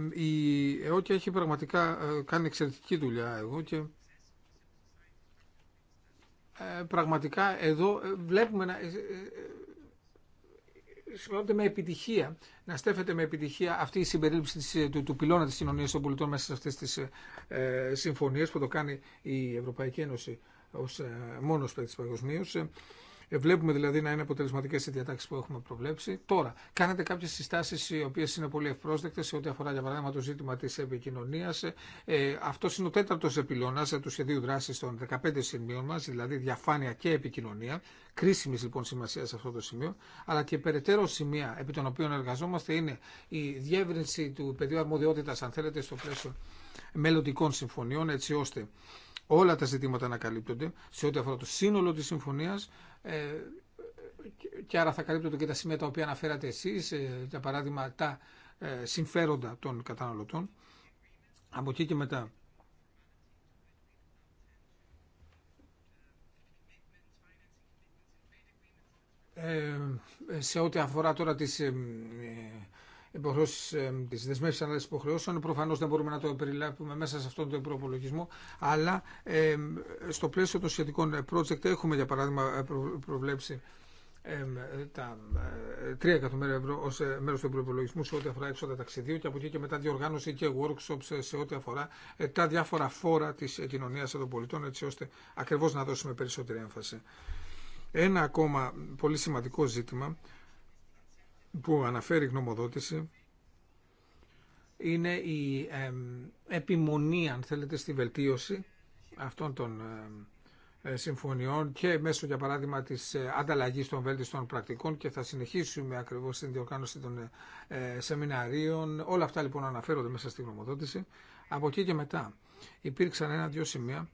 η ΕΟΚΙ έχει πραγματικά ε, κάνει εξαιρετική δουλειά εγώ και ε, πραγματικά εδώ ε, βλέπουμε να με επιτυχία, να στέφεται με επιτυχία αυτή η συμπερίληψη του, του πυλώνα της κοινωνίας των πολιτών μέσα σε αυτές τις ε, συμφωνίες που το κάνει η Ευρωπαϊκή Ένωση ως ε, μόνος παίκτης παγκοσμίω. Ε, βλέπουμε δηλαδή να είναι αποτελεσματικέ οι διατάξει που έχουμε προβλέψει. Τώρα, κάνετε κάποιε συστάσει οι οποίε είναι πολύ ευπρόσδεκτε σε ό,τι αφορά για παράδειγμα το ζήτημα τη επικοινωνία. Ε, Αυτό είναι ο τέταρτο επιλώνα ε, του σχεδίου δράση των 15 σημείων μα, δηλαδή διαφάνεια και επικοινωνία. Κρίσιμη λοιπόν σημασία σε αυτό το σημείο. Αλλά και περαιτέρω σημεία επί των οποίων εργαζόμαστε είναι η διεύρυνση του πεδίου αρμοδιότητα, αν θέλετε, στο πλαίσιο μελλοντικών συμφωνιών, έτσι ώστε όλα τα ζητήματα να καλύπτονται σε ό,τι αφορά το σύνολο της συμφωνίας ε, και άρα θα καλύπτονται και τα σημεία τα οποία αναφέρατε εσείς, ε, για παράδειγμα τα ε, συμφέροντα των καταναλωτών. Από εκεί και μετά. σε ό,τι αφορά τώρα τις υποχρεώσει, ε, τι δεσμεύσει ανάλυση υποχρεώσεων. Προφανώ δεν μπορούμε να το περιλάβουμε μέσα σε αυτόν τον προπολογισμό, αλλά ε, στο πλαίσιο των σχετικών ε, project έχουμε για παράδειγμα προβλέψει τα 3 εκατομμύρια ευρώ ως μέρο του προπολογισμού σε ό,τι αφορά έξοδα ταξιδίου και από εκεί και μετά διοργάνωση και workshops σε ό,τι αφορά τα διάφορα φόρα της κοινωνία των πολιτών έτσι ώστε ακριβώ να δώσουμε περισσότερη έμφαση. Ένα ακόμα πολύ σημαντικό ζήτημα που αναφέρει η γνωμοδότηση είναι η επιμονή, αν θέλετε, στη βελτίωση αυτών των ε, συμφωνιών και μέσω, για παράδειγμα, της ε, ανταλλαγής των βέλτιστων πρακτικών και θα συνεχίσουμε ακριβώς την διοργάνωση των ε, σεμιναρίων. Όλα αυτά, λοιπόν, αναφέρονται μέσα στη γνωμοδότηση. Από εκεί και μετά υπήρξαν ένα-δύο σημεία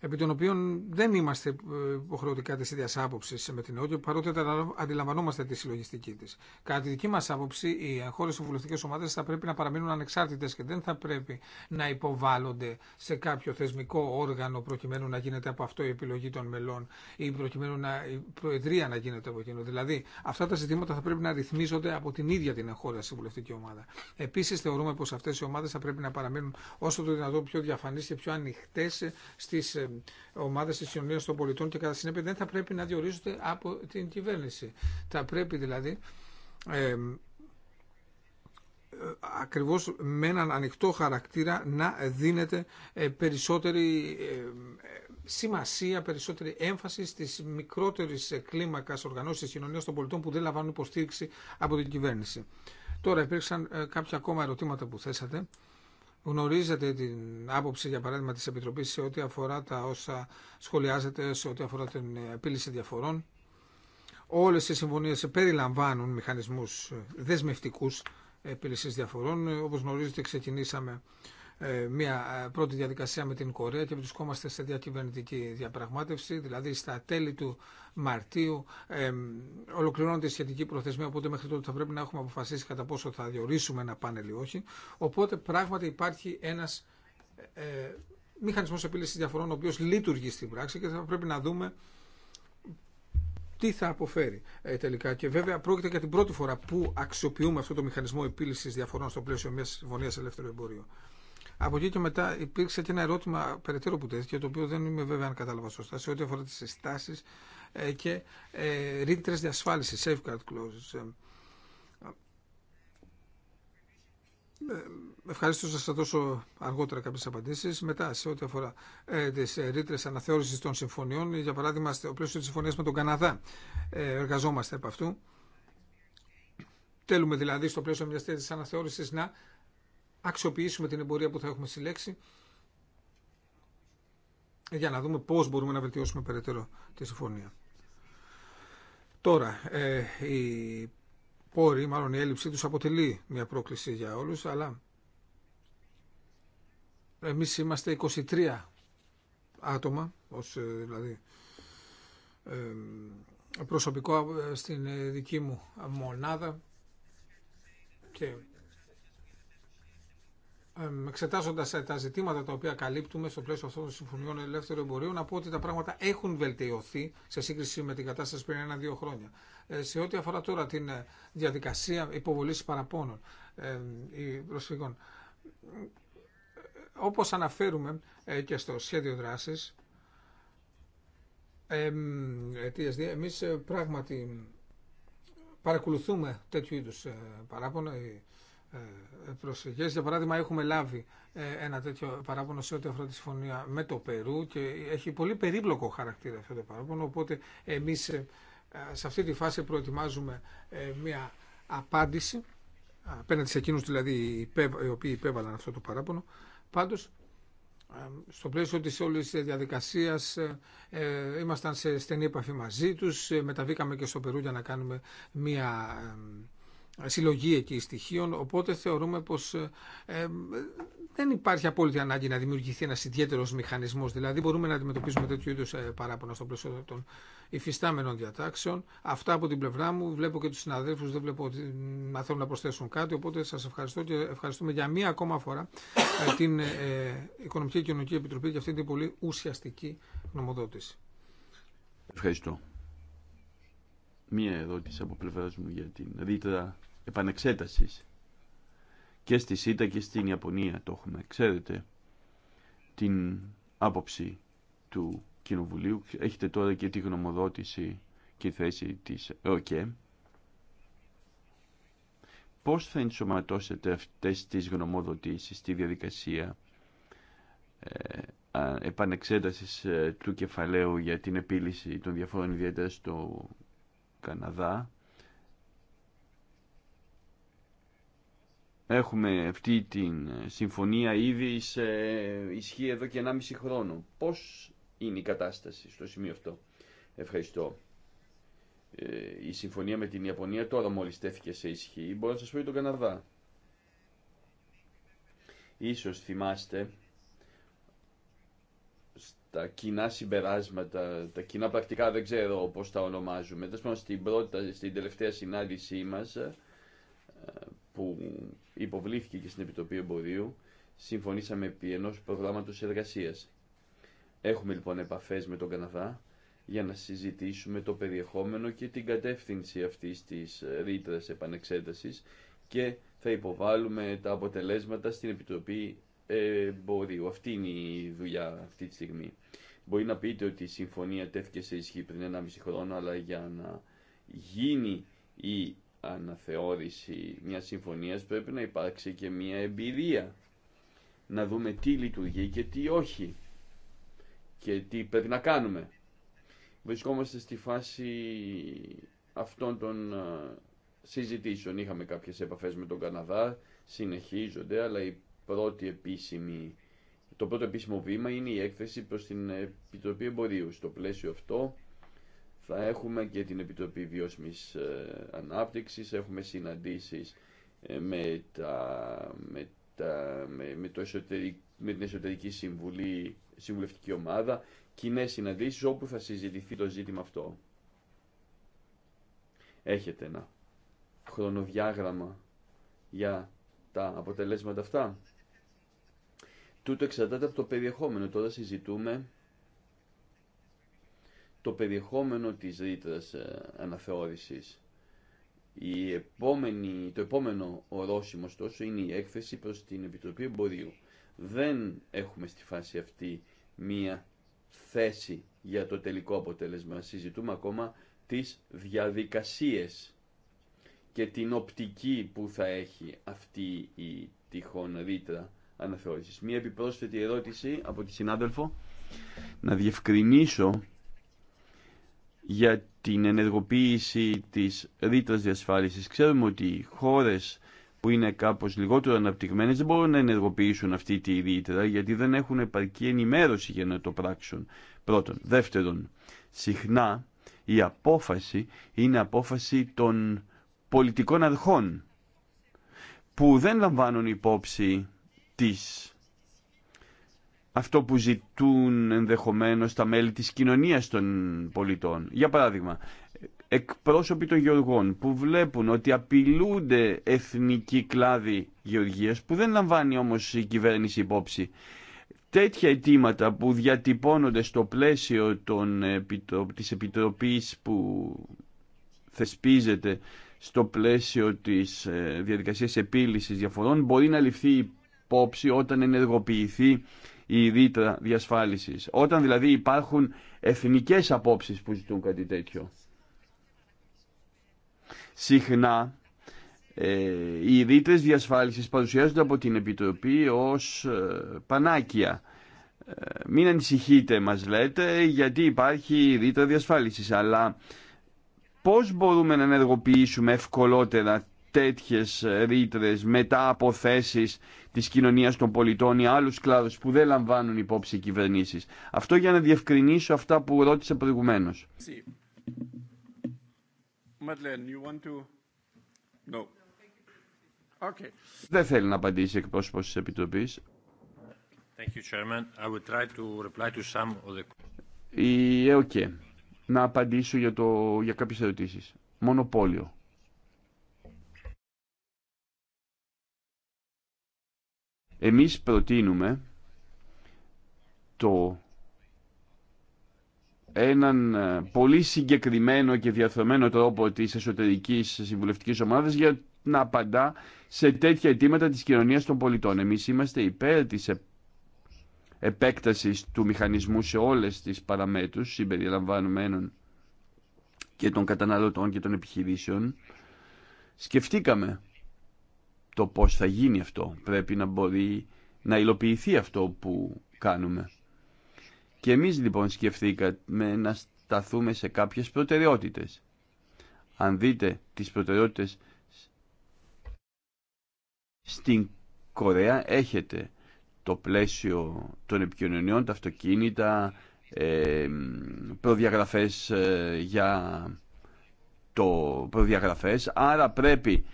επί των οποίων δεν είμαστε ε, υποχρεωτικά τη ίδια άποψη με την ΟΚΙΟ, παρότι αντιλαμβανόμαστε τη συλλογιστική τη. Κατά τη δική μα άποψη, οι χώρε συμβουλευτικέ ομάδε θα πρέπει να παραμείνουν ανεξάρτητε και δεν θα πρέπει να υποβάλλονται σε κάποιο θεσμικό όργανο προκειμένου να γίνεται από αυτό η επιλογή των μελών ή προκειμένου να, η προεδρία να γίνεται από εκείνο. Δηλαδή, αυτά τα ζητήματα θα πρέπει να ρυθμίζονται από την ίδια την εγχώρια συμβουλευτική ομάδα. Επίση, θεωρούμε πω αυτέ οι ομάδε θα πρέπει να παραμείνουν όσο το δυνατόν πιο διαφανεί και πιο ανοιχτέ στι ε, ομάδε τη κοινωνία των πολιτών και κατά συνέπεια δεν θα πρέπει να διορίζονται από την κυβέρνηση. Θα πρέπει δηλαδή ε, ακριβώς με έναν ανοιχτό χαρακτήρα να δίνεται ε, περισσότερη ε, σημασία, περισσότερη έμφαση στις μικρότερες ε, κλίμακες οργανώσεις της κοινωνίας των πολιτών που δεν λαμβάνουν υποστήριξη από την κυβέρνηση. Τώρα υπήρξαν κάποια ακόμα ερωτήματα που θέσατε γνωρίζετε την άποψη, για παράδειγμα, της Επιτροπής σε ό,τι αφορά τα όσα σχολιάζεται, σε ό,τι αφορά την επίλυση διαφορών. Όλες οι συμφωνίες περιλαμβάνουν μηχανισμούς δεσμευτικούς επίλυσης διαφορών. Όπως γνωρίζετε, ξεκινήσαμε ε, μια ε, πρώτη διαδικασία με την Κορέα και βρισκόμαστε σε διακυβερνητική διαπραγμάτευση, δηλαδή στα τέλη του Μαρτίου ε, ολοκληρώνεται η σχετική προθεσμία, οπότε μέχρι τότε θα πρέπει να έχουμε αποφασίσει κατά πόσο θα διορίσουμε ένα πάνελ ή όχι. Οπότε πράγματι υπάρχει ένα ε, μηχανισμός επίλυσης διαφορών ο οποίο λειτουργεί στην πράξη και θα πρέπει να δούμε τι θα αποφέρει τελικά. Και βέβαια πρόκειται για την πρώτη φορά που αξιοποιούμε αυτό το μηχανισμό επίλυση διαφορών στο πλαίσιο μια συμφωνία ελεύθερου εμπορίου. Από εκεί και μετά υπήρξε και ένα ερώτημα περαιτέρω που τέθηκε, το οποίο δεν είμαι βέβαια αν κατάλαβα σωστά, σε ό,τι αφορά τι συστάσει ε, και ε, ρήτρε διασφάλιση, safeguard clauses. Ε, ε, ευχαριστώ σα θα δώσω αργότερα κάποιες απαντήσεις. Μετά, σε ό,τι αφορά ε, τις ρήτρες αναθεώρησης των συμφωνιών, για παράδειγμα, στο πλαίσιο της συμφωνίας με τον Καναδά, ε, εργαζόμαστε από αυτού. Θέλουμε δηλαδή στο πλαίσιο μιας τέτοιας αναθεώρησης να αξιοποιήσουμε την εμπορία που θα έχουμε συλλέξει για να δούμε πώς μπορούμε να βελτιώσουμε περαιτέρω τη συμφωνία. Τώρα, ε, η πόροι, μάλλον η έλλειψή τους αποτελεί μια πρόκληση για όλους, αλλά εμείς είμαστε 23 άτομα, ως ε, δηλαδή ε, προσωπικό ε, στην δική μου μονάδα και Εξετάζοντα ε, τα ζητήματα τα οποία καλύπτουμε στο πλαίσιο αυτών των συμφωνιών ελεύθερου εμπορίου, να πω ότι τα πράγματα έχουν βελτιωθεί σε σύγκριση με την κατάσταση πριν ένα-δύο χρόνια. Ε, σε ό,τι αφορά τώρα την ε, διαδικασία υποβολής παραπώνων ή προσφυγών, όπως αναφέρουμε και στο σχέδιο δράσης, εμεί πράγματι παρακολουθούμε τέτοιου είδους παράπονα, ε, προσφυγέ. Για παράδειγμα έχουμε λάβει ε, ένα τέτοιο παράπονο σε ό,τι αφορά τη συμφωνία με το Περού και έχει πολύ περίπλοκο χαρακτήρα αυτό το παράπονο, οπότε εμείς ε, σε αυτή τη φάση προετοιμάζουμε μια απάντηση απέναντι σε εκείνου δηλαδή οι οποίοι υπέβαλαν αυτό το παράπονο. Πάντως στο πλαίσιο της όλης της διαδικασίας ήμασταν σε στενή επαφή μαζί τους, μεταβήκαμε και στο Περού για να κάνουμε μία συλλογή εκεί στοιχείων, οπότε θεωρούμε πως ε, ε, δεν υπάρχει απόλυτη ανάγκη να δημιουργηθεί ένας ιδιαίτερο μηχανισμός. Δηλαδή μπορούμε να αντιμετωπίσουμε τέτοιου είδους ε, παράπονα στο πλαίσιο των υφιστάμενων διατάξεων. Αυτά από την πλευρά μου. Βλέπω και τους συναδέλφους, δεν βλέπω ότι να θέλουν να προσθέσουν κάτι, οπότε σας ευχαριστώ και ευχαριστούμε για μία ακόμα φορά την Οικονομική και Κοινωνική Επιτροπή για αυτή την πολύ ουσιαστική νομοδότηση. Ευχαριστώ μία ερώτηση από πλευρά μου για την ρήτρα επανεξέτασης. Και στη ΣΥΤΑ και στην Ιαπωνία το έχουμε. Ξέρετε την άποψη του Κοινοβουλίου. Έχετε τώρα και τη γνωμοδότηση και θέση της ΕΟΚΕ. Okay. Πώς θα ενσωματώσετε αυτές τις γνωμοδοτήσεις στη διαδικασία ε, επανεξέτασης ε, του κεφαλαίου για την επίλυση των διαφόρων ιδιαίτερα στο Καναδά Έχουμε αυτή την συμφωνία ήδη σε ισχύ εδώ και 1,5 χρόνο. Πώς είναι η κατάσταση στο σημείο αυτό. Ευχαριστώ. Ε, η συμφωνία με την Ιαπωνία τώρα μόλις τέθηκε σε ισχύ. Μπορώ να σας πω για τον Καναδά. Ίσως θυμάστε στα κοινά συμπεράσματα, τα κοινά πρακτικά δεν ξέρω πώς τα ονομάζουμε. Δεν στην, στην τελευταία συνάντησή μας ε, που υποβλήθηκε και στην Επιτροπή Εμπορίου, συμφωνήσαμε επί ενό προγράμματος εργασίας. Έχουμε λοιπόν επαφές με τον Καναδά για να συζητήσουμε το περιεχόμενο και την κατεύθυνση αυτή της ρήτρα επανεξέταση και θα υποβάλουμε τα αποτελέσματα στην Επιτροπή Εμπορίου. Αυτή είναι η δουλειά αυτή τη στιγμή. Μπορεί να πείτε ότι η συμφωνία τέθηκε σε ισχύ πριν 1,5 χρόνο, αλλά για να γίνει η αναθεώρηση μιας συμφωνίας πρέπει να υπάρξει και μια εμπειρία. Να δούμε τι λειτουργεί και τι όχι και τι πρέπει να κάνουμε. Βρισκόμαστε στη φάση αυτών των συζητήσεων. Είχαμε κάποιες επαφές με τον Καναδά, συνεχίζονται, αλλά η πρώτη επίσημη, το πρώτο επίσημο βήμα είναι η έκθεση προς την Επιτροπή Εμπορίου. Στο πλαίσιο αυτό θα έχουμε και την Επιτροπή Βιώσιμης ε, Ανάπτυξης, έχουμε συναντήσεις ε, με, τα, με, με, το με την Εσωτερική Συμβουλευτική Ομάδα, κοινέ συναντήσεις όπου θα συζητηθεί το ζήτημα αυτό. Έχετε ένα χρονοδιάγραμμα για τα αποτελέσματα αυτά. Τούτο εξαρτάται από το περιεχόμενο. Τώρα συζητούμε το περιεχόμενο της ρήτρα ε, αναθεώρησης. Η επόμενη, το επόμενο ορόσημο, ωστόσο, είναι η έκθεση προς την Επιτροπή Εμπορίου. Δεν έχουμε στη φάση αυτή μία θέση για το τελικό αποτέλεσμα. Συζητούμε ακόμα τις διαδικασίες και την οπτική που θα έχει αυτή η τυχόν ρήτρα αναθεώρησης. Μία επιπρόσθετη ερώτηση από τη συνάδελφο. Να διευκρινίσω για την ενεργοποίηση της ρήτρας διασφάλισης. Ξέρουμε ότι οι χώρες που είναι κάπως λιγότερο αναπτυγμένες δεν μπορούν να ενεργοποιήσουν αυτή τη ρήτρα γιατί δεν έχουν επαρκή ενημέρωση για να το πράξουν. Πρώτον. Δεύτερον, συχνά η απόφαση είναι απόφαση των πολιτικών αρχών που δεν λαμβάνουν υπόψη τις αυτό που ζητούν ενδεχομένως τα μέλη της κοινωνίας των πολιτών. Για παράδειγμα, εκπρόσωποι των γεωργών που βλέπουν ότι απειλούνται εθνικοί κλάδοι γεωργίας που δεν λαμβάνει όμως η κυβέρνηση υπόψη. Τέτοια αιτήματα που διατυπώνονται στο πλαίσιο των, της επιτροπής που θεσπίζεται στο πλαίσιο της ε, διαδικασίας επίλυσης διαφορών μπορεί να ληφθεί υπόψη όταν ενεργοποιηθεί η ρήτρα διασφάλισης. Όταν δηλαδή υπάρχουν εθνικές απόψεις που ζητούν κάτι τέτοιο. Συχνά ε, οι ρήτρε διασφάλισης παρουσιάζονται από την Επιτροπή ως ε, πανάκια. Ε, μην ανησυχείτε μας λέτε γιατί υπάρχει ρήτρα διασφάλισης αλλά πώς μπορούμε να ενεργοποιήσουμε ευκολότερα τέτοιες ρήτρε μετά από θέσεις Τη κοινωνία των πολιτών ή άλλους κλάδους που δεν λαμβάνουν υπόψη οι κυβερνήσει. Αυτό για να διευκρινίσω αυτά που ρώτησε προηγουμένω. Okay. Δεν θέλει να απαντήσει εκπρόσωπος της Επιτροπής. Thank Okay. Ε, ε, να απαντήσω για, το... για κάποιες ερωτήσεις. Μονοπόλιο. Εμείς προτείνουμε το έναν ε, πολύ συγκεκριμένο και διαθρωμένο τρόπο της εσωτερικής συμβουλευτικής ομάδας για να απαντά σε τέτοια αιτήματα της κοινωνίας των πολιτών. Εμείς είμαστε υπέρ της επέκτασης του μηχανισμού σε όλες τις παραμέτρους συμπεριλαμβανομένων και των καταναλωτών και των επιχειρήσεων. Σκεφτήκαμε το πώς θα γίνει αυτό. Πρέπει να μπορεί να υλοποιηθεί αυτό που κάνουμε. Και εμείς λοιπόν σκεφτήκαμε να σταθούμε σε κάποιες προτεραιότητες. Αν δείτε τις προτεραιότητες στην Κορέα έχετε το πλαίσιο των επικοινωνιών, τα αυτοκίνητα, ε, προδιαγραφές ε, για το προδιαγραφές, άρα πρέπει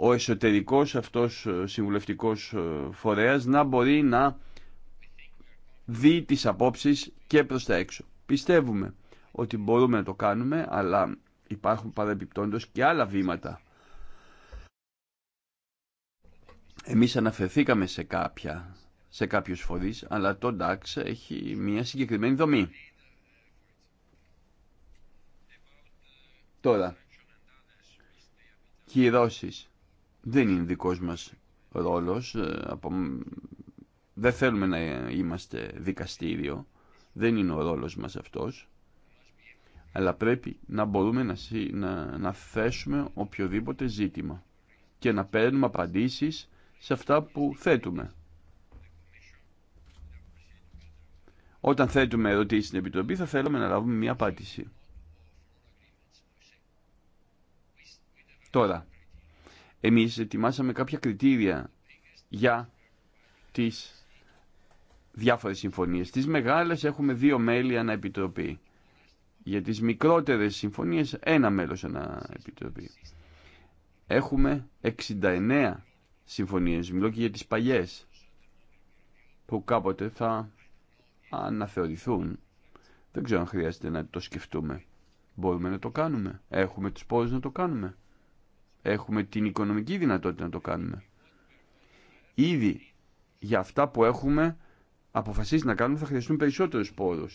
ο εσωτερικός αυτός ε, συμβουλευτικός ε, φορέας να μπορεί να δει τις απόψεις και προς τα έξω. Πιστεύουμε ότι μπορούμε να το κάνουμε, αλλά υπάρχουν παρεμπιπτόντως και άλλα βήματα. Εμείς αναφερθήκαμε σε κάποια, σε κάποιους φορείς, αλλά το DAX έχει μια συγκεκριμένη δομή. Τώρα, κυρώσεις δεν είναι δικός μας ρόλος. Ε, από... Δεν θέλουμε να είμαστε δικαστήριο. Δεν είναι ο ρόλος μας αυτός. Αλλά πρέπει να μπορούμε να, να, να θέσουμε οποιοδήποτε ζήτημα και να παίρνουμε απαντήσεις σε αυτά που θέτουμε. Όταν θέτουμε ερωτήσεις στην Επιτροπή θα θέλουμε να λάβουμε μια απάντηση. Τώρα, εμείς ετοιμάσαμε κάποια κριτήρια για τις διάφορες συμφωνίες. Τις μεγάλες έχουμε δύο μέλη ανά Για τις μικρότερες συμφωνίες ένα μέλος ανά επιτροπή. Έχουμε 69 συμφωνίες. Μιλώ και για τις παλιές που κάποτε θα αναθεωρηθούν. Δεν ξέρω αν χρειάζεται να το σκεφτούμε. Μπορούμε να το κάνουμε. Έχουμε τους πόρους να το κάνουμε έχουμε την οικονομική δυνατότητα να το κάνουμε. Ήδη για αυτά που έχουμε αποφασίσει να κάνουμε θα χρειαστούν περισσότερους πόρου.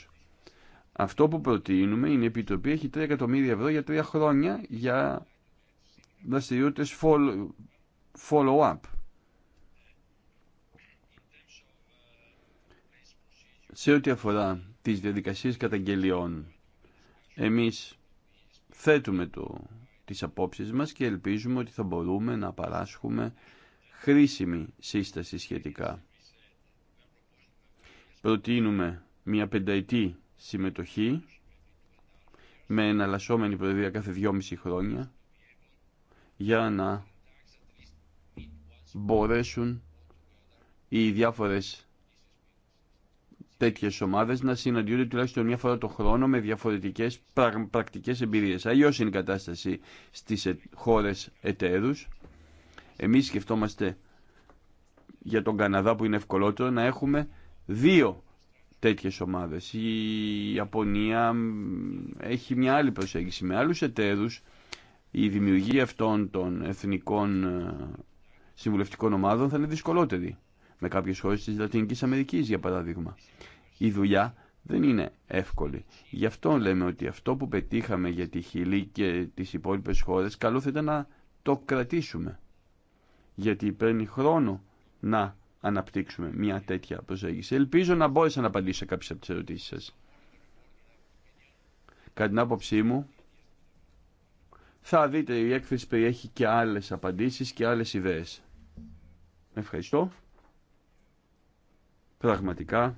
Αυτό που προτείνουμε είναι η Επιτροπή έχει 3 εκατομμύρια ευρώ για 3 χρόνια για δραστηριότητε follow follow-up. Σε ό,τι αφορά τις διαδικασίες καταγγελιών, εμείς θέτουμε το τις απόψεις μας και ελπίζουμε ότι θα μπορούμε να παράσχουμε χρήσιμη σύσταση σχετικά. Προτείνουμε μια πενταετή συμμετοχή με εναλλασσόμενη προεδρία κάθε δυόμιση χρόνια για να μπορέσουν οι διάφορες Τετοιε ομάδε να συναντιούνται τουλάχιστον μια φορά το χρόνο με διαφορετικές πρακτικέ εμπειρίε. Αλλιώ είναι η κατάσταση στις ε, χώρε εταίρου. Εμεί σκεφτόμαστε για τον Καναδά που είναι ευκολότερο να έχουμε δύο τέτοιε ομάδε. Η Ιαπωνία έχει μια άλλη προσέγγιση με άλλου εταίρου Η δημιουργία αυτών των εθνικών ε, συμβουλευτικών ομάδων θα είναι δυσκολότερη με κάποιες χώρες της Λατινικής Αμερική, για παράδειγμα η δουλειά δεν είναι εύκολη. Γι' αυτό λέμε ότι αυτό που πετύχαμε για τη Χιλή και τις υπόλοιπες χώρες καλό θα ήταν να το κρατήσουμε. Γιατί παίρνει χρόνο να αναπτύξουμε μια τέτοια προσέγγιση. Ελπίζω να μπόρεσα να απαντήσω σε κάποιες από τις ερωτήσεις σας. Κατά την άποψή μου, θα δείτε η έκθεση περιέχει και άλλες απαντήσεις και άλλες ιδέες. Ευχαριστώ. Πραγματικά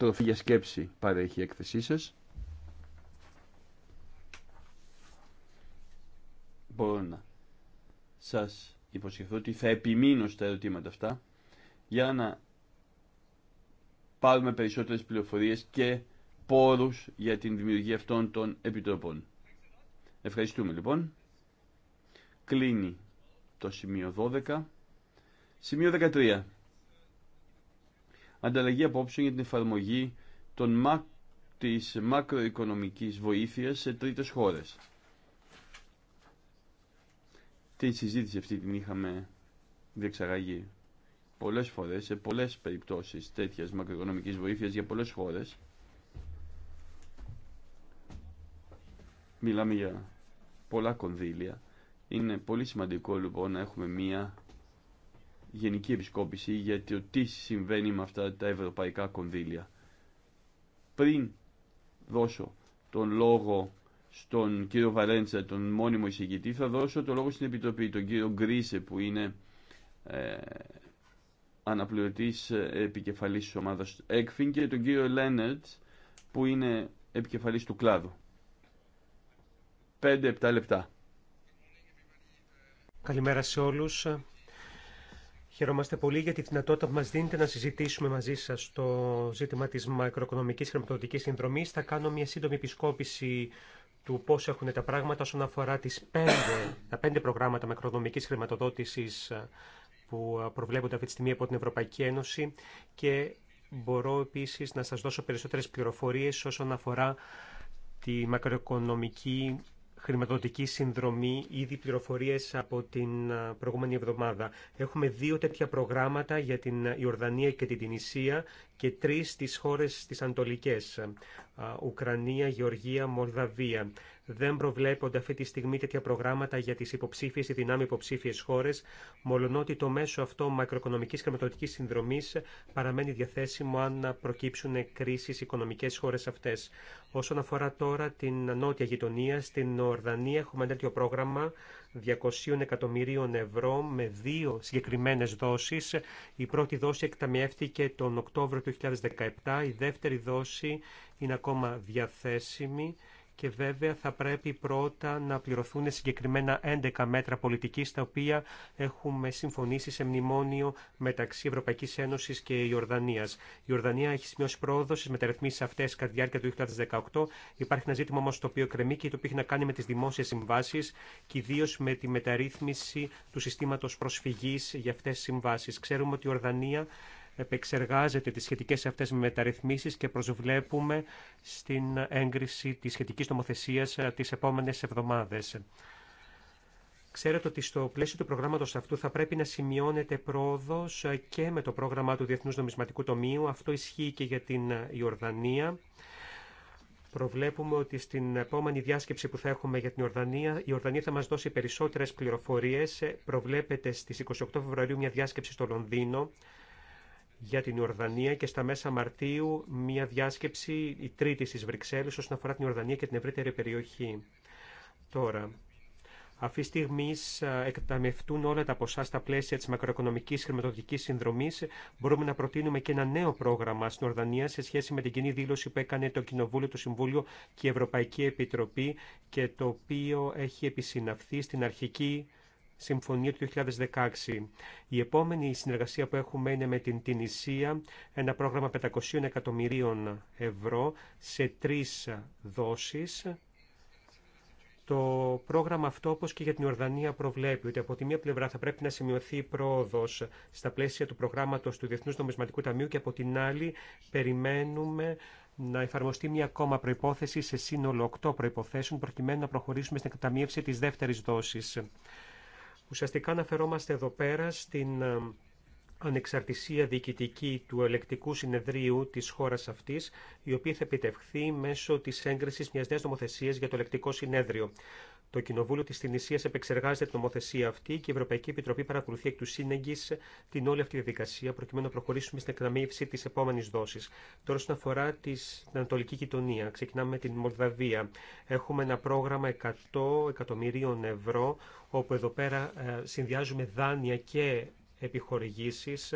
το για σκέψη παρέχει η έκθεσή σας. Μπορώ να σας υποσχεθώ ότι θα επιμείνω στα ερωτήματα αυτά για να πάρουμε περισσότερες πληροφορίες και πόρους για την δημιουργία αυτών των επιτροπών. Ευχαριστούμε λοιπόν. Κλείνει το σημείο 12. Σημείο 13 ανταλλαγή απόψεων για την εφαρμογή των μα... της μακροοικονομικής βοήθειας σε τρίτες χώρες. Την συζήτηση αυτή την είχαμε διεξαγάγει πολλές φορές, σε πολλές περιπτώσεις τέτοιας μακροοικονομικής βοήθειας για πολλές χώρες. Μιλάμε για πολλά κονδύλια. Είναι πολύ σημαντικό λοιπόν να έχουμε μία γενική επισκόπηση για το τι συμβαίνει με αυτά τα ευρωπαϊκά κονδύλια. Πριν δώσω τον λόγο στον κύριο Βαλέντσα, τον μόνιμο εισηγητή, θα δώσω το λόγο στην Επιτροπή, τον κύριο Γκρίσε που είναι ε, αναπληρωτής ε, επικεφαλής της ομάδας ΕΚΦΙΝ και τον κύριο Λένερτ που είναι επικεφαλής του κλάδου. 5-7 λεπτά. Καλημέρα σε όλους. Χαιρόμαστε πολύ για τη δυνατότητα που μα δίνετε να συζητήσουμε μαζί σα το ζήτημα τη μακροοικονομική χρηματοδοτική συνδρομή. Θα κάνω μια σύντομη επισκόπηση του πώ έχουν τα πράγματα όσον αφορά τις πέντε, τα πέντε προγράμματα μακροοικονομική χρηματοδότηση ε, που ε, προβλέπονται αυτή τη στιγμή από την Ευρωπαϊκή Ένωση και μπορώ επίση να σα δώσω περισσότερε πληροφορίε όσον αφορά τη μακροοικονομική χρηματοδοτική συνδρομή, ήδη πληροφορίε από την ε, προηγούμενη εβδομάδα. Έχουμε δύο τέτοια προγράμματα για την ε, Ιορδανία και την Τινησία και τρεις στις χώρες τι Αντολικέ: ε, Ουκρανία, Γεωργία, Μολδαβία. Δεν προβλέπονται αυτή τη στιγμή τέτοια προγράμματα για τι υποψήφιε ή δυνάμει υποψήφιε χώρε, μολονότι το μέσο αυτό μακροοικονομική και μεταδοτική συνδρομή παραμένει διαθέσιμο αν προκύψουν κρίσει οικονομικέ χώρε αυτέ. Όσον αφορά τώρα την νότια γειτονία, στην Ορδανία έχουμε ένα τέτοιο πρόγραμμα 200 εκατομμυρίων ευρώ με δύο συγκεκριμένε δόσει. Η πρώτη δόση εκταμιεύτηκε τον Οκτώβριο του 2017, η δεύτερη δόση είναι ακόμα διαθέσιμη και βέβαια θα πρέπει πρώτα να πληρωθούν συγκεκριμένα 11 μέτρα πολιτικής τα οποία έχουμε συμφωνήσει σε μνημόνιο μεταξύ Ευρωπαϊκής Ένωσης και Ιορδανίας. Η Ιορδανία έχει σημειώσει πρόοδο στις μεταρρυθμίσεις αυτές κατά τη διάρκεια του 2018. Υπάρχει ένα ζήτημα όμως το οποίο κρεμεί και το οποίο έχει να κάνει με τις δημόσιες συμβάσεις και ιδίω με τη μεταρρύθμιση του συστήματος προσφυγής για αυτές τις συμβάσεις. Ξέρουμε ότι η Ιορδανία επεξεργάζεται τις σχετικές αυτές μεταρρυθμίσεις και προσβλέπουμε στην έγκριση της σχετικής νομοθεσίας ε, τις επόμενες εβδομάδες. Ξέρετε ότι στο πλαίσιο του προγράμματο αυτού θα πρέπει να σημειώνεται πρόοδο ε, και με το πρόγραμμα του Διεθνού Νομισματικού Τομείου. Αυτό ισχύει και για την ε, Ιορδανία. Προβλέπουμε ότι στην επόμενη διάσκεψη που θα έχουμε για την Ιορδανία, η Ιορδανία θα μα δώσει περισσότερε πληροφορίε. Προβλέπεται στι 28 Φεβρουαρίου μια διάσκεψη στο Λονδίνο για την Ιορδανία και στα μέσα Μαρτίου μια διάσκεψη, η τρίτη στις Βρυξέλλες, όσον αφορά την Ιορδανία και την ευρύτερη περιοχή. Τώρα, αυτή τη στιγμή εκταμευτούν όλα τα ποσά στα πλαίσια της Μακροοικονομικής Χρηματοδοτικής Συνδρομής. Μπορούμε να προτείνουμε και ένα νέο πρόγραμμα στην Ορδανία σε σχέση με την κοινή δήλωση που έκανε το Κοινοβούλιο, το Συμβούλιο και η Ευρωπαϊκή Επιτροπή και το οποίο έχει επισυναυθεί στην αρχική συμφωνία του 2016. Η επόμενη συνεργασία που έχουμε είναι με την Τινησία, ένα πρόγραμμα 500 εκατομμυρίων ευρώ σε τρεις δόσεις. Το πρόγραμμα αυτό, όπως και για την Ορδανία, προβλέπει ότι από τη μία πλευρά θα πρέπει να σημειωθεί προοδος στα πλαίσια του προγραμματος του διεθνους Νομισματικού Ταμείου και από την άλλη περιμένουμε να εφαρμοστεί μία ακόμα προυποθεση σε σύνολο 8 προυποθεσεων προκειμένου να προχωρήσουμε στην εκταμείευση της δεύτερη δόση. Ουσιαστικά αναφερόμαστε εδώ πέρα στην ε, ανεξαρτησία διοικητική του ελεκτικού συνεδρίου της χώρας αυτής, η οποία θα επιτευχθεί μέσω της έγκρισης μιας νέας νομοθεσίας για το ελεκτικό συνέδριο. Το Κοινοβούλιο τη Τινησία επεξεργάζεται την νομοθεσία αυτή και η Ευρωπαϊκή Επιτροπή παρακολουθεί εκ του σύνεγγυ την όλη αυτή διαδικασία προκειμένου να προχωρήσουμε στην εκναμείευση τη επόμενη δόση. Τώρα, όσον αφορά τις, την Ανατολική Κοινωνία, ξεκινάμε με την Μολδαβία. Έχουμε ένα πρόγραμμα 100 εκατομμυρίων ευρώ, όπου εδώ πέρα ε, συνδυάζουμε δάνεια και επιχορηγήσεις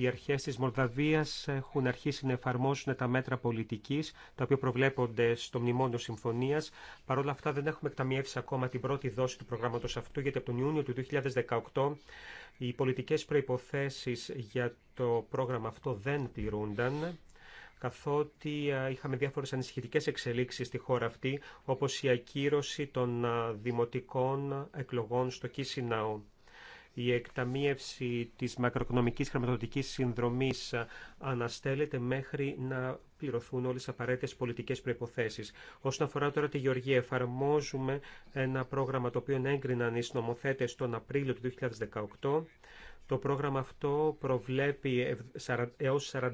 οι αρχές της Μολδαβία έχουν αρχίσει να εφαρμόσουν τα μέτρα πολιτικής, τα οποία προβλέπονται στο Μνημόνιο Συμφωνίας. Παρ' όλα αυτά δεν έχουμε εκταμιεύσει ακόμα την πρώτη δόση του προγράμματος αυτού, γιατί από τον Ιούνιο του 2018 οι πολιτικές προϋποθέσεις για το πρόγραμμα αυτό δεν πληρούνταν καθότι είχαμε διάφορες ανησυχητικές εξελίξεις στη χώρα αυτή, όπως η ακύρωση των δημοτικών εκλογών στο Κίσιναο η εκταμίευση της μακροοικονομικής χρηματοδοτικής συνδρομής αναστέλλεται μέχρι να πληρωθούν όλες τις απαραίτητες πολιτικές προϋποθέσεις. Όσον αφορά τώρα τη Γεωργία, εφαρμόζουμε ένα πρόγραμμα το οποίο έγκριναν οι συνομοθέτες τον Απρίλιο του 2018. Το πρόγραμμα αυτό προβλέπει έως 45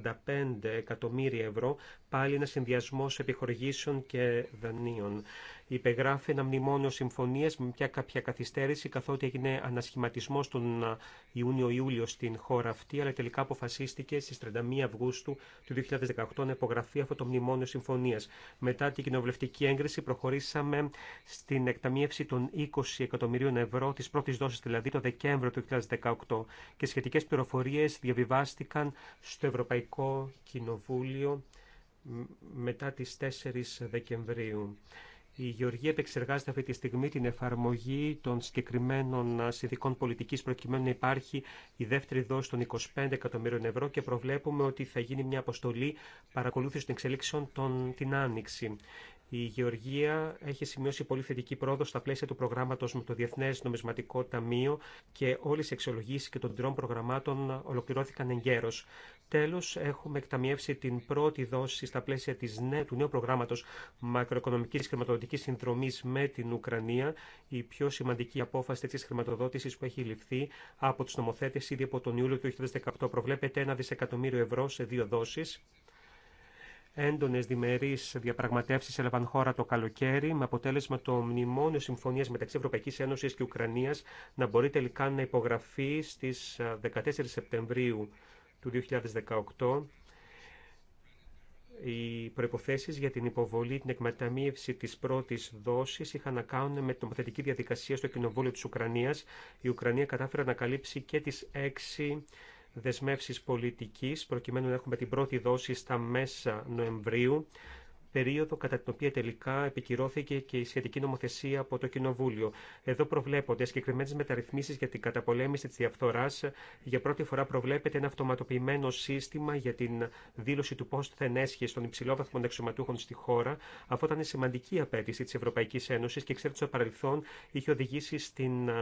εκατομμύρια ευρώ, πάλι ένα συνδυασμό επιχορηγήσεων και δανείων υπεγράφει ένα μνημόνιο συμφωνία με μια κάποια καθυστέρηση, καθότι έγινε ανασχηματισμό τον Ιούνιο-Ιούλιο στην χώρα αυτή, αλλά τελικά αποφασίστηκε στι 31 Αυγούστου του 2018 να υπογραφεί αυτό το μνημόνιο συμφωνία. Μετά την κοινοβουλευτική έγκριση, προχωρήσαμε στην εκταμείευση των 20 εκατομμυρίων ευρώ, τη πρώτη δόση δηλαδή, το Δεκέμβριο του 2018 και σχετικέ πληροφορίε διαβιβάστηκαν στο Ευρωπαϊκό Κοινοβούλιο μετά τις 4 Δεκεμβρίου. Η Γεωργία επεξεργάζεται αυτή τη στιγμή την εφαρμογή των συγκεκριμένων συνδικών πολιτικής προκειμένου να υπάρχει η δεύτερη δόση των 25 εκατομμύριων ευρώ και προβλέπουμε ότι θα γίνει μια αποστολή παρακολούθηση των εξελίξεων των, την Άνοιξη. Η Γεωργία έχει σημειώσει πολύ θετική πρόοδο στα πλαίσια του προγράμματο με το Διεθνέ Νομισματικό Ταμείο και όλε οι εξολογήσει και των τριών προγραμμάτων ολοκληρώθηκαν εγκαίρω. Τέλος, έχουμε εκταμιεύσει την πρώτη δόση στα πλαίσια της νέ, του νέου προγράμματος μακροοικονομικής χρηματοδοτικής συνδρομής με την Ουκρανία, η πιο σημαντική απόφαση τη χρηματοδότησης που έχει ληφθεί από τους νομοθέτες ήδη από τον Ιούλιο του 2018. Προβλέπεται ένα δισεκατομμύριο ευρώ σε δύο δόσεις. Έντονε διμερεί διαπραγματεύσει έλαβαν χώρα το καλοκαίρι, με αποτέλεσμα το μνημόνιο συμφωνία μεταξύ Ευρωπαϊκή Ένωση και Ουκρανία να μπορεί τελικά να υπογραφεί στι 14 ε, Σεπτεμβρίου του 2018 οι προϋποθέσεις για την υποβολή, την εκμεταμίευση της πρώτης δόσης είχαν να κάνουν με την πολιτική διαδικασία στο Κοινοβούλιο της Ουκρανίας. Η Ουκρανία κατάφερε να καλύψει και τις έξι δεσμεύσεις πολιτικής, προκειμένου να έχουμε την πρώτη δόση στα μέσα Νοεμβρίου περίοδο κατά την οποία τελικά επικυρώθηκε και η σχετική νομοθεσία από το Κοινοβούλιο. Εδώ προβλέπονται συγκεκριμένε μεταρρυθμίσει για την καταπολέμηση τη διαφθορά. Για πρώτη φορά προβλέπεται ένα αυτοματοποιημένο σύστημα για την δήλωση του πόστου θα των υψηλόβαθμων αξιωματούχων στη χώρα. Αυτό ήταν η σημαντική απέτηση τη Ευρωπαϊκή Ένωση και ξέρετε στο παρελθόν είχε οδηγήσει στην ε,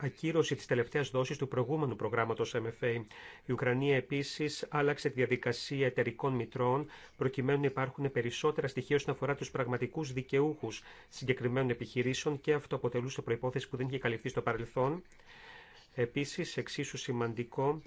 ακύρωση της τελευταίας δόσης του προηγούμενου προγράμματος MFA. Η Ουκρανία επίσης άλλαξε τη διαδικασία εταιρικών μητρών προκειμένου να υπάρχουν περισσότερα στοιχεία όσον αφορά τους πραγματικούς δικαιούχους συγκεκριμένων επιχειρήσεων και αυτό αποτελούσε προϋπόθεση που δεν είχε καλυφθεί στο παρελθόν. Επίσης, εξίσου σημαντικό,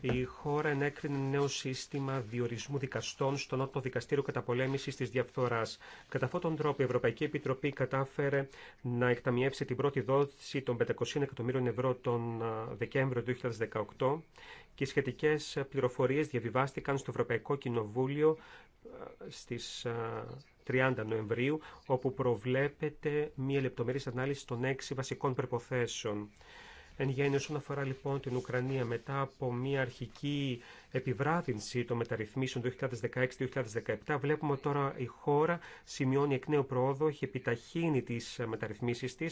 η χώρα ενέκρινε νέο σύστημα διορισμού δικαστών στον Νότο Δικαστήριο Καταπολέμησης της Διαφθοράς. Κατά αυτόν τον τρόπο η Ευρωπαϊκή Επιτροπή κατάφερε να εκταμιεύσει την πρώτη δόση των 500 εκατομμύριων ευρώ τον Δεκέμβριο του 2018 και οι σχετικές πληροφορίες διαβιβάστηκαν στο Ευρωπαϊκό Κοινοβούλιο στις 30 Νοεμβρίου, όπου προβλέπεται μία λεπτομερής ανάλυση των έξι βασικών προποθέσεων. Εν γέννη όσον αφορά λοιπόν την Ουκρανία μετά από μια αρχική επιβράδυνση των μεταρρυθμίσεων του 2016-2017 βλέπουμε τώρα η χώρα σημειώνει εκ νέου πρόοδο, έχει επιταχύνει τι μεταρρυθμίσει τη,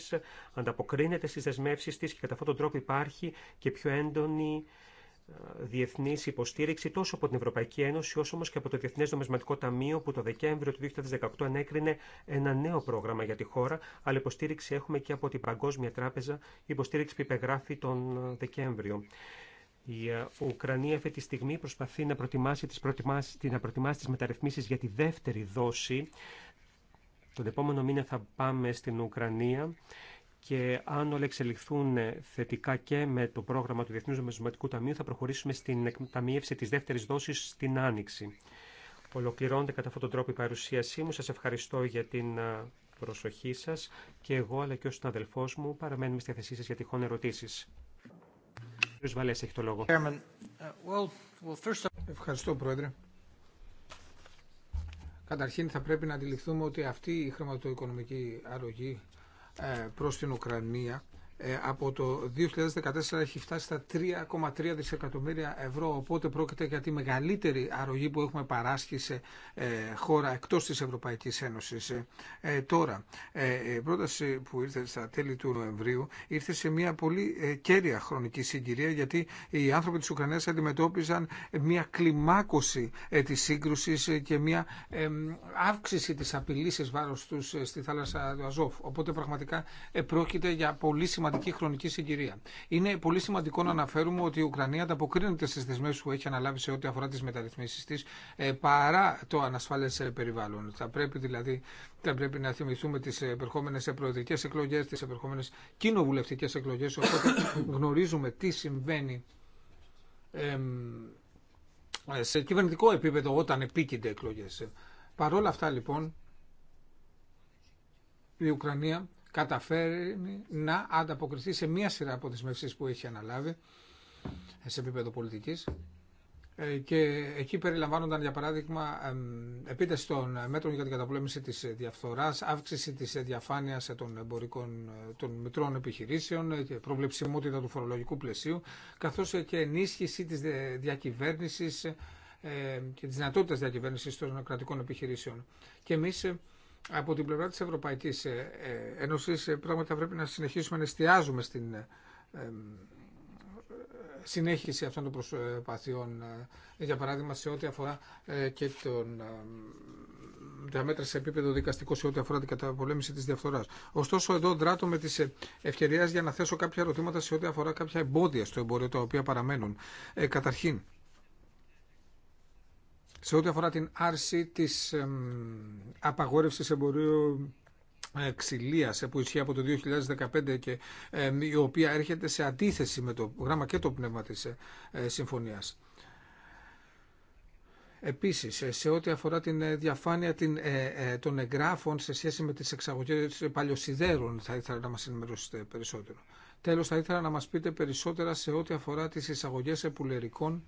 ανταποκρίνεται στις δεσμεύσει τη και κατά αυτόν τον τρόπο υπάρχει και πιο έντονη διεθνή υποστήριξη τόσο από την Ευρωπαϊκή Ένωση όσο όμω και από το Διεθνέ Νομισματικό Ταμείο που το Δεκέμβριο του 2018 ανέκρινε ένα νέο πρόγραμμα για τη χώρα, αλλά υποστήριξη έχουμε και από την Παγκόσμια Τράπεζα, υποστήριξη που υπεγράφει τον Δεκέμβριο. Η ε, Ουκρανία αυτή τη στιγμή προσπαθεί να προτιμάσει τις, προετοιμάσει, τις μεταρρυθμίσεις για τη δεύτερη δόση. Τον επόμενο μήνα θα πάμε στην Ουκρανία και αν όλα εξελιχθούν ε, θετικά και με το πρόγραμμα του Διεθνούς Νομισματικού Ταμείου θα προχωρήσουμε στην εκταμείευση της δεύτερης δόσης στην Άνοιξη. Ολοκληρώνεται κατά αυτόν τον τρόπο η παρουσίασή μου. Σας ευχαριστώ για την ε, προσοχή σας και εγώ αλλά και ο συναδελφός μου παραμένουμε στη θέση σας για τυχόν ερωτήσεις. Βαλές έχει το λόγο. Uh, ευχαριστώ Πρόεδρε. Καταρχήν θα πρέπει να αντιληφθούμε ότι αυτή η χρηματοοικονομική αρρωγή ε, προς την Ουκρανία ε, από το 2014 έχει φτάσει στα 3,3 δισεκατομμύρια ευρώ οπότε πρόκειται για τη μεγαλύτερη αρρωγή που έχουμε παράσχει σε ε, χώρα εκτός της Ευρωπαϊκής Ένωσης. Ε, τώρα, η πρόταση που ήρθε στα τέλη του Νοεμβρίου ήρθε σε μια πολύ κέρια χρονική συγκυρία γιατί οι άνθρωποι της Ουκρανίας αντιμετώπιζαν μια κλιμάκωση της σύγκρουσης και μια αύξηση της απειλής βάρος τους στη θάλασσα του Αζόφ. Οπότε πραγματικά πρόκειται για πολύ σημαντικό σημαντική χρονική συγκυρία. Είναι πολύ σημαντικό να αναφέρουμε ότι η Ουκρανία ανταποκρίνεται στι δεσμεύσει που έχει αναλάβει σε ό,τι αφορά τι μεταρρυθμίσει τη ε, παρά το ανασφαλέ περιβάλλον. Θα πρέπει δηλαδή θα πρέπει να θυμηθούμε τι επερχόμενε προεδρικέ εκλογέ, τι επερχόμενε κοινοβουλευτικέ εκλογέ, οπότε γνωρίζουμε τι συμβαίνει σε κυβερνητικό επίπεδο όταν επίκυνται εκλογές. Παρ' όλα αυτά λοιπόν η Ουκρανία καταφέρει να ανταποκριθεί σε μία σειρά από τις που έχει αναλάβει σε επίπεδο πολιτικής ε, και εκεί περιλαμβάνονταν για παράδειγμα επίτευξη των μέτρων για την καταπολέμηση της διαφθοράς, αύξηση της διαφάνειας των εμπορικών των μικρών επιχειρήσεων και προβλεψιμότητα του φορολογικού πλαισίου, καθώς και ενίσχυση της διακυβέρνησης ε, και της δυνατότητας διακυβέρνησης των κρατικών επιχειρήσεων. Και εμείς από την πλευρά της Ευρωπαϊκής ε, ε, Ένωσης ε, πράγματα πρέπει να συνεχίσουμε να εστιάζουμε στην συνέχιση αυτών των προσπαθειών, για παράδειγμα σε ό,τι αφορά και τον, τα μέτρα σε επίπεδο δικαστικό σε ό,τι αφορά την καταπολέμηση της διαφθοράς. Ωστόσο εδώ δράτω με τις ευκαιρίες για να θέσω κάποια ερωτήματα σε ό,τι αφορά κάποια εμπόδια στο εμπόριο τα οποία παραμένουν. Ε, καταρχήν, σε ό,τι αφορά την άρση της απαγόρευσης εμπορίου ε, ξυλίας ε, που ισχύει από το 2015 και η οποία έρχεται σε αντίθεση με το γράμμα και το πνεύμα της ε, συμφωνίας. Επίσης, σε ό,τι αφορά την διαφάνεια των εγγράφων σε σχέση με τις εξαγωγές παλιοσιδέρων, θα ήθελα να μας ενημερώσετε περισσότερο. Τέλος, θα ήθελα να μας πείτε περισσότερα σε ό,τι αφορά τις εισαγωγές επουλερικών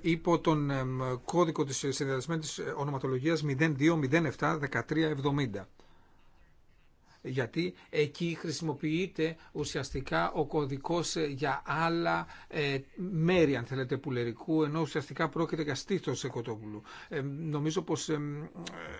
υπό τον κώδικο της συνδεδεσμένης ε, ονοματολογίας 0207-1370. Γιατί εκεί χρησιμοποιείται ουσιαστικά ο κωδικός ε, για άλλα ε, μέρη, αν θέλετε, πουλερικού, ενώ ουσιαστικά πρόκειται για στήθος Κοτόπουλου. νομίζω πως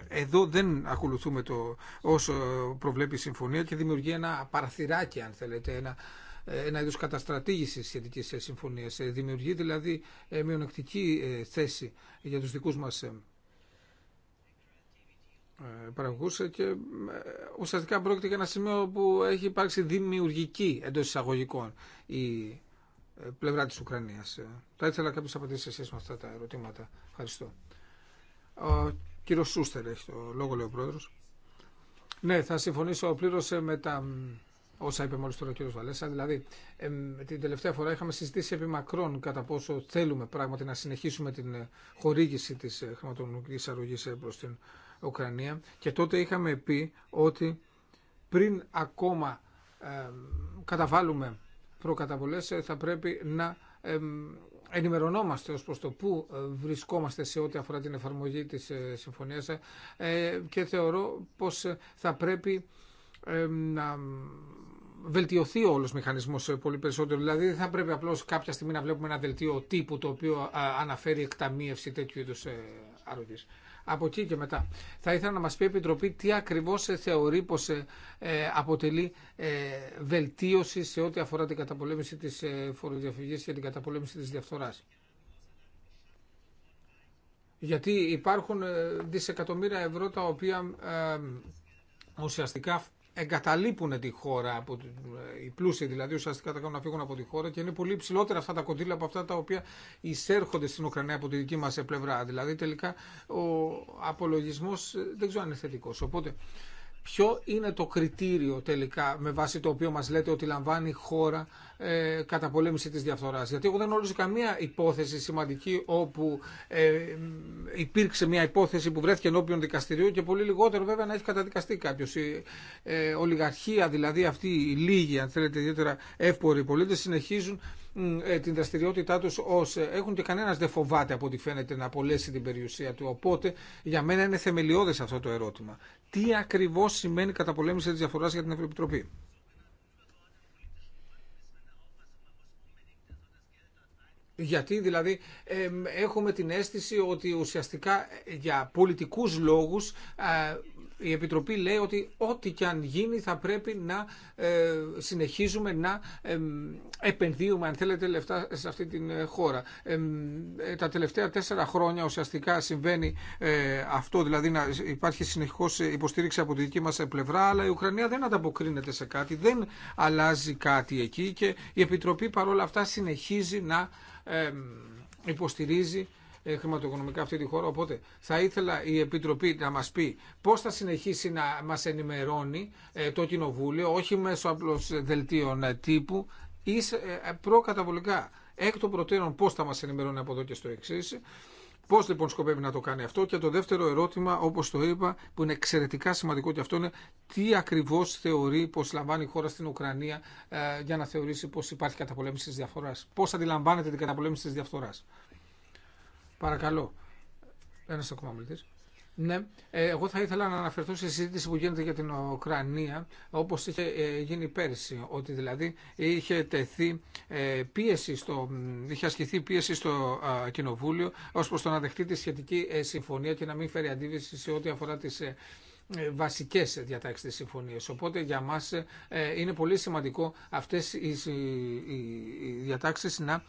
εδώ δεν ακολουθούμε το όσο προβλέπει η συμφωνία και δημιουργεί ένα παραθυράκι, αν θέλετε, ένα ε, ένα είδο καταστρατήγηση σχετική ε, συμφωνία. Ε, δημιουργεί δηλαδή μειονεκτική θέση για του δικού μα παραγωγού και ουσιαστικά πρόκειται για ένα σημείο που έχει υπάρξει δημιουργική εντό εισαγωγικών η πλευρά τη Ουκρανίας. Θα ήθελα κάποιες απαντήσεις σε σχέση με αυτά τα ερωτήματα. Ευχαριστώ. Ο κύριο Σούστερ έχει το λόγο, λέει ο πρόεδρος. Ναι, θα συμφωνήσω πλήρω με τα όσα είπε μόλι τώρα ο κ. Βαλέσσα. Δηλαδή, την τελευταία φορά είχαμε συζητήσει επί μακρόν κατά πόσο θέλουμε πράγματι να συνεχίσουμε την ε, χορήγηση της ε, χρηματονομικής αρρωγή ε, προς την Ουκρανία και τότε είχαμε πει ότι πριν ακόμα καταβάλουμε προκαταβολές θα πρέπει να ε, ενημερωνόμαστε ως προς το πού βρισκόμαστε σε ό,τι αφορά την εφαρμογή της συμφωνίας και θεωρώ πως θα πρέπει να βελτιωθεί ο όλος ο ε, πολύ περισσότερο. Δηλαδή δεν θα πρέπει απλώ κάποια στιγμή να βλέπουμε ένα δελτίο τύπου το οποίο αναφέρει εκταμίευση τέτοιου είδου ε, αρρωγή. Από εκεί και μετά. Θα ήθελα να μα πει η Επιτροπή τι ακριβώ ε, θεωρεί πω αποτελεί βελτίωση σε ό,τι αφορά την καταπολέμηση τη φοροδιαφυγή και την καταπολέμηση τη διαφθοράς. Γιατί υπάρχουν δισεκατομμύρια ευρώ τα οποία ουσιαστικά εγκαταλείπουν τη χώρα, από, οι πλούσιοι δηλαδή ουσιαστικά τα κάνουν να φύγουν από τη χώρα και είναι πολύ ψηλότερα αυτά τα κοντήλα από αυτά τα οποία εισέρχονται στην Ουκρανία από τη δική μας πλευρά. Δηλαδή τελικά ο απολογισμός ε, δεν ξέρω αν είναι θετικός. Οπότε ποιο είναι το κριτήριο τελικά με βάση το οποίο μας λέτε ότι λαμβάνει η χώρα ε, κατά πολέμηση της διαφθοράς. Γιατί εγώ δεν γνωρίζω καμία υπόθεση σημαντική όπου ε, υπήρξε μια υπόθεση που βρέθηκε ενώπιον δικαστηρίου και πολύ λιγότερο βέβαια να έχει καταδικαστεί κάποιος. Η ε, ολιγαρχία δηλαδή αυτή η λίγη αν θέλετε ιδιαίτερα εύποροι πολίτες συνεχίζουν ε, την δραστηριότητά τους ως ε, έχουν και κανένας δεν φοβάται από ό,τι φαίνεται να απολέσει την περιουσία του. Οπότε για μένα είναι θεμελιώδες αυτό το ερώτημα. Τι ακριβώς σημαίνει καταπολέμηση της διαφοράς για την Ευρωπιτροπή. Γιατί δηλαδή έχουμε την αίσθηση ότι ουσιαστικά ε, για πολιτικούς λόγους η Επιτροπή λέει ότι ό,τι και αν γίνει θα πρέπει να ε, συνεχίζουμε να επενδύουμε, αν θέλετε, λεφτά σε αυτή την ε, χώρα. Ε, τα τελευταία τέσσερα χρόνια ουσιαστικά συμβαίνει αυτό, δηλαδή να υπάρχει συνεχώς υποστήριξη από τη δική μας πλευρά, αλλά η Ουκρανία δεν ανταποκρίνεται σε κάτι, δεν αλλάζει κάτι εκεί και η Επιτροπή παρόλα αυτά συνεχίζει να υποστηρίζει ε, χρηματοοικονομικά αυτή τη χώρα. Οπότε θα ήθελα η Επιτροπή να μα πει πώ θα συνεχίσει να μα ενημερώνει ε, το Κοινοβούλιο, όχι μέσω απλώ δελτίων ε, τύπου, ή προκαταβολικά έκτο των προτέρων πώς θα μα ενημερώνει από εδώ και στο εξή. Πώ λοιπόν σκοπεύει να το κάνει αυτό, και το δεύτερο ερώτημα, όπω το είπα, που είναι εξαιρετικά σημαντικό και αυτό είναι τι ακριβώ θεωρεί πω λαμβάνει η χώρα στην Ουκρανία για να θεωρήσει πω υπάρχει καταπολέμηση τη διαφθορά. Πώ αντιλαμβάνεται την καταπολέμηση τη διαφθορά. Παρακαλώ. Ένα ακόμα μιλητή. Ναι, ε, εγώ θα ήθελα να αναφερθώ στη συζήτηση που γίνεται για την Ουκρανία, όπως είχε ε, γίνει πέρσι, ότι δηλαδή είχε τεθεί ε, πίεση στο, είχε ασκηθεί πίεση στο Κοινοβούλιο, ως προς το να δεχτεί τη σχετική συμφωνία και να μην φέρει αντίβηση σε ό,τι αφορά τις Βασικέ διατάξει τη συμφωνία. Οπότε για μας ε, είναι πολύ σημαντικό αυτέ οι διατάξει να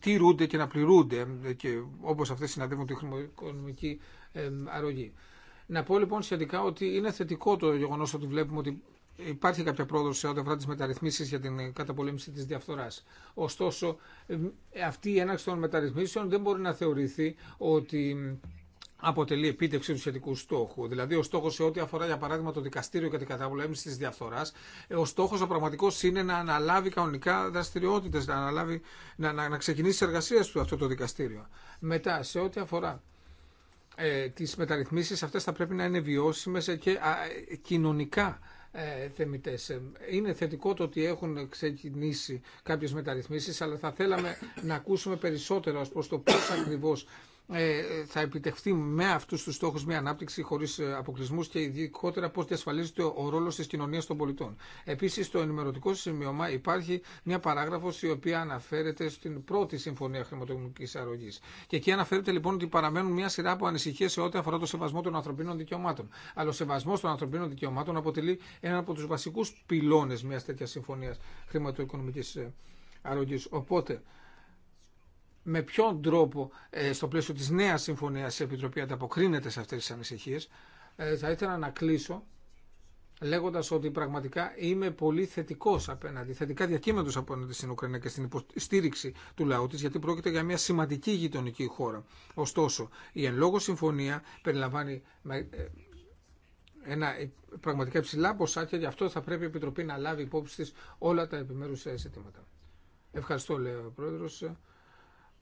τηρούνται και να πληρούνται και όπως αυτές συναντεύουν τη χρηματοοικονομική αρρωγή. Να πω λοιπόν σχετικά ότι είναι θετικό το γεγονό ότι βλέπουμε ότι υπάρχει κάποια πρόοδο σε ό,τι αφορά τι μεταρρυθμίσει για την καταπολέμηση τη διαφθορά. Ωστόσο, αυτή η έναρξη των μεταρρυθμίσεων δεν μπορεί να θεωρηθεί ότι αποτελεί επίτευξη του σχετικού στόχου. Δηλαδή, ο στόχο σε ό,τι αφορά, για παράδειγμα, το δικαστήριο και την καταβολή τη διαφθορά, ε, ο στόχο ο πραγματικό είναι να αναλάβει κανονικά δραστηριότητε, να, να, να, να ξεκινήσει τι εργασίε του αυτό το δικαστήριο. Μετά, σε ό,τι αφορά ε, τι μεταρρυθμίσει, αυτέ θα πρέπει να είναι βιώσιμε και α, ε, κοινωνικά. Ε, θεμητές. Είναι θετικό το ότι έχουν ξεκινήσει κάποιε μεταρρυθμίσει, αλλά θα θέλαμε να ακούσουμε περισσότερο ω προ το πώ ακριβώ. Ε, θα επιτευχθεί με αυτού του στόχου μια ανάπτυξη χωρί ε, αποκλεισμού και ειδικότερα πώ διασφαλίζεται ο ρόλο τη κοινωνία των πολιτών. Επίση, στο ενημερωτικό σημείωμα υπάρχει μια παράγραφο η οποία αναφέρεται στην πρώτη συμφωνία χρηματοοικονομική αρρωγή. Και εκεί αναφέρεται λοιπόν ότι παραμένουν μια σειρά από ανησυχίε σε ό,τι αφορά το σεβασμό των ανθρωπίνων δικαιωμάτων. Αλλά ο σεβασμό των ανθρωπίνων δικαιωμάτων αποτελεί έναν από του βασικού πυλώνε μια τέτοια συμφωνία χρηματοοικονομική ε, αρρωγή. Οπότε, με ποιον τρόπο ε, στο πλαίσιο της νέας συμφωνίας η Επιτροπή ανταποκρίνεται σε αυτές τις ανησυχίες, ε, θα ήθελα να κλείσω λέγοντας ότι πραγματικά είμαι πολύ θετικός απέναντι, θετικά διακείμενος απέναντι στην Ουκρανία και στην υποστήριξη του λαού της, γιατί πρόκειται για μια σημαντική γειτονική χώρα. Ωστόσο, η εν λόγω συμφωνία περιλαμβάνει ε, ένα πραγματικά υψηλά ποσά και γι' αυτό θα πρέπει η Επιτροπή να λάβει υπόψη της όλα τα επιμέρους ζητήματα. Ευχαριστώ, λέει ο Πρόεδρος.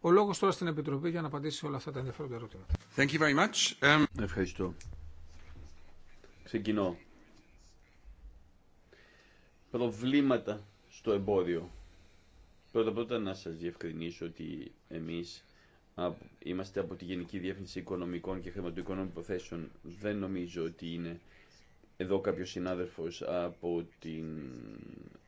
Ο λόγος τώρα στην Επιτροπή για να απαντήσει όλα αυτά τα ενδιαφέροντα ερωτήματα. Thank you very much. Um... Ευχαριστώ. Ξεκινώ. Προβλήματα στο εμπόριο. Πρώτα πρώτα να σας διευκρινίσω ότι εμείς είμαστε από τη Γενική Διεύθυνση Οικονομικών και Χρηματοοικονομικών Υποθέσεων. Δεν νομίζω ότι είναι εδώ κάποιο συνάδελφο από την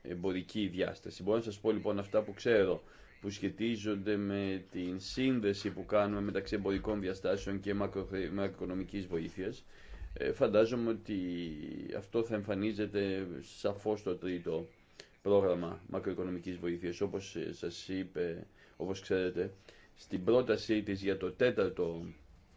εμπορική διάσταση. Μπορώ να σα πω λοιπόν αυτά που ξέρω που σχετίζονται με την σύνδεση που κάνουμε μεταξύ εμπορικών διαστάσεων και μακροοικονομικής βοήθειας. Ε, φαντάζομαι ότι αυτό θα εμφανίζεται σαφώς στο τρίτο πρόγραμμα μακροοικονομικής βοήθειας. Όπως ε, σας είπε, όπως ξέρετε, στην πρότασή της για, το τέταρτο,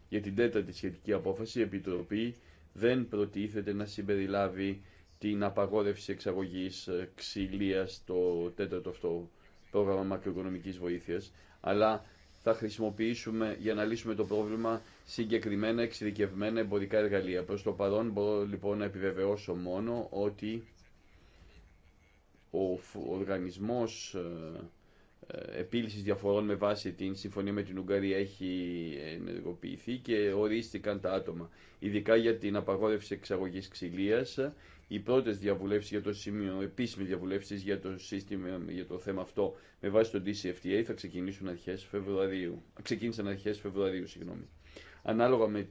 για την τέταρτη σχετική απόφαση, η Επιτροπή δεν προτίθεται να συμπεριλάβει την απαγόρευση εξαγωγής ε, ξυλίας στο τέταρτο αυτό πρόγραμμα μακροοικονομική βοήθεια, αλλά θα χρησιμοποιήσουμε για να λύσουμε το πρόβλημα συγκεκριμένα εξειδικευμένα εμπορικά εργαλεία. Προ το παρόν μπορώ λοιπόν να επιβεβαιώσω μόνο ότι ο οργανισμός ε, ε, επίλυση διαφορών με βάση την συμφωνία με την Ουγγαρία έχει ε, ενεργοποιηθεί και ορίστηκαν τα άτομα. Ειδικά για την απαγόρευση εξαγωγή ξυλία οι πρώτε διαβουλεύσει για το σημείο, επίσημε διαβουλεύσει για το για το θέμα αυτό με βάση το DCFTA θα ξεκινήσουν αρχές Φεβρουαρίου. Ξεκίνησαν αρχέ Φεβρουαρίου, συγγνώμη. Ανάλογα με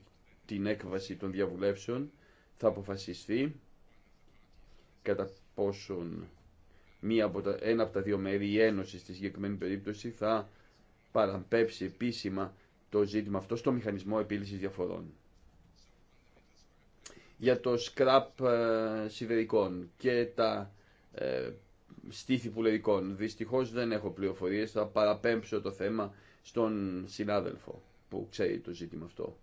την έκβαση των διαβουλεύσεων θα αποφασιστεί κατά πόσον μία από τα, ένα από τα δύο μέρη, η Ένωση στη συγκεκριμένη περίπτωση, θα παραμπέψει επίσημα το ζήτημα αυτό στο μηχανισμό επίλυσης διαφορών για το σκραπ ε, σιδερικών και τα ε, στήθη πουλερικών. Δυστυχώς δεν έχω πληροφορίες, θα παραπέμψω το θέμα στον συνάδελφο που ξέρει το ζήτημα αυτό.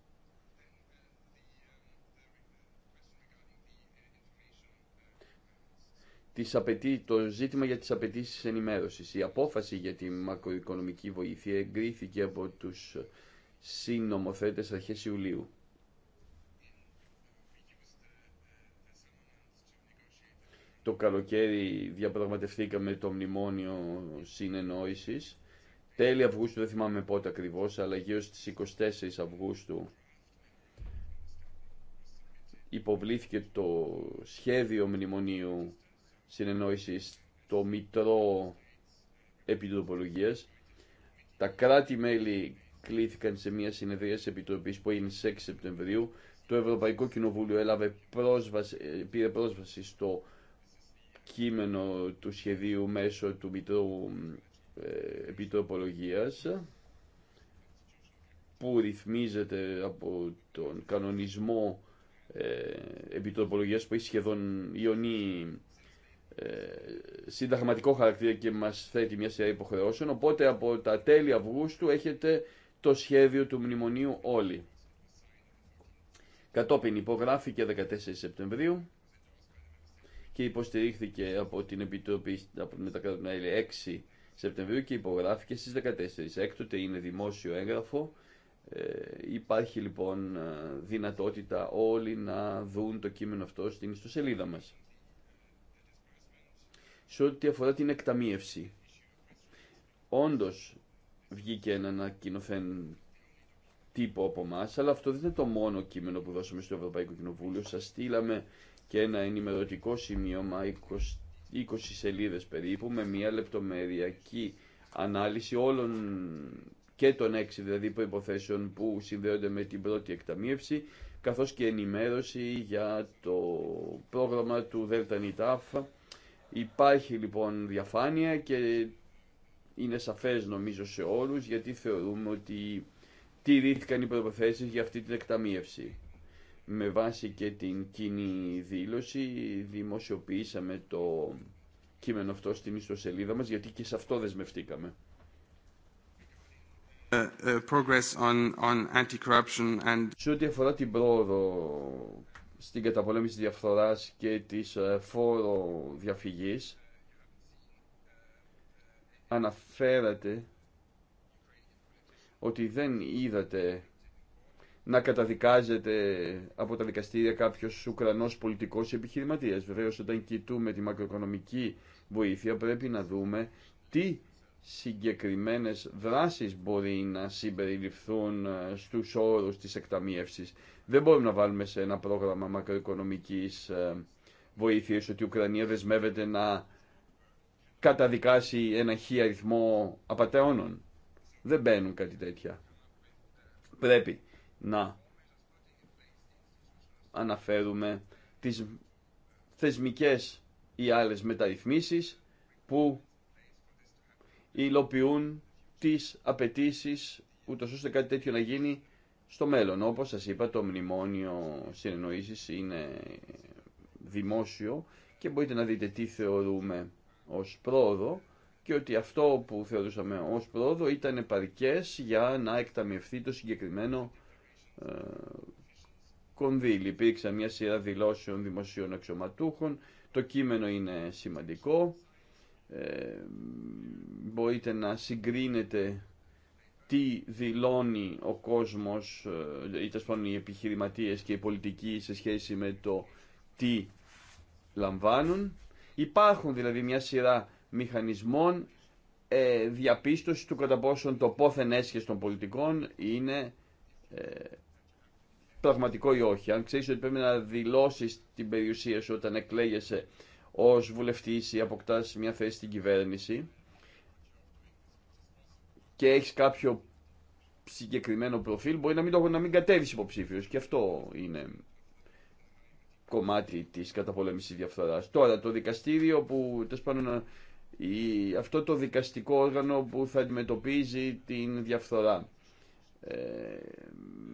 το ζήτημα για τις απαιτήσει ενημέρωσης. Η απόφαση για τη μακροοικονομική βοήθεια εγκρίθηκε από τους συνομοθέτες αρχές Ιουλίου. το καλοκαίρι διαπραγματευτήκαμε το μνημόνιο συνεννόησης. Τέλη Αυγούστου, δεν θυμάμαι πότε ακριβώς, αλλά γύρω στις 24 Αυγούστου υποβλήθηκε το σχέδιο μνημονίου συνεννόησης το Μητρό Επιτροπολογίας. Τα κράτη-μέλη κλήθηκαν σε μια συνεδρία της Επιτροπής που έγινε στι 6 Σεπτεμβρίου. Το Ευρωπαϊκό Κοινοβούλιο έλαβε πήρε πρόσβαση στο κείμενο του σχεδίου μέσω του Μητρώου ε, Επιτροπολογίας που ρυθμίζεται από τον κανονισμό ε, επιτροπολογίας που έχει σχεδόν ιονή ε, συνταγματικό χαρακτήρα και μας θέτει μια σειρά υποχρεώσεων. Οπότε από τα τέλη Αυγούστου έχετε το σχέδιο του μνημονίου όλοι. Κατόπιν υπογράφηκε 14 Σεπτεμβρίου και υποστηρίχθηκε από την Επιτροπή με τα κρατη 6 Σεπτεμβρίου και υπογράφηκε στις 14. Έκτοτε είναι δημόσιο έγγραφο. Ε, υπάρχει λοιπόν ε, δυνατότητα όλοι να δουν το κείμενο αυτό στην ιστοσελίδα μας. Σε ό,τι αφορά την εκταμίευση. Όντως βγήκε ένα ανακοινωθέν τύπο από εμά, αλλά αυτό δεν είναι το μόνο κείμενο που δώσαμε στο Ευρωπαϊκό Κοινοβούλιο. Σας στείλαμε και ένα ενημερωτικό σημείωμα 20, 20 σελίδες περίπου με μια λεπτομεριακή ανάλυση όλων και των έξι δηλαδή προϋποθέσεων που συνδέονται με την πρώτη εκταμείευση καθώς και ενημέρωση για το πρόγραμμα του ΔΝΤΑΦ. Υπάρχει λοιπόν διαφάνεια και είναι σαφές νομίζω σε όλους γιατί θεωρούμε ότι τηρήθηκαν οι προποθέσει για αυτή την εκταμείευση με βάση και την κοινή δήλωση δημοσιοποιήσαμε το κείμενο αυτό στην ιστοσελίδα μας γιατί και σε αυτό δεσμευτήκαμε. Ε, ε, σε ό,τι αφορά την πρόοδο στην καταπολέμηση διαφθοράς και της ε, φόρο διαφυγής αναφέρατε ότι δεν είδατε να καταδικάζεται από τα δικαστήρια κάποιος Ουκρανός πολιτικός επιχειρηματίας. Βεβαίω, όταν κοιτούμε τη μακροοικονομική βοήθεια πρέπει να δούμε τι συγκεκριμένες δράσεις μπορεί να συμπεριληφθούν ε, στους όρου τη εκταμίευσης. Δεν μπορούμε να βάλουμε σε ένα πρόγραμμα μακροοικονομικής ε, βοήθεια ότι η Ουκρανία δεσμεύεται να καταδικάσει ένα χι αριθμό απαταιώνων. Δεν μπαίνουν κάτι τέτοια. Πρέπει να αναφέρουμε τις θεσμικές ή άλλες μεταρρυθμίσεις που υλοποιούν τις απαιτήσει ούτω ώστε κάτι τέτοιο να γίνει στο μέλλον. Όπως σας είπα το μνημόνιο συνεννοήσεις είναι δημόσιο και μπορείτε να δείτε τι θεωρούμε ως πρόοδο και ότι αυτό που θεωρούσαμε ως πρόοδο ήταν επαρκές για να εκταμιευθεί το συγκεκριμένο κονδύλι. Υπήρξαν μια σειρά δηλώσεων δημοσίων αξιωματούχων. Το κείμενο είναι σημαντικό. Ε, μπορείτε να συγκρίνετε τι δηλώνει ο κόσμος, είτε τα οι επιχειρηματίες και οι πολιτικοί σε σχέση με το τι λαμβάνουν. Υπάρχουν δηλαδή μια σειρά μηχανισμών ε, διαπίστωση του κατά πόσον το πόθεν έσχεση των πολιτικών είναι ε, πραγματικό ή όχι. Αν ξέρει ότι πρέπει να δηλώσει την περιουσία σου όταν εκλέγεσαι ω βουλευτή ή αποκτά μια θέση στην κυβέρνηση και έχει κάποιο συγκεκριμένο προφίλ, μπορεί να μην, το, να μην κατέβεις υποψήφιος και αυτό είναι κομμάτι της καταπολέμησης διαφθοράς. Τώρα το δικαστήριο που, αυτό το δικαστικό όργανο που θα αντιμετωπίζει την διαφθορά. Ε,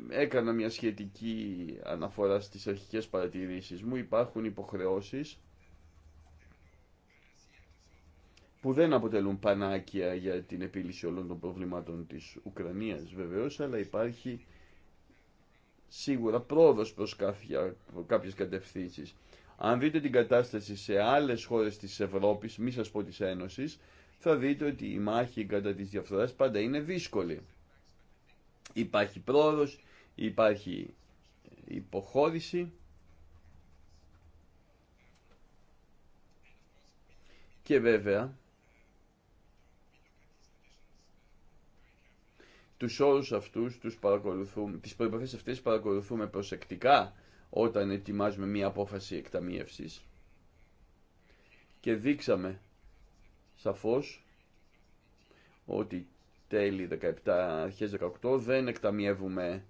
έκανα μια σχετική αναφορά στις αρχικές παρατηρήσεις μου. Υπάρχουν υποχρεώσεις που δεν αποτελούν πανάκια για την επίλυση όλων των προβλημάτων της Ουκρανίας βεβαίως, αλλά υπάρχει σίγουρα πρόοδος προς κάποια, κάποιες κατευθύνσεις. Αν δείτε την κατάσταση σε άλλες χώρες της Ευρώπης, μη σας πω της Ένωσης, θα δείτε ότι η μάχη κατά της διαφθοράς πάντα είναι δύσκολη. Υπάρχει πρόοδος, υπάρχει υποχώρηση. Και βέβαια, τους όρους αυτούς, τους παρακολουθούμε, τις προϋποθέσεις αυτές παρακολουθούμε προσεκτικά όταν ετοιμάζουμε μία απόφαση εκταμίευσης και δείξαμε σαφώς ότι τέλη 17, 18 δεν εκταμιεύουμε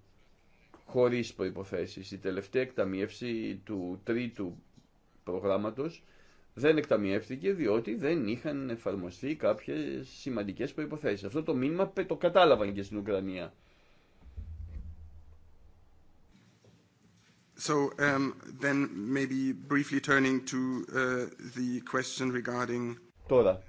χωρίς προϋποθέσεις. Η τελευταία εκταμίευση του τρίτου προγράμματος δεν εκταμιεύτηκε διότι δεν είχαν εφαρμοστεί κάποιες σημαντικές προϋποθέσεις. Αυτό το μήνυμα το κατάλαβαν και στην Ουκρανία. So um, then maybe briefly turning to uh, the question regarding Τώρα,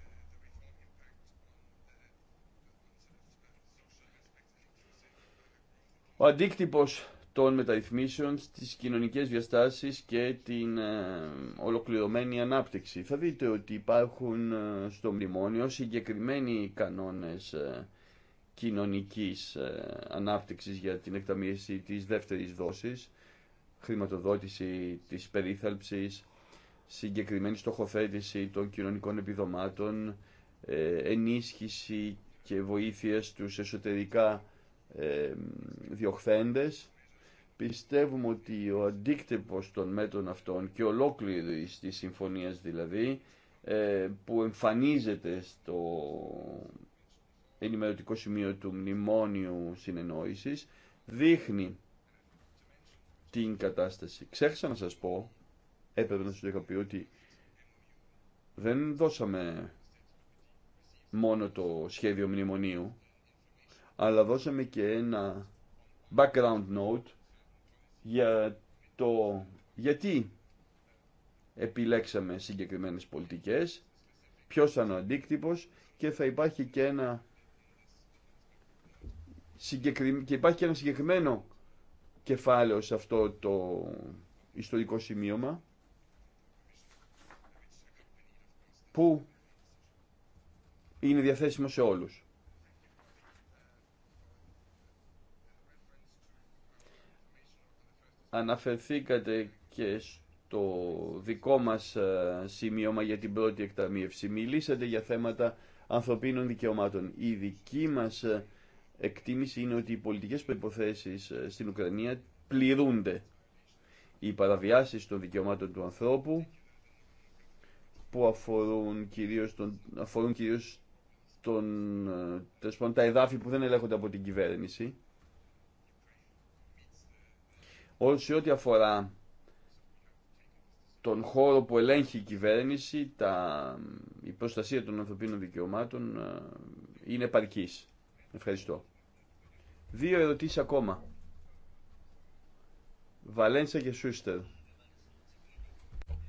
Ο αντίκτυπος των μεταρρυθμίσεων στις κοινωνικές διαστάσεις και την ε, ολοκληρωμένη ανάπτυξη. Θα δείτε ότι υπάρχουν ε, στο μνημόνιο συγκεκριμένοι κανόνες ε, κοινωνικής ανάπτυξης για την εκταμίευση της δεύτερης δόσης, χρηματοδότηση της περίθαλψης, συγκεκριμένη στοχοθέτηση των κοινωνικών επιδομάτων, ενίσχυση και βοήθεια στους εσωτερικά διοχθέντες. Πιστεύουμε ότι ο αντίκτυπος των μέτρων αυτών και ολόκληρη της συμφωνίας δηλαδή ε, που εμφανίζεται στο ενημερωτικό σημείο του Μνημόνιου Συνεννόησης δείχνει την κατάσταση. Ξέχασα να σας πω, έπρεπε να σας το είχα πει ότι δεν δώσαμε μόνο το σχέδιο μνημονίου, αλλά δώσαμε και ένα background note για το γιατί επιλέξαμε συγκεκριμένες πολιτικές, ποιος ήταν ο αντίκτυπος και θα υπάρχει και ένα, και υπάρχει και ένα συγκεκριμένο κεφάλαιο σε αυτό το ιστορικό σημείωμα που είναι διαθέσιμο σε όλους. αναφερθήκατε και στο δικό μας ε, σημείωμα για την πρώτη εκταμίευση. Μιλήσατε για θέματα ανθρωπίνων δικαιωμάτων. Η δική μας ε, εκτίμηση είναι ότι οι πολιτικές προϋποθέσεις ε, στην Ουκρανία πληρούνται. Οι παραβιάσεις των δικαιωμάτων του ανθρώπου που αφορούν κυρίως, τον, αφορούν κυρίως τον, τα εδάφη που δεν ελέγχονται από την κυβέρνηση ό,τι αφορά τον χώρο που ελέγχει η κυβέρνηση, τα, η προστασία των ανθρωπίνων δικαιωμάτων ε, είναι παρκής Ευχαριστώ. Δύο ερωτήσεις ακόμα. Βαλένσα και Σούστερ.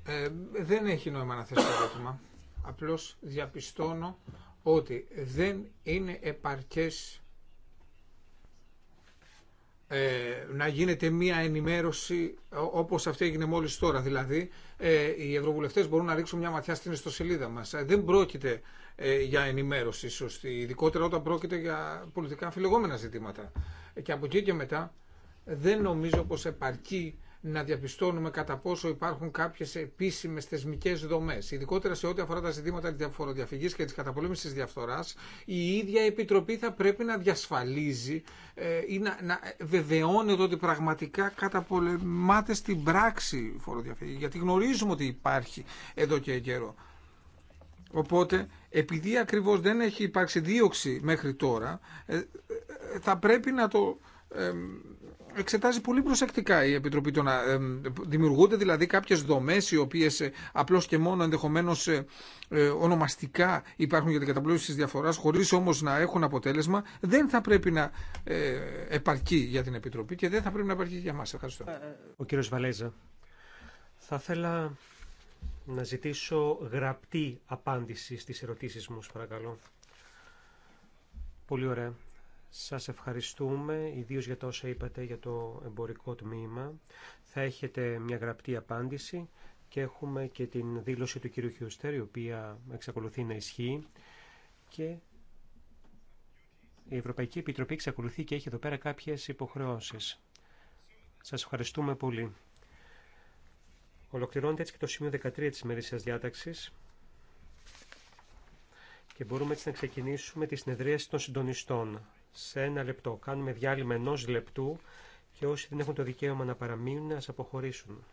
Ε, δεν έχει νόημα να θέσω ερώτημα. Απλώς διαπιστώνω ότι δεν είναι επαρκές ε, να γίνεται μια ενημέρωση όπως αυτή έγινε μόλις τώρα. Δηλαδή ε, οι ευρωβουλευτές μπορούν να ρίξουν μια ματιά στην ιστοσελίδα μας. Ε, δεν πρόκειται για ενημέρωση σωστή, ειδικότερα όταν πρόκειται για πολιτικά αμφιλεγόμενα ζητήματα. Και από εκεί και μετά δεν νομίζω πως επαρκεί να διαπιστώνουμε κατά πόσο υπάρχουν κάποιε επίσημε θεσμικέ δομέ. Ειδικότερα σε ό,τι αφορά τα ζητήματα τη φοροδιαφυγή και τη καταπολέμηση τη διαφθορά, η ίδια Επιτροπή θα πρέπει να διασφαλίζει ε, ή να, να βεβαιώνεται ότι πραγματικά καταπολεμάται στην πράξη φοροδιαφυγή. Γιατί γνωρίζουμε ότι υπάρχει εδώ και καιρό. Οπότε, επειδή ακριβώ δεν έχει υπάρξει δίωξη μέχρι τώρα, ε, ε, θα πρέπει να το εξετάζει πολύ προσεκτικά η Επιτροπή το να δημιουργούνται δηλαδή κάποιες δομές οι οποίες ε, απλώς και μόνο ενδεχομένως ε, ε, ονομαστικά υπάρχουν για την καταπλήρωση τη διαφορά, χωρίς όμως να έχουν αποτέλεσμα δεν θα πρέπει να επαρκεί για την Επιτροπή και δεν θα πρέπει να επαρκεί για μας. Ευχαριστώ. Ο κύριο Βαλέζα, θα ήθελα να ζητήσω γραπτή απάντηση στι ερωτήσει μου, παρακαλώ. Πολύ ωραία. Σας ευχαριστούμε, ιδίως για τα όσα είπατε για το εμπορικό τμήμα. Θα έχετε μια γραπτή απάντηση και έχουμε και την δήλωση του κύριου Χιουστέρ, η οποία εξακολουθεί να ισχύει και η Ευρωπαϊκή Επιτροπή εξακολουθεί και έχει εδώ πέρα κάποιες υποχρεώσεις. Σας ευχαριστούμε πολύ. Ολοκληρώνεται έτσι και το σημείο 13 της ημερήσιας διάταξης και μπορούμε έτσι να ξεκινήσουμε τη συνεδρίαση των συντονιστών σε ένα λεπτό. Κάνουμε διάλειμμα ενός λεπτού και όσοι δεν έχουν το δικαίωμα να παραμείνουν, ας αποχωρήσουν.